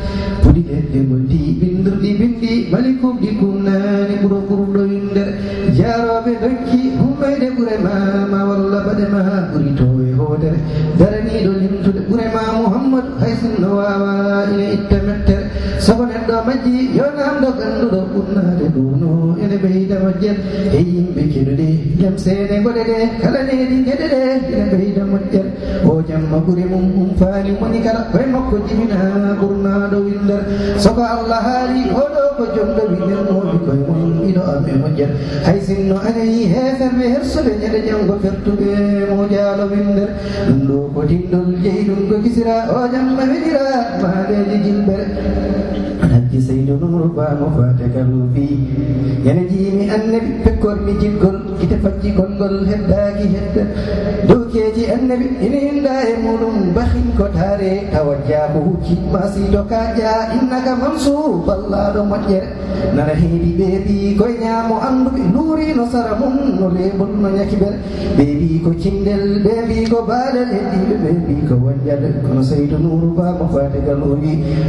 pudi e demol di bindur di bindi malikum di kum naani buro buru doyum ndere jaarooɓe dokki humɓeyde ɓure ma ma walla bade ma ɓuri towe hootere daraniiɗo limtude ɓure ma mouhammadou haysinno waawa ine itta mettere sabonenɗo majji yona amɗo ganduɗo ɓurnade ɗuno ene ɓeyda moƴƴen e yimɓe keɗuɗe jam seene goɗe ɗe kala neɗi geɗe ɗe ene ɓeyda moƴƴen o jamma ɓuri mum um faani woni kala koye makko jibina ɓurnaɗo windar soko allah haali oɗo ko jomɗo winelmoɓe koye mum ino amɓe moƴƴen hay sinno anayi heferɓe hersuɓe ñande janngo fertuɓe moƴaalo winder ɗum ɗo ko tinɗol jeyi ɗum ko kisira o jamma weɗira maaɗeji jilbere hajji saydu nuur ba mo faate kalu fi yana jiimi annabi pekkor e muɗum bahin ko taare tawa jaabo huccimma siido ka jaa sara mum no reebol no yakibere ɓeeɓi ko cindel ɓeeɓi ko baaɗal heddiɓe ɓeeɓi ko wonjal kono saydu nuuru ba mo faate kalu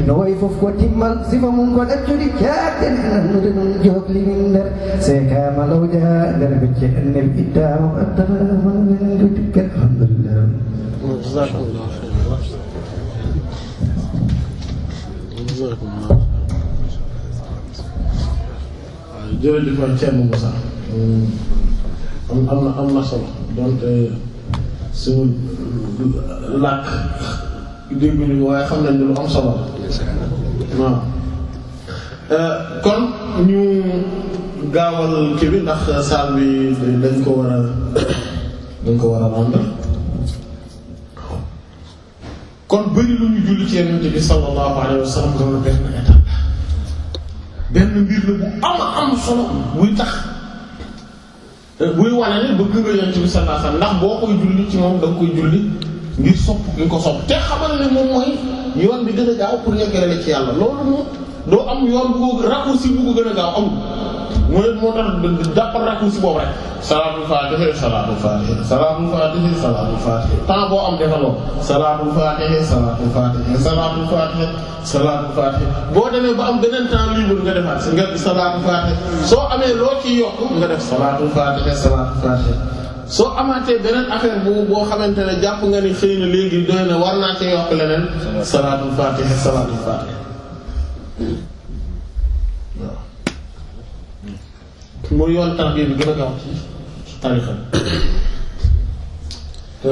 no wayi fof himmal sifamum kon accuɗi jaaten nannude ɗum johli min nder sekama law jaha nder becce annabi ittamo addamama wendu dikka alhamdulillah jasakumllah jasakumllah jërëjëf Thierno Moussa am am na am na solo donte suñu làkk dégguñu waaye xam nañ ne lu am solo la waaw euh, kon ñu gaawal kii bi ndax saal bi dañ ko war a dañ ko war a rendre kon bëri lu ñu julli ci yonent bi benn mbir la tax euh, buy wane ne bi sallallahu ndax boo koy julli ci moom da koy julli ngir sopp nga ko sopp te xamal ne moom mooy. yoon bi gën a gaaw pour yeggale la ci yàlla loolu moom doo am yoon bu raccourci bu ko gën a gaaw amul mooy moo tax dàppal raccourci boobu rek. salaatul faatihi salaatul faatihi salaatul faatihi boo am defaloo salaatul faatihi salaatul faatihi salaatul faatihi salaatul boo demee ba am beneen temps libre nga defaat nga salaatul faatihi soo amee loo ci yokk nga def salaatul faatihi salaatul faatihi soo amaatee beneen affaire bu boo xamante ne jàpp nga ni xëy na léegi doy na war naa cee yokk leneen salaatul fatiha salaatul fatiha yoon tarbiya bi gën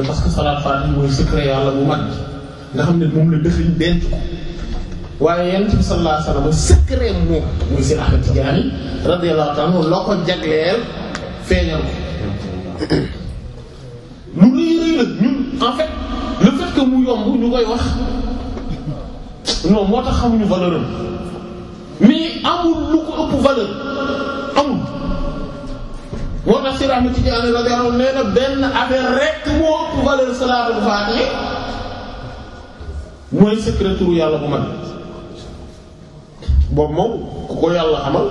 parce que salaatul fatiha mooy secret yàlla bu mag nga xam ne moom la dëxëñ denc waaye yonent bi sallallahu alayhi wasallam moom muy si Ahmad Tijaani radiyallahu ta'ala loo ko jagleel feeñal ko lu rëy rëy la ñun en fait le fait mu yomb ñu koy wax non moo tax xamuñu valeur am mais amul lu ko ëpp valeur amul. moo tax si raxma ci jàll la garaw na benn affaire rek moo ëpp valeur salaatul faatihi mooy secret yàlla bu mag boobu moom ku ko yàlla xamal.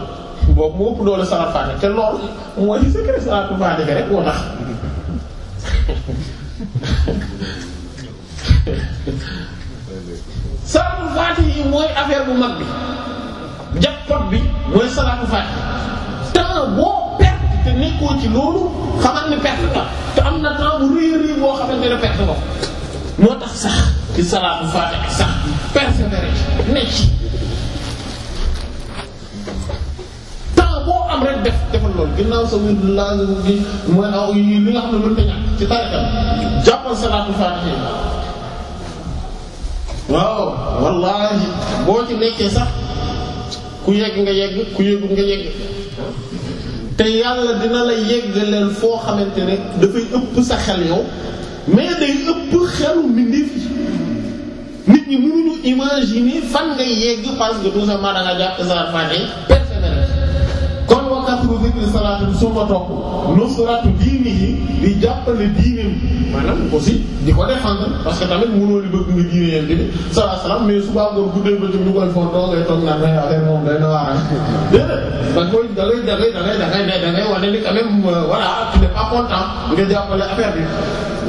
boobu moo ëpp doole salaat faatiha te lool mooy salaatu faatiha yi mooy affaire bu mag bi jackpot bi mooy salaatu faatiha temps boo perte te nekkoo ci loolu xamal ne perte la te am na temps bu rëy a rëy boo xamante ne perte ko moo tax sax ci salaatu faatiha sax persévérer nekk koo am rek def defal loolu ginnaaw sa wir lazim bi mooy aw li nga xam ne mënut a ñàkk ci tarikam jàppal salaatul faatiha waaw wallaahi boo ci nekkee sax ku yegg nga yegg ku yeggu nga yegg te yàlla dina la leen foo xamante ne dafay ëpp sa xel yow mais day ëpp xelu mbindeef yi nit ñi mënuñu imaginer fan ngay yegg parce que tout simplement da nga jàpp salaatul faatiha katru zikri salaatin su ma topp nusratu diini yi di jàppale diineem maanaam aussi di ko défendre parce que tamit mënoo di bëgg nga diine yéen tamit salaa salaam mais suba ngoon guddee ba ci ñu koy fon doo ngay toog naan na affaire moom day na waar déedéet da koy da ngay da ngay da ngay da ngay da ngay wane ni quand même euh, voilà tu n'es pas content nga jàppale affaire bi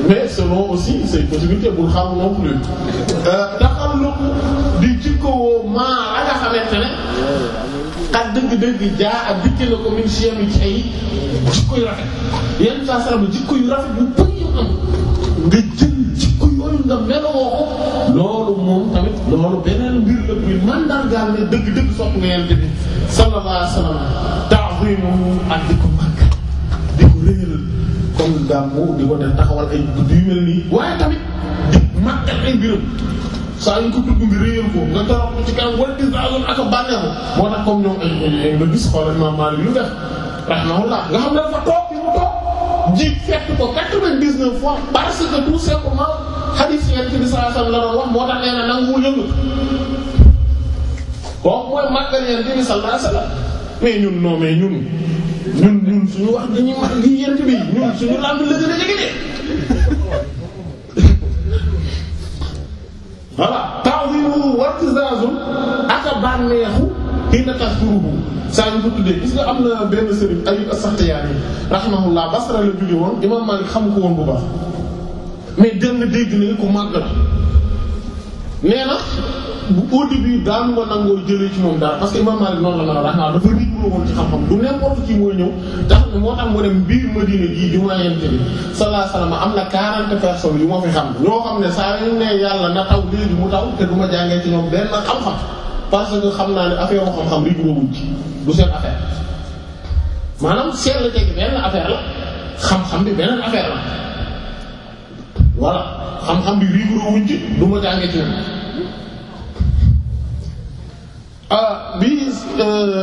mais selon aussi c'est une possibilité bul xam non plus euh, taxaw lu di jikkoo maa la nga xamante ne xat dëgg-dëgg jaa ak dikki la ko min siyam ci ay jikko yu rafet yenn saa saa jikko yu rafet bu bëri yu am nga jël nga meloo ko loolu moom tamit loolu beneen mbir la buy mandargaal ne dëgg-dëgg sopp nga yent bi sallallahu alayhi wasallam ta'zimuhu ak di ko màgg di ko réeral comme gàmmu di ko def ay guddi yu mel nii tamit di màggal ay mbiram saa yu ko tudd bi réyal ko nga torop ci kanam wala dis daaloon ak a bànneexu moo tax comme ñoom ay nga gis xoolal Imaam Maalik lu def rahmahullah nga xam ne dafa toog fi mu toog jiit fekk ko quatre-vingt-dix-neuf fois parce que tout simplement xadiis Yonent bi sallallahu alayhi wasallam la doon moo tax nee na nanguwul yëngu boobu mooy màggal Yonent bi sallallahu alayhi wasallam mais ñun non mais ñun ñun ñun suñu wax dañuy mag li Yonent bi ñun suñu làmb la gën a jege de voilà ta'zimu wa i'tizazu aka bànneexu ina tasduruhu saa yu ko tuddee gis nga am na benn sëriñ Ayyub as-Saxtiyaani rahimahullah Basra la jóge woon imam Maalik xam ko woon bu baax mais dégg nga dégg ne ku màgg la nee na bu au début daanu ma nangoo jëlee ci moom dara parce que Imam Malik noonu la ma dafa nit mu ci xam-xam du n'importe qui moo ñëw tax moo tax mu dem biir Madina gii jumaa Yonent bi sallallahu alayhi wasallam am na 40 personnes yu ma fi xam ñoo xam ne saa yu ne yàlla na aw léegi mu taw te du ma jàngee ci ñoom benn xam-xam parce que xam naa ne affaire yoo xam-xam li juróom ci du seen affaire maanaam seetlu teg benn affaire la xam-xam bi beneen affaire la. voilà xam-xam bi riivroo wuñ ci du ma jàngee ci ñoom ah bi euh,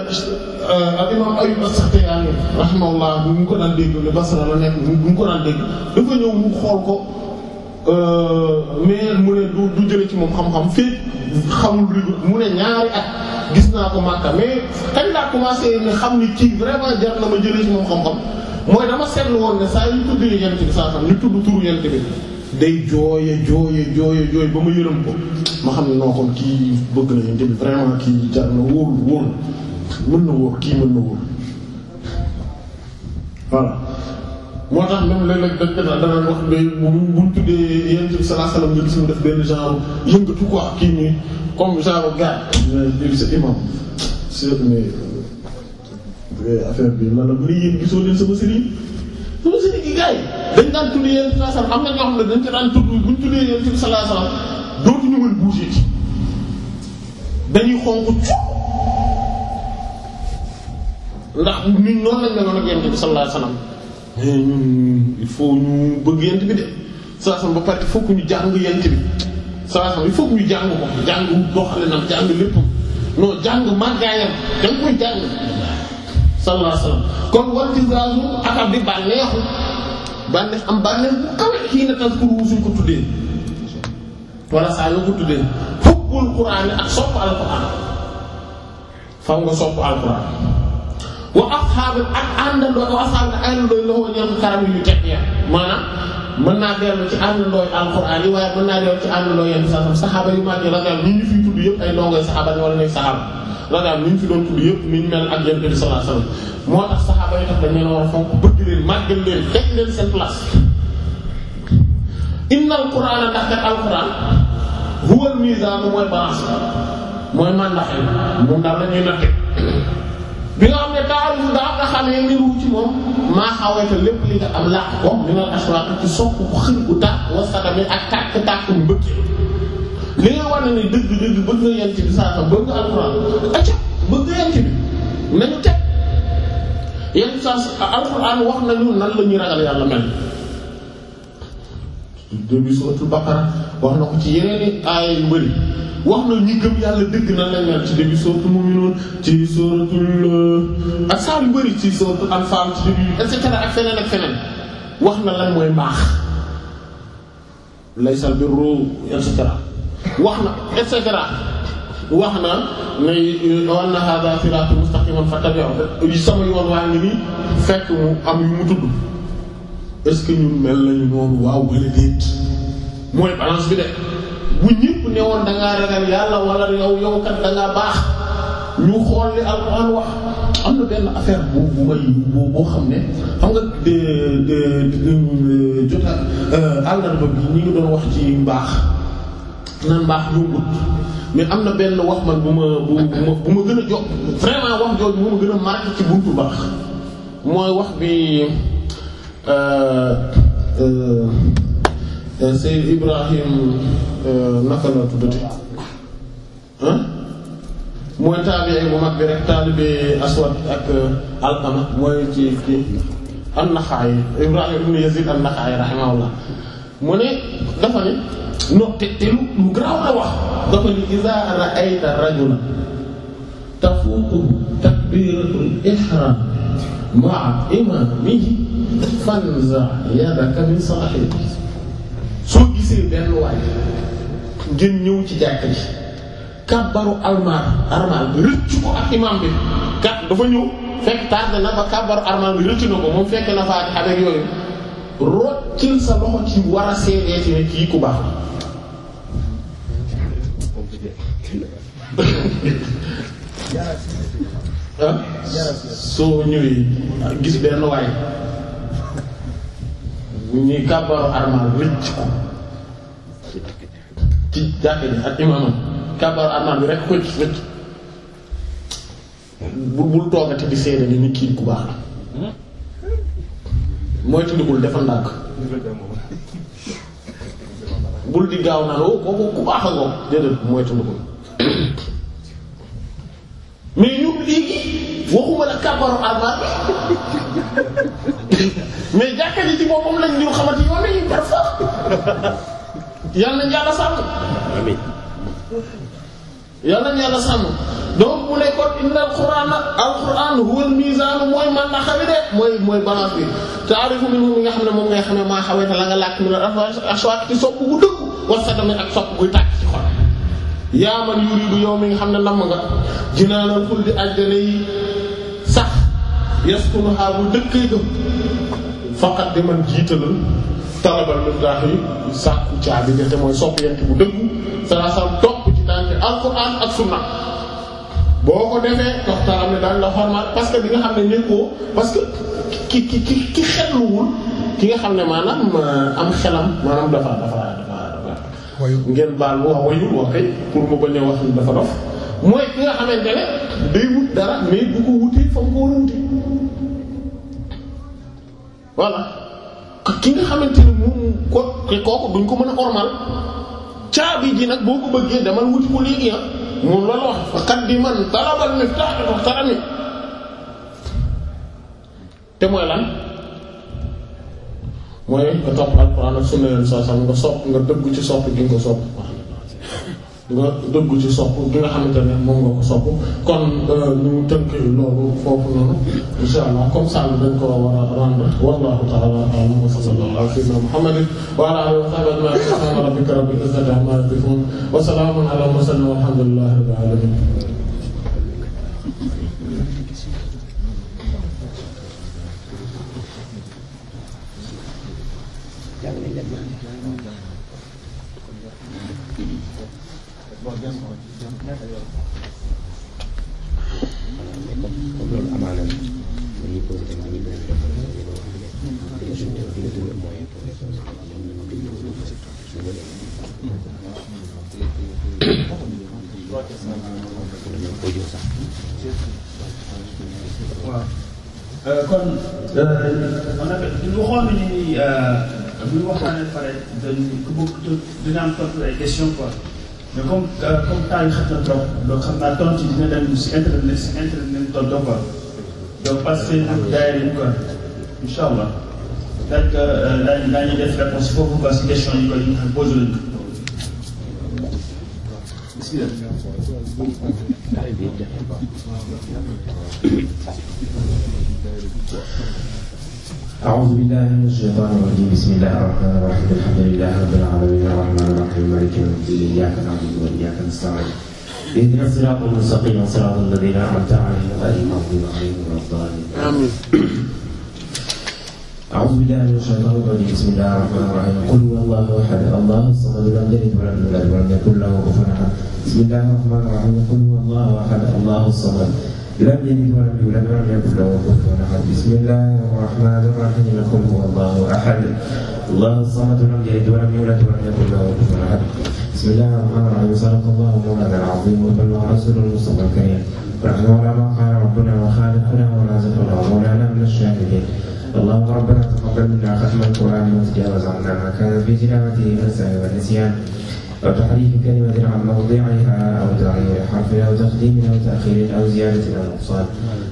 euh, al imam Ayyub as-Saxtiyaani rahimahullah bi mu ko daan dégg ne Basra la nekk bi mu ko daan dégg dafa ñëw mu xool ko euh, mais mu ne du du jële ci moom xam-xam fii xamul rigor mu ne ñaari at gis naa ko Makka mais kañ laa commencé ne xam ni ci vraiment jar na ma jëlee ci moom xam-xam mooy dama seetlu ne saa yu tudd yent bi saa xam ñu tudd turu yent bi day jooye jooye jooye jooye ba ma yërëm ko ma xam ne noo kon kii bëgg na yonent bi vraiment kii jar na wóorul wóorul mën na wóor kii mën na wóor voilà moo tax même léeg-léeg da danaan wax ba buñ tuddee yonent bi sallallahu alayhi wasallam nga gis mu def benn genre yëngatu quoi kii nii comme genre gars il c'est imam c'est mais euh, affaire bi la la mu ne yéen gisoo leen sama sëriñ suñu si digg gars yi dañ daan tudd yéen si salaasalaam am ñu tuddee yéen dañuy xonq ndax ñun noonu lañ meloon ak yéen bi sallallahu alayhi wasallam eh, ñu bëgg yent bi de sallallahu ba pare il que ñu jàng yent bi sallallahu il faut que ñu jàng ko jàng boo xam ne nag jàng lépp non jàng màggaayam da nga koy jàng. sallallahu alayhi wasallam kon wal tisraasu atab bi bànneexu bànneex am bànneex bu kawe xii na tazkuru suñ ko tuddee wala saa yoo ko tuddee xubbul quraan ak sopp alquraan faw nga sopp alquraan wa asxaabul ak àndandoo ak asxaabul ay la doon la woo ñoom karam yu teg ya maanaam mën naa dellu ci àndandoo alquran yi waaye mën naa dellu ci àndandoo yenn sax saxaaba yu mag yi radiyallahu anhum ñu ñu fi tudd yëpp ay ñu fi doon tudd yëpp ni ñu mel ak yonent bi sallallahu alayhi wasallam moo tax saxaaba yi tax dañ leen war a fonk bëgg leen màggal leen teg leen seen place innal qur'ana ndax kat alquran huwal mizan mooy balance mooy mandaxe moom daal la ñuy natte bi nga xam ne taalum daa nga xamee ngiru ci moom maa xaweta lépp li nga am làq ko li nga aswaat ci sopp ku xër ku tàkk wasatami ak tàkk-tàkk bu bëgg li nga war ne ni dëgg dëgg bëgg nga yent bi saata bëgg nga alxuraan acca bëgg nga bi nañu teg yenn saa alxuraan wax na nan la ñuy ragal yàlla mel début suratul baqara wax na ko ci yeneen aaya yu bari wax na ñi gëm yàlla dëgg nan lañ mel ci début suratul mu'minun ci suratul euh, ak saar yu bari ci suratul anfal ci début et cetera ak feneen ak feneen wax na lan mooy mbaax laysal birru et cetera wax na et cetera wax na ne euh, wa anna hadha siratu mustaqiman fattabi'u sama yoon waa ngi nii fekk mu am yu mu tudd est-ce que ñun mel nañu noonu waaw wala déet mooy balance bi de bu ñëpp ne woon da yàlla wala yow yow kat baax ñu xool li alxuraan wax am na benn affaire bu bu bu boo xam ne euh, wax ci mbaax nan am na benn wax ma bu ma bu ma gën a jox vraiment wax jooju bu ma gën a marqué ci buntu mbaax mooy wax bi. Euh, euh, euh, Seyd Ibrahim naka la tuddati mooy taabi'i bu mag bi rek taalibi Aswad ak Alqama mooy ci ci an-Naxa'i Ibrahim ibn Yazid an-Naxa'i rahimahullah mu ne dafa ne no te te lu garaaw la wax dafa ne iza ra'ayta rajulan tafuuquhu takbiiratul ihraam maa imaamihi fanza yadaka min salahi soo gisee benn waay ngeen ñëw ci jàkka ji kàbbaru almaar armaal bi rëcc ko ak imaam bi kat dafa ñëw fekk tardé na ba kàbbaru armaal bi rëcc na ko moom fekk na faati avec yooyu roccil sa loxo ci war a seedee ci ne kii ku baax ah soo ñëwee gis benn waay ñuy kàbbaru armal rëcc ci jàkka ji ak imaamam kàbbaru armal bi rek xëcc rëcc bu bul toogati di seede ni nit kii ku baax la mooy tindikul defal ndànk bul di gaaw naan woo oh, kooku ku baax a ngoog déedéet mooy tindikul mais ñun léegi waxuma la kàbbaru àllar mais jàkka ji ci boppam lañ ñu xamante yoon nañu parfois yal nañ yàlla sàmm. amiin yal nañ yàlla sàmm donc mu nekkoon inna alqur'ana alqur'an huwal mizan mooy man la xawi de mooy mooy balance bi te arifu mi nga xam ne moom ngay xam ne maa xawee la nga làkk mi ne dafa aswaat ci sopp bu dëgg war sa demee ak sopp buy tàkk ci xol. yaa man yuridu yow mi nga xam ne namm nga jinaanal xul di àjjana yi sax yaskunuha bu dëkkee gëm faqat di man jiitalal talabal min daax yi sàkku caabi nga mooy sopp yent bu dëggu saa sam topp ci tànk alquran ak sunna boo ko defee tox taram ne daañ la xormaat parce que bi nga xam ne nekkoo parce que ki ki ki ki xelluwul ki nga xam ne maanaam euh, am xelam maanaam dafa dafa dafa ngeen baal mu wax wayul wax kay pour mu bañ a wax dafa dof mooy ki nga xamante ne day wut dara mais bu ko wutee fa mu ko war a wutee voilà ki nga xamante ne moom ko kooku duñ ko mën a ormal caabi ji nag boo ko bëggee demal wuti ko léegi ah moom loolu wax faqat bi man talabal miftah tax tarami te mooy lan mooy nga topp alxuraan ak sunna leen saa nga sopp nga dëggu ci sopp gi nga ko sopp nga dëggu ci sopp gi nga xamante ne moom nga ko sopp kon euh, ñu tënk loolu foofu noonu insha allah comme ça dañ ko war a rendre wallahu ta'ala a'lam wa sallallahu ala sayyidina muhammadin wa ala alihi wa sahbihi subhana rabbika rabbil izzati amma yasifun wa salamun ala mursalin walhamdulillahi rabbil alamin Euh, kon euh, on a waxoon nañu ni bu ñu waxtaanee pare dañu ko bëgg dina am tontu ay questions quoi mais comme euh, comme temps yi xam na trop donc xam naa tontu dina dem si internet si internet nañu tontu quoi donc parce ah que daay nañu quoi incha allah daañu daañu def réponse foofu quoi si questions yi quoi ñu posé Merci. أعوذ بالله من الشيطان الرجيم بسم الله الرحمن الرحيم الحمد لله رب العالمين الرحمن الرحيم مالك يوم الدين إياك نعبد وإياك نستعين اهدنا الصراط المستقيم صراط الذين أنعمت عليهم غير المغضوب عليهم ولا الضالين آمين أعوذ بالله من الشيطان الرجيم بسم الله الرحمن الرحيم قل هو الله أحد الله الصمد لم يلد ولم يولد ولم يكن له كفوا أحد بسم الله الرحمن الرحيم قل هو الله أحد الله الصمد لم يلد ولم يولد ولم يكن له كفوا أحد بسم الله الرحمن الرحيم قل هو الله أحد الله الصمد لم يلد ولم يولد ولم يكن له كفوا أحد بسم الله الرحمن الرحيم صدق الله مولانا العظيم وبلغ رسول المصطفى الكريم نحن على ما قال ربنا وخالقنا ورازقنا ومولانا من الشاهدين اللهم ربنا تقبل منا ختم القرآن والتلاوة عنا ما كان في تلاوته فالسعي والنسيان وتحريف كلمة عن موضعها أو تغيير حرف أو تقديم أو تأخير أو زيادة أو نقصان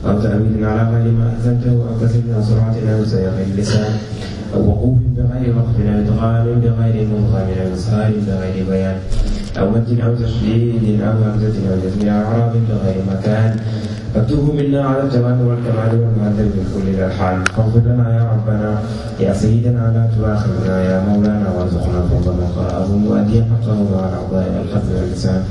أو تأويل على غير ما أنزلته أو كسر أو سرعة أو سياق اللسان أو وقوف بغير وقف أو إدغام بغير مدغام أو إسهال بغير بيان أو مد أو تشديد أو همزة أو جزم أعراب بغير مكان فاكتبه منا على الجمال والكمال والمعدل من كل الحال فاغفر لنا يا ربنا يا سيدنا لا تؤاخذنا يا مولانا وارزقنا فضل من قرأه مؤديا حقه مع الأعضاء والقلب واللسان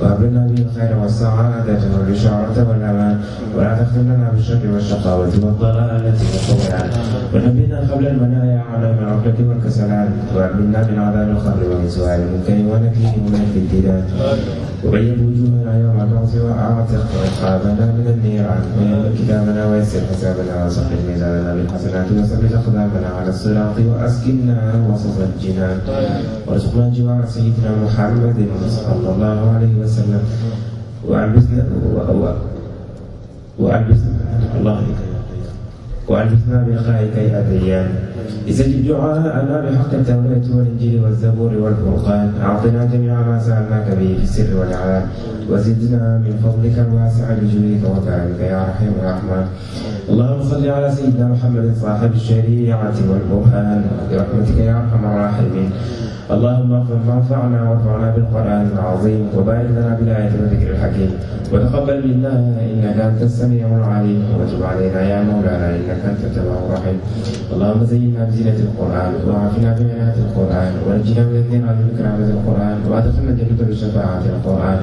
وأبلنا به الخير والسعادة والبشارة والأمان ولا تختم لنا بالشر والشقاوة والضلالة والطغيان ونبينا قبل المنايا على من عقلة والكسلان وأبلنا من عذاب الخمر ومن سؤال المنكر ونكيه من الابتلاء وبين وجوهنا يوم البعث وأعتق رقابنا من جهنم النيران وإن كتابنا ويسر حسابنا وسقي ميزاننا بالحسنات وثبت أقدامنا على الصراط وأسكننا وسط الجنان وارزقنا جوار سيدنا محمد صلى الله عليه وسلم وألبسنا وألبسنا الله عليك وألبسنا بلقائك الأبيان إذا الدعاء أنا بحق التوراة والإنجيل والزبور والفرقان أعطنا جميع ما سألناك به في السر والعلان وزدنا من فضلك الواسع بجودك وكرمك يا رحيم يا رحمن اللهم صل على سيدنا محمد صاحب الشريعة والبرهان برحمتك يا أرحم الراحمين اللهم اغفر وارفعنا وارفعنا بالقران العظيم وبارك لنا بالايه والذكر الحكيم وتقبل منا انك انت السميع العليم وتب علينا يا مولانا انك انت التواب الرحيم اللهم زينا بزينه القران وعافنا بعنايه القران ونجنا من النار بكرامه القران وادخلنا جنه بشفاعه القران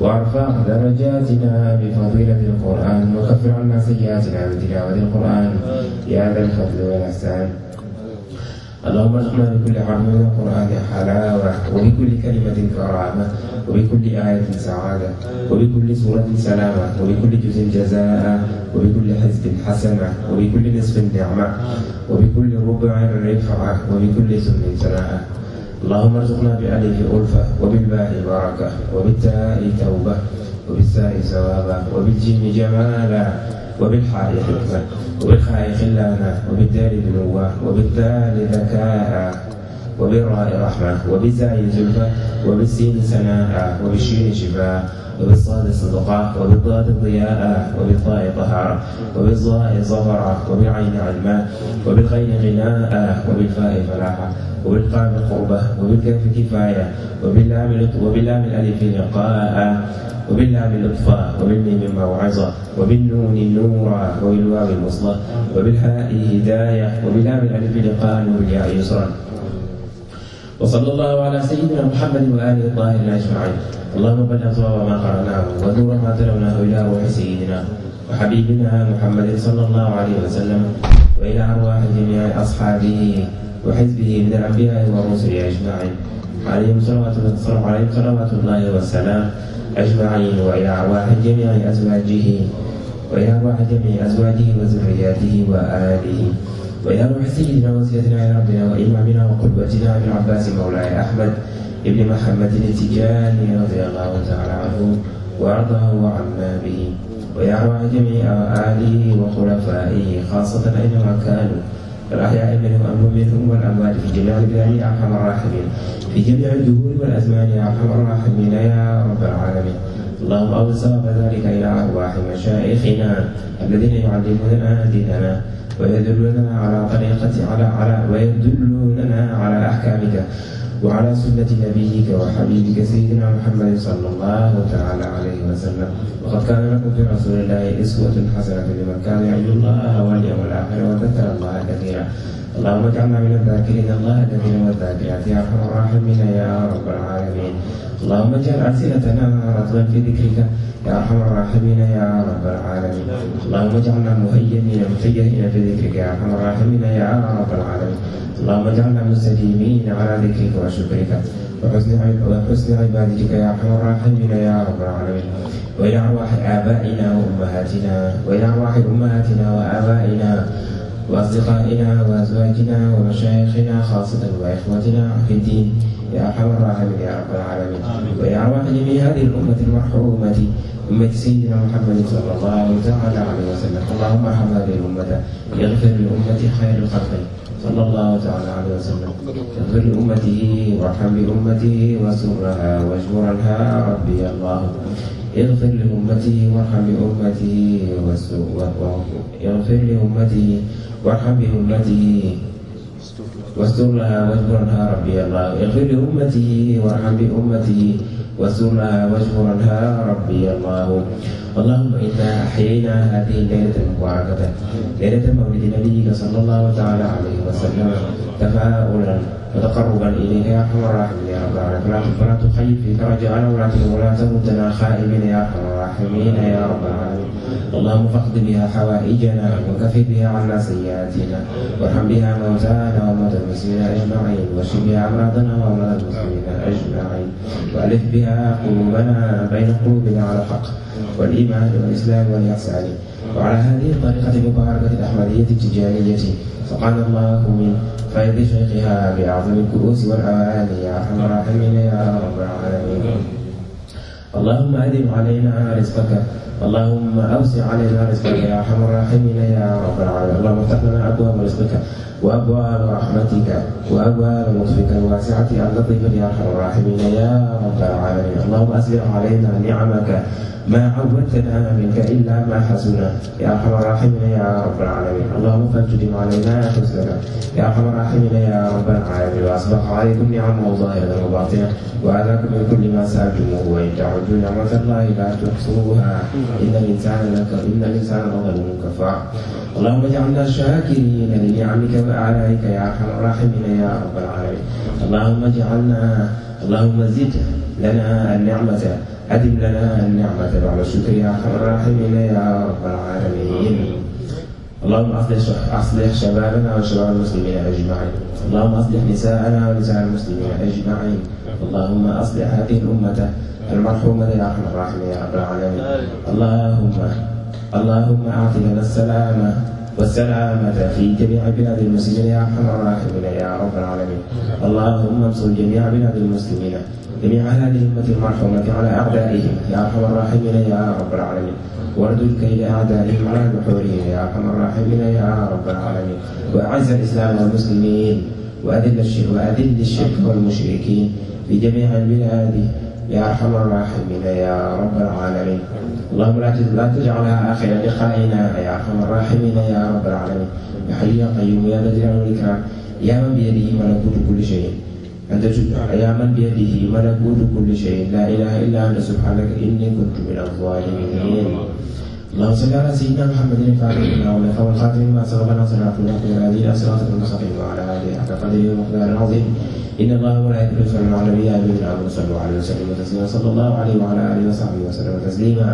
وارفع درجاتنا بفضيلة القرآن وكفر عنا سيئاتنا بتلاوة القرآن يا ذا الفضل والإحسان اللهم ارزقنا بكل عام والقرآن حلاوة وبكل كلمة كرامة وبكل آية سعادة وبكل سورة سلامة وبكل جزء جزاء وبكل حزب حسنة وبكل نصف نعمة وبكل ربع رفعة وبكل سن سناء اللهم ارزقنا بألف ألفة وبالباء بركة وبالتاء توبة وبالساء ثوابا وبالجيم جمالا وبالحار حكمة وبالخاء خلانا وبالدال بنوة وبالدال ذكاء وبالراء رحمة وبالزاي زلفى وبالسين سناء وبالشين شفاء وبالصاد صدقة وبالضاد ضياء وبالطاء طهارة وبالظاء ظفرة وبالعين علماء وبالغين غناء وبالفاء فلاحة وبالقام قربة وبالكاف كفاية وباللام وباللام الألف لقاء وباللام لطفا وبالميم موعظة وبالنون نورا وبالواو الوصلة وبالحاء هداية وباللام الألف لقاء وبالياء يسرا وصلى الله على سيدنا محمد وآله الطاهرين أجمعين اللهم بلغ صواب ما قرأناه ونور ما تلوناه إلى روح سيدنا وحبيبنا محمد صلى الله عليه وسلم وإلى أرواح جميع أصحابه وحزبه من الأنبياء والرسل أجمعين عليهم صلوات الله وسلامه أجمعين وإلى أرواح جميع أزواجه وإلى أرواح جميع أزواجه وذرياته وآله وإلى روح سيدنا وسيدنا إلى ربنا وإمامنا وقدوتنا أبي العباس مولاي أحمد ابن محمد التجاني رضي الله تعالى عنه وأرضاه وعما به وإلى أرواح جميع آله وخلفائه خاصة أينما كانوا الأحياء منهم أمر منهم والأموات في جميع البلاد أرحم الراحمين بجميع الجهود والأزمان يا أرحم الراحمين يا رب العالمين اللهم أوصى ذلك إلى أرواح مشايخنا الذين يعلموننا ديننا ويدلوننا على طريقة على على ويدلوننا على أحكامك وعلى سنة نبيك وحبيبك سيدنا محمد صلى الله تعالى عليه وسلم وقد كان لكم في رسول الله أسوة حسنة لمن كان يرجو الله واليوم الآخر وذكر الله كثيرا اللهم اجعلنا من الذاكرين الله الذين والذاكرات يا ارحم الراحمين يا رب العالمين اللهم اجعل ألسنتنا رطبا في ذكرك يا ارحم الراحمين يا رب العالمين اللهم اجعلنا مهيمين متيهين في ذكرك يا ارحم الراحمين يا رب العالمين اللهم اجعلنا مستديمين على ذكرك وشكرك وحسن وحسن عبادتك يا ارحم الراحمين يا رب العالمين والى ارواح ابائنا وامهاتنا والى ارواح امهاتنا وابائنا وأصدقائنا وأزواجنا ومشايخنا خاصة وإخوتنا في الدين يا أرحم الراحمين يا رب العالمين ويا أرواح جميع هذه الأمة المرحومة أمة سيدنا محمد صلى الله تعالى عليه وسلم اللهم ارحم هذه الأمة يغفر لأمة خير الخلق صلى الله تعالى عليه وسلم اغفر لأمته وارحم بأمته واسترها واجبرها ربي الله اغفر لأمته وارحم بأمته واستر اغفر لأمته وارحم بأمتي واستر لها واجبرها ربي الله اغفر لأمتي وارحم بأمتي واستر لها واجبرها ربي الله اللهم إنا أحيينا هذه الليلة المباركة ليلة مولد نبيك صلى الله تعالى عليه وسلم تفاؤلا وتقربا إليك يا أرحم الراحمين يا رب العالمين فلا تخيب في فرجنا ولا ولا تمتنا خائبين يا أرحم الراحمين يا رب العالمين اللهم فاقض بها حوائجنا وكف بها عنا سيئاتنا وارحم بها موتانا وموتى المسلمين أجمعين واشف بها أمراضنا وأمراض المسلمين أجمعين وألف بها قلوبنا بين قلوبنا على الحق والإيمان والإسلام والإحسان وعلى هذه الطريقة بمحاربة الأحمدية التجانية فقال الله من فيض شيخها بأعظم الكؤوس والأواني يا أرحم الراحمين يا رب العالمين اللهم أدم علينا رزقك اللهم أوسع علينا رزقك يا أرحم الراحمين يا رب العالمين اللهم افتح لنا أبواب رزقك وأبواب رحمتك وأبواب لطفك الواسعة عن لطيفك يا أرحم الراحمين يا رب العالمين اللهم أسبغ علينا نعمك ما عودتنا منك إلا ما حسنا يا أرحم الراحمين يا رب العالمين اللهم فانتدم علينا حسننا يا أرحم الراحمين يا رب العالمين وأسبق عليكم نعمه ظاهرة وباطنة وآتاكم من كل ما سألتموه وإن تعدوا نعمة الله لا تحصوها إن الإنسان لك إن الإنسان لظلوم كفار اللهم اجعلنا شاكرين لنعمك وآلائك يا أرحم الراحمين يا رب العالمين اللهم اجعلنا اللهم زد لنا النعمة أدم لنا النعمة بعد الشكر يا أرحم الراحمين يا رب العالمين اللهم اصلح اصلح شبابنا وشباب المسلمين اجمعين، اللهم اصلح نساءنا ونساء المسلمين اجمعين، اللهم اصلح هذه الامه المرحومة العقل الرحمة يا رب العالمين اللهم اللهم أعطنا السلامة والسلامة في جميع بلاد المسلمين يا أرحم الراحمين يا رب العالمين اللهم انصر جميع بلاد المسلمين جميع أهل الأمة المرحومة على أعدائهم يا أرحم الراحمين يا رب العالمين واردد كيد أعدائهم على بحورهم يا أرحم الراحمين يا رب العالمين وأعز الإسلام والمسلمين وأذل الشرك وأذل الشرك والمشركين في جميع البلاد يا أرحم الراحمين يا رب العالمين اللهم لا تجعلها آخر لقائنا يا أرحم الراحمين يا رب العالمين يا حي يا قيوم يا ذا الجلال والإكرام يا من بيده ملكوت كل شيء أنت يا من بيده ملكوت كل شيء لا إله إلا أنت سبحانك إني كنت من الظالمين اللهم صل على سيدنا محمد الفاتح لما ولف والخاتم ما سبق ناصر الحق والهادي الى صراط المستقيم وعلى اله حق قدره ومقدار عظيم ان الله وملائكته يصلون على النبي يا ايها الذين امنوا صلوا عليه وسلموا تسليما صلى الله عليه وعلى اله وصحبه وسلم تسليما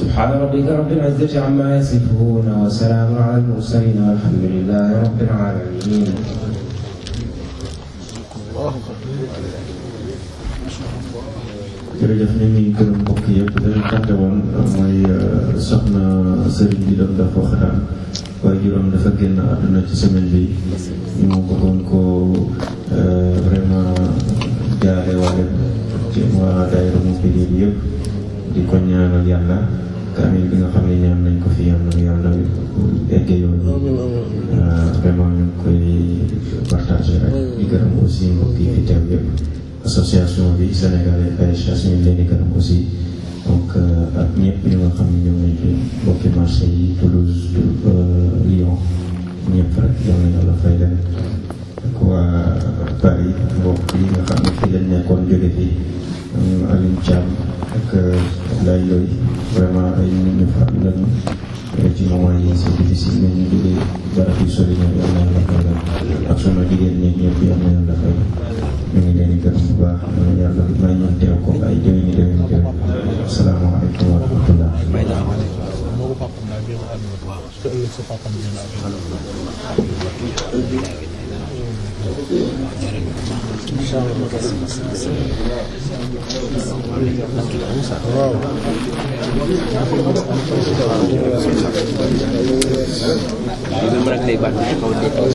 سبحان ربك رب العزه عما يصفون وسلام على المرسلين والحمد لله رب العالمين الله jërëjëf ñu ngi gërëm mbokk yëpp dañu fàtte woon euh, mooy euh, soxna sëriñ bi doon def waxtaan waaye juróom dafa génn àdduna ci semaine bi ñu bëggoon ko euh, vraiment jaale waale ci waa daayira mu bi yëpp di ko ñaanal yàlla kaamil bi nga xam ne ñaan nañ ko fi yàlla yàlla egge yoon yi vraiment ñu ngi koy partagé rek di gërëm aussi mbokk yi fi teew association bi sénégalais ay chasse ñu ngi leen euh, di gërëm ak ñëpp ñu nga xam ne ñëw nañ fi bokki marché Toulouse euh, Lyon ñëpp rek yal na yàlla fay ak waa Paris mbokk ak euh, lay yooyu vraiment ay nit ñu faatu ñu jógee barab ak suma jigéen ñi ñëpp yal na yàlla fay leen ñu ngi leen di gërëm bu baax ñu yàlla may ñu teew ko ay déwéni déwéni déwén asalaamaaleykum wa rahmatullah waaw